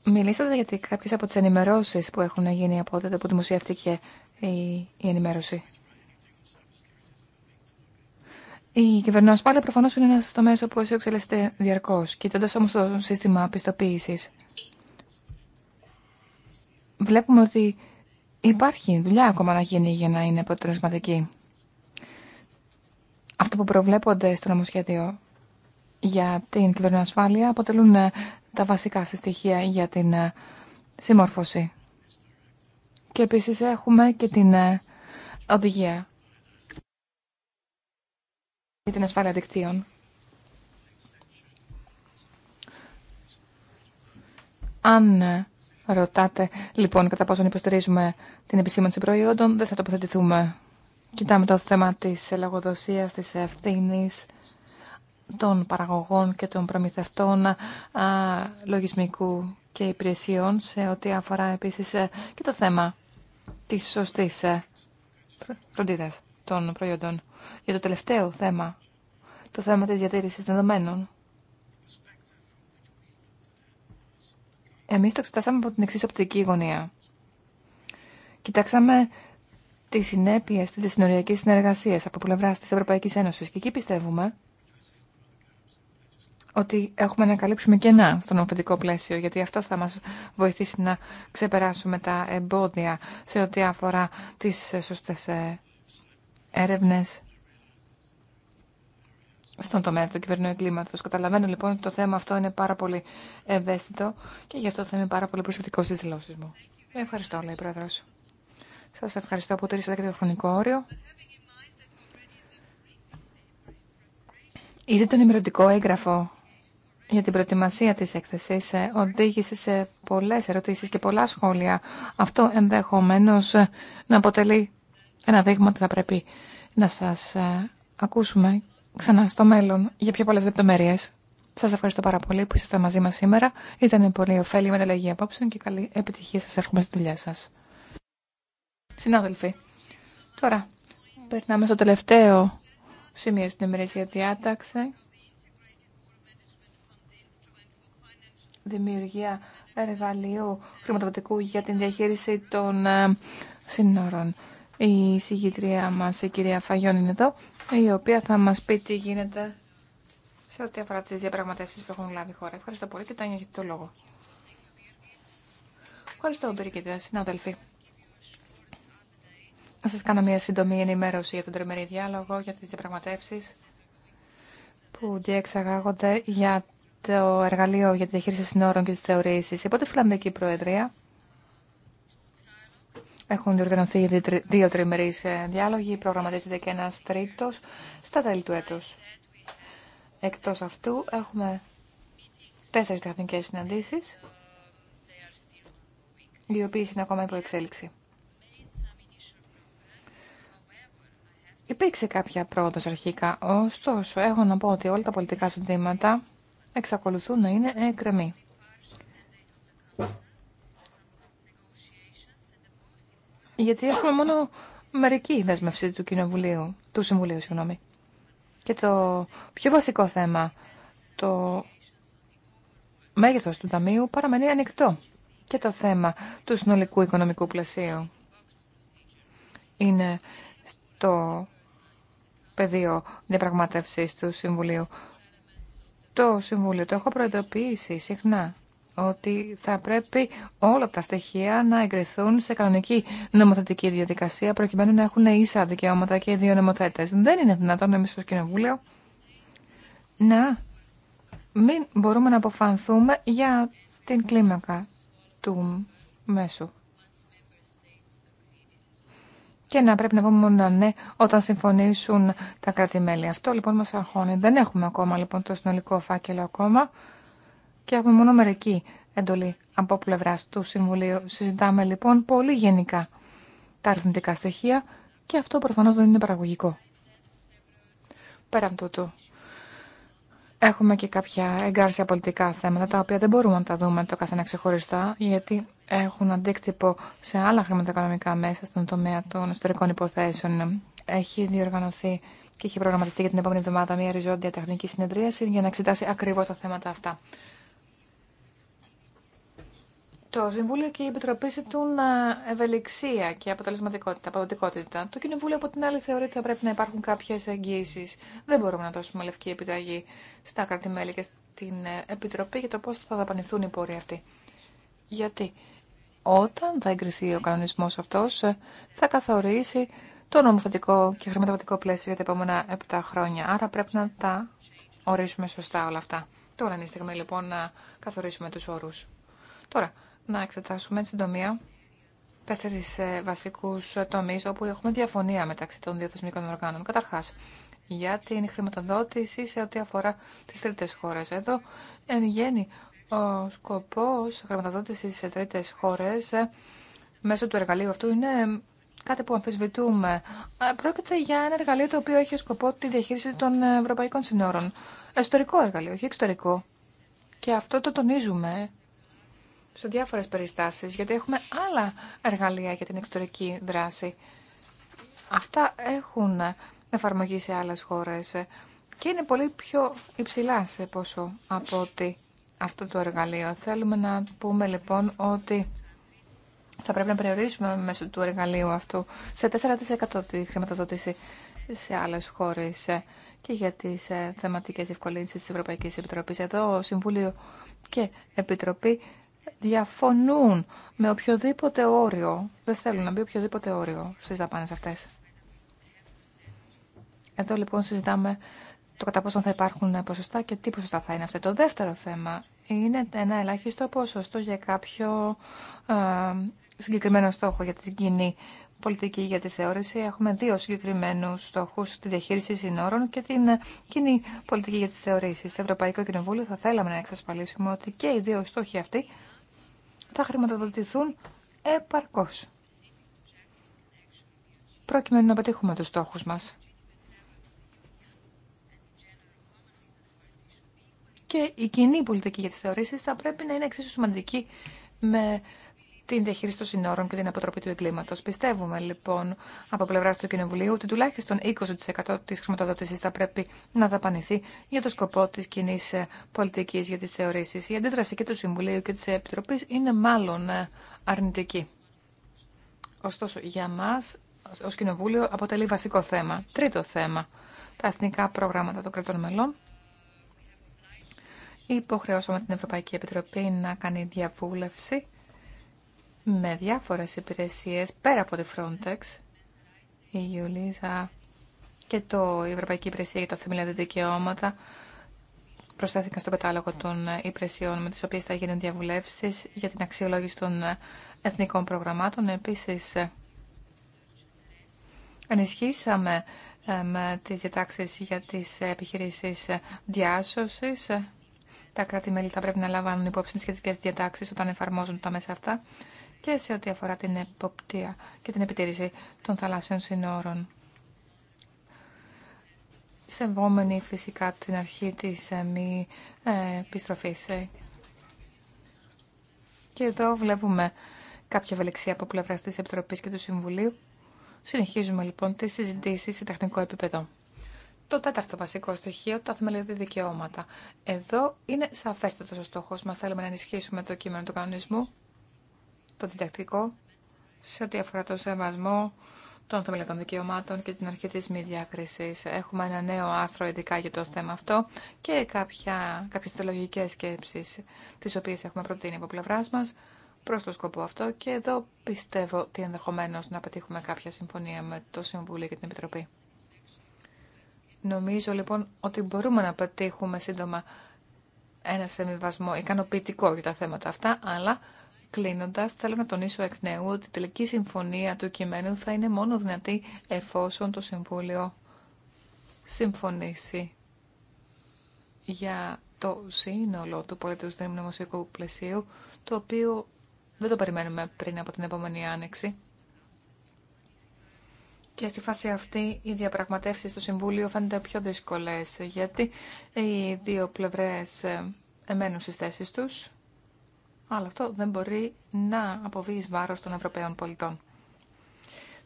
Μιλήσατε για κάποιες από τις ενημερώσεις που έχουν γίνει από τότε που δημοσιεύτηκε η, ενημέρωση. Η ασφάλεια προφανώς είναι ένας τομέας που εσύ εξελίσσεται διαρκώς, κοιτώντας όμως το σύστημα πιστοποίηση, Βλέπουμε ότι υπάρχει δουλειά ακόμα να γίνει για να είναι αποτελεσματική. Αυτό που προβλέπονται στο νομοσχέδιο για την ασφάλεια αποτελούν ε, τα βασικά στοιχεία για την ε, συμμόρφωση. Και επίσης έχουμε και την ε, οδηγία για την ασφάλεια δικτύων. Αν ρωτάτε λοιπόν κατά πόσον υποστηρίζουμε την επισήμανση προϊόντων, δεν θα τοποθετηθούμε Κοιτάμε το θέμα της λογοδοσίας, της ευθύνη των παραγωγών και των προμηθευτών α, λογισμικού και υπηρεσιών σε ό,τι αφορά επίσης ε, και το θέμα της σωστής ε, φροντίδας των προϊόντων. Για το τελευταίο θέμα, το θέμα της διατήρησης δεδομένων. Εμείς το εξετάσαμε από την εξής οπτική γωνία. Κοιτάξαμε τι συνέπειε τη συνοριακή συνεργασία από πλευρά τη Ευρωπαϊκή Ένωση. Και εκεί πιστεύουμε ότι έχουμε να καλύψουμε κενά στο νομοθετικό πλαίσιο, γιατί αυτό θα μας βοηθήσει να ξεπεράσουμε τα εμπόδια σε ό,τι αφορά τις σωστές ε, έρευνες στον τομέα του κυβερνού εγκλήματο. Καταλαβαίνω λοιπόν ότι το θέμα αυτό είναι πάρα πολύ ευαίσθητο και γι' αυτό θα είμαι πάρα πολύ προσεκτικό στι δηλώσει μου. Ευχαριστώ, λέει η πρόεδρο. Σας ευχαριστώ που τηρήσατε και το χρονικό όριο. Είδε τον ημερωτικό έγγραφο για την προετοιμασία της έκθεσης ε, οδήγησε σε πολλές ερωτήσεις και πολλά σχόλια. Αυτό ενδεχομένως ε, να αποτελεί ένα δείγμα ότι θα πρέπει να σας ε, ακούσουμε ξανά στο μέλλον για πιο πολλές λεπτομέρειες. Σας ευχαριστώ πάρα πολύ που είστε μαζί μας σήμερα. Ήταν πολύ ωφέλιμη μεταλλαγή απόψεων και καλή επιτυχία σας εύχομαι στη δουλειά σας. Συνάδελφοι, τώρα περνάμε στο τελευταίο σημείο στην ημερήσια διάταξη. Δημιουργία εργαλείου χρηματοδοτικού για την διαχείριση των ε, σύνορων. Η συγγητρία μας, η κυρία Φαγιών, είναι εδώ, η οποία θα μας πει τι γίνεται σε ό,τι αφορά τις διαπραγματεύσεις που έχουν λάβει η χώρα. Ευχαριστώ πολύ και Τάνια, έχετε το λόγο. Ευχαριστώ, κύριε συνάδελφοι. Να σας κάνω μια σύντομη ενημέρωση για τον τριμερή διάλογο, για τις διαπραγματεύσεις που διεξαγάγονται για το εργαλείο για τη διαχείριση συνόρων και τις θεωρήσεις. Υπό τη Φιλανδική Προεδρία έχουν διοργανωθεί δύο τριμερείς ε, διάλογοι, προγραμματίζεται και ένας τρίτος στα τέλη του έτους. Εκτός αυτού έχουμε τέσσερις τεχνικές συναντήσεις, οι οποίες είναι ακόμα υπό εξέλιξη. Υπήρξε κάποια πρόοδος αρχικά, ωστόσο έχω να πω ότι όλα τα πολιτικά συντήματα εξακολουθούν να είναι εκκρεμή. Γιατί έχουμε μόνο μερική δέσμευση του Κοινοβουλίου, του Συμβουλίου, συγγνώμη. Και το πιο βασικό θέμα, το μέγεθος του Ταμείου παραμένει ανοιχτό. Και το θέμα του συνολικού οικονομικού πλασίου είναι στο πεδίο διαπραγμάτευση του Συμβουλίου. Το Συμβούλιο το έχω προειδοποιήσει συχνά ότι θα πρέπει όλα τα στοιχεία να εγκριθούν σε κανονική νομοθετική διαδικασία προκειμένου να έχουν ίσα δικαιώματα και οι δύο νομοθέτε. Δεν είναι δυνατόν εμεί ως Κοινοβούλιο να μην μπορούμε να αποφανθούμε για την κλίμακα του μέσου και να πρέπει να πούμε μόνο ναι όταν συμφωνήσουν τα κράτη-μέλη. Αυτό λοιπόν μας αγχώνει. Δεν έχουμε ακόμα λοιπόν το συνολικό φάκελο ακόμα και έχουμε μόνο μερική εντολή από πλευρά του Συμβουλίου. Συζητάμε λοιπόν πολύ γενικά τα αριθμητικά στοιχεία και αυτό προφανώς δεν είναι παραγωγικό. Πέραν τούτου, Έχουμε και κάποια εγκάρσια πολιτικά θέματα, τα οποία δεν μπορούμε να τα δούμε το καθένα ξεχωριστά, γιατί έχουν αντίκτυπο σε άλλα χρηματοοικονομικά μέσα στον τομέα των ιστορικών υποθέσεων. Έχει διοργανωθεί και έχει προγραμματιστεί για την επόμενη εβδομάδα μια οριζόντια τεχνική συνεδρίαση για να εξετάσει ακριβώ τα θέματα αυτά. Το Συμβούλιο και η Επιτροπή ζητούν ε, ευελιξία και αποτελεσματικότητα, αποδοτικότητα. Το Κοινοβούλιο, από την άλλη, θεωρεί ότι θα πρέπει να υπάρχουν κάποιε εγγύσει. Δεν μπορούμε να δώσουμε λευκή επιταγή στα κρατημέλη και στην ε, Επιτροπή για το πώ θα δαπανηθούν οι πόροι αυτοί. Γιατί όταν θα εγκριθεί ο κανονισμό αυτό, ε, θα καθορίσει το νομοθετικό και χρηματοδοτικό πλαίσιο για τα επόμενα 7 χρόνια. Άρα πρέπει να τα ορίσουμε σωστά όλα αυτά. Τώρα είναι η στιγμή λοιπόν να καθορίσουμε του όρου. Τώρα, να εξετάσουμε εν συντομία τέσσερι ε, βασικού ε, τομεί όπου έχουμε διαφωνία μεταξύ των δύο θεσμικών οργάνων. Καταρχά, για την χρηματοδότηση σε ό,τι αφορά τι τρίτε χώρε. Εδώ, εν γέννη, ο σκοπό χρηματοδότηση σε τρίτε χώρε ε, μέσω του εργαλείου αυτού είναι κάτι που αμφισβητούμε. Πρόκειται για ένα εργαλείο το οποίο έχει σκοπό τη διαχείριση των ευρωπαϊκών συνόρων. Εσωτερικό εργαλείο, όχι εξωτερικό. Και αυτό το τονίζουμε σε διάφορες περιστάσεις, γιατί έχουμε άλλα εργαλεία για την εξωτερική δράση. Αυτά έχουν εφαρμογή σε άλλες χώρες και είναι πολύ πιο υψηλά σε πόσο από ότι αυτό το εργαλείο. Θέλουμε να πούμε λοιπόν ότι θα πρέπει να περιορίσουμε μέσω του εργαλείου αυτού σε 4% τη χρηματοδότηση σε άλλες χώρες και για τις ε, θεματικές ευκολύνσεις της Ευρωπαϊκής Επιτροπής. Εδώ Συμβούλιο και Επιτροπή διαφωνούν με οποιοδήποτε όριο, δεν θέλουν να μπει οποιοδήποτε όριο στις δαπάνες αυτές. Εδώ λοιπόν συζητάμε το κατά πόσο θα υπάρχουν ποσοστά και τι ποσοστά θα είναι αυτό. Το δεύτερο θέμα είναι ένα ελάχιστο ποσοστό για κάποιο ε, συγκεκριμένο στόχο για την κοινή πολιτική για τη θεώρηση. Έχουμε δύο συγκεκριμένου στόχου, τη διαχείριση συνόρων και την κοινή πολιτική για τι θεωρήσει. Στο Ευρωπαϊκό Κοινοβούλιο θα θέλαμε να εξασφαλίσουμε ότι και οι δύο στόχοι αυτοί θα χρηματοδοτηθούν επαρκώς. Προκειμένου να πετύχουμε τους στόχους μας. Και η κοινή πολιτική για τις θεωρήσεις θα πρέπει να είναι εξίσου σημαντική με την διαχείριση των συνόρων και την αποτροπή του εγκλήματο. Πιστεύουμε λοιπόν από πλευρά του Κοινοβουλίου ότι τουλάχιστον 20% τη χρηματοδότηση θα πρέπει να δαπανηθεί για το σκοπό τη κοινή ε, πολιτική για τι θεωρήσει. Η αντίδραση και του Συμβουλίου και τη Επιτροπή είναι μάλλον ε, αρνητική. Ωστόσο, για μα ω Κοινοβούλιο αποτελεί βασικό θέμα. Τρίτο θέμα. Τα εθνικά προγράμματα των κρατών μελών υποχρεώσαμε την Ευρωπαϊκή Επιτροπή να κάνει διαβούλευση με διάφορες υπηρεσίες πέρα από τη Frontex, η Ιουλίζα και το, Ευρωπαϊκή Υπηρεσία για τα Θεμελιώδη Δικαιώματα προσθέθηκαν στον κατάλογο των υπηρεσιών με τις οποίες θα γίνουν διαβουλεύσεις για την αξιολόγηση των εθνικών προγραμμάτων. Επίσης, ενισχύσαμε με τις διατάξεις για τις επιχειρήσεις διάσωσης. Τα κράτη-μέλη θα πρέπει να λάβουν υπόψη τις σχετικές διατάξεις όταν εφαρμόζουν τα μέσα αυτά και σε ό,τι αφορά την εποπτεία και την επιτήρηση των θαλάσσιων συνόρων. Σεβόμενη φυσικά την αρχή της ε, μη ε, επιστροφής. Ε. Και εδώ βλέπουμε κάποια βελεξία από πλευρά της Επιτροπής και του Συμβουλίου. Συνεχίζουμε λοιπόν τις συζητήσεις σε τεχνικό επίπεδο. Το τέταρτο βασικό στοιχείο, τα θεμελιώδη δικαιώματα. Εδώ είναι σαφέστατο ο στόχο μα. Θέλουμε να ενισχύσουμε το κείμενο του κανονισμού το διδακτικό σε ό,τι αφορά το σεβασμό των θεμελιωδών δικαιωμάτων και την αρχή της μη διάκρισης. Έχουμε ένα νέο άρθρο ειδικά για το θέμα αυτό και κάποια, κάποιες θεολογικές σκέψεις τις οποίες έχουμε προτείνει από πλευρά μα προς το σκοπό αυτό και εδώ πιστεύω ότι ενδεχομένως να πετύχουμε κάποια συμφωνία με το Συμβούλιο και την Επιτροπή. Νομίζω λοιπόν ότι μπορούμε να πετύχουμε σύντομα ένα σεμιβασμό ικανοποιητικό για τα θέματα αυτά, αλλά Κλείνοντα, θέλω να τονίσω εκ νέου ότι η τελική συμφωνία του κειμένου θα είναι μόνο δυνατή εφόσον το Συμβούλιο συμφωνήσει για το σύνολο του πολιτικού δημοσιακού πλαισίου, το οποίο δεν το περιμένουμε πριν από την επόμενη άνοιξη. Και στη φάση αυτή οι διαπραγματεύσεις στο Συμβούλιο φαίνονται πιο δύσκολες, γιατί οι δύο πλευρές ε, εμένουν στις θέσεις τους αλλά αυτό δεν μπορεί να αποβεί εις βάρος των Ευρωπαίων πολιτών.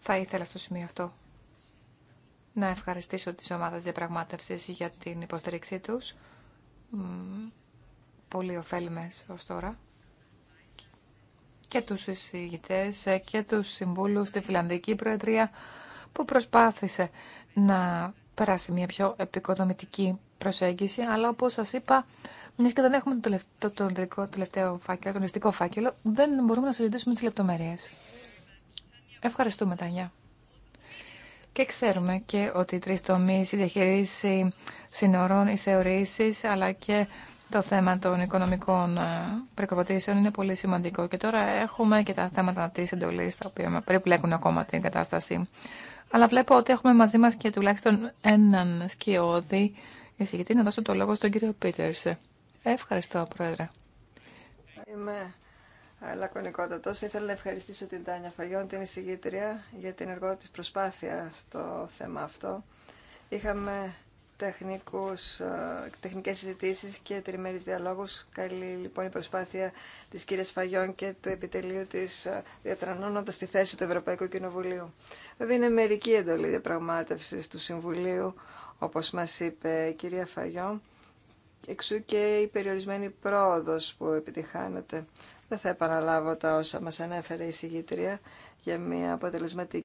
Θα ήθελα στο σημείο αυτό να ευχαριστήσω τις ομάδες διαπραγμάτευσης για την υποστήριξή τους. Πολύ ωφέλιμες ως τώρα. Και τους εισηγητές και τους συμβούλους στη Φιλανδική Προεδρία που προσπάθησε να περάσει μια πιο επικοδομητική προσέγγιση, αλλά όπως σας είπα μια και δεν έχουμε το τελευταίο, τελευταίο φάκελο, το νηστικό φάκελο, δεν μπορούμε να συζητήσουμε τι λεπτομέρειε. Ευχαριστούμε, Τανιά. Και ξέρουμε και ότι οι τρει τομεί, η διαχείριση συνορών, οι θεωρήσει, αλλά και το θέμα των οικονομικών ε, προκοποτήσεων είναι πολύ σημαντικό. Και τώρα έχουμε και τα θέματα τη εντολή, τα οποία περιπλέκουν ακόμα την κατάσταση. Αλλά βλέπω ότι έχουμε μαζί μα και τουλάχιστον έναν σκιώδη εισηγητή να δώσω το λόγο στον κύριο Πίτερσε. Ευχαριστώ, Πρόεδρε. Είμαι λακωνικότατο. Ήθελα να ευχαριστήσω την Τάνια Φαγιόν, την εισηγήτρια, για την εργό προσπάθεια στο θέμα αυτό. Είχαμε τεχνικούς, ε, τεχνικές συζητήσεις και τριμερείς διαλόγους. Καλή λοιπόν η προσπάθεια της κυρίας Φαγιόν και του επιτελείου της ε, διατρανώνοντας τη θέση του Ευρωπαϊκού Κοινοβουλίου. Βέβαια είναι μερική εντολή διαπραγμάτευση του Συμβουλίου, όπως μας είπε η κυρία Φαγιόν. Εξού και η περιορισμένη πρόοδος που επιτυχάνεται. Δεν θα επαναλάβω τα όσα μας ανέφερε η συγγήτρια για μια αποτελεσματική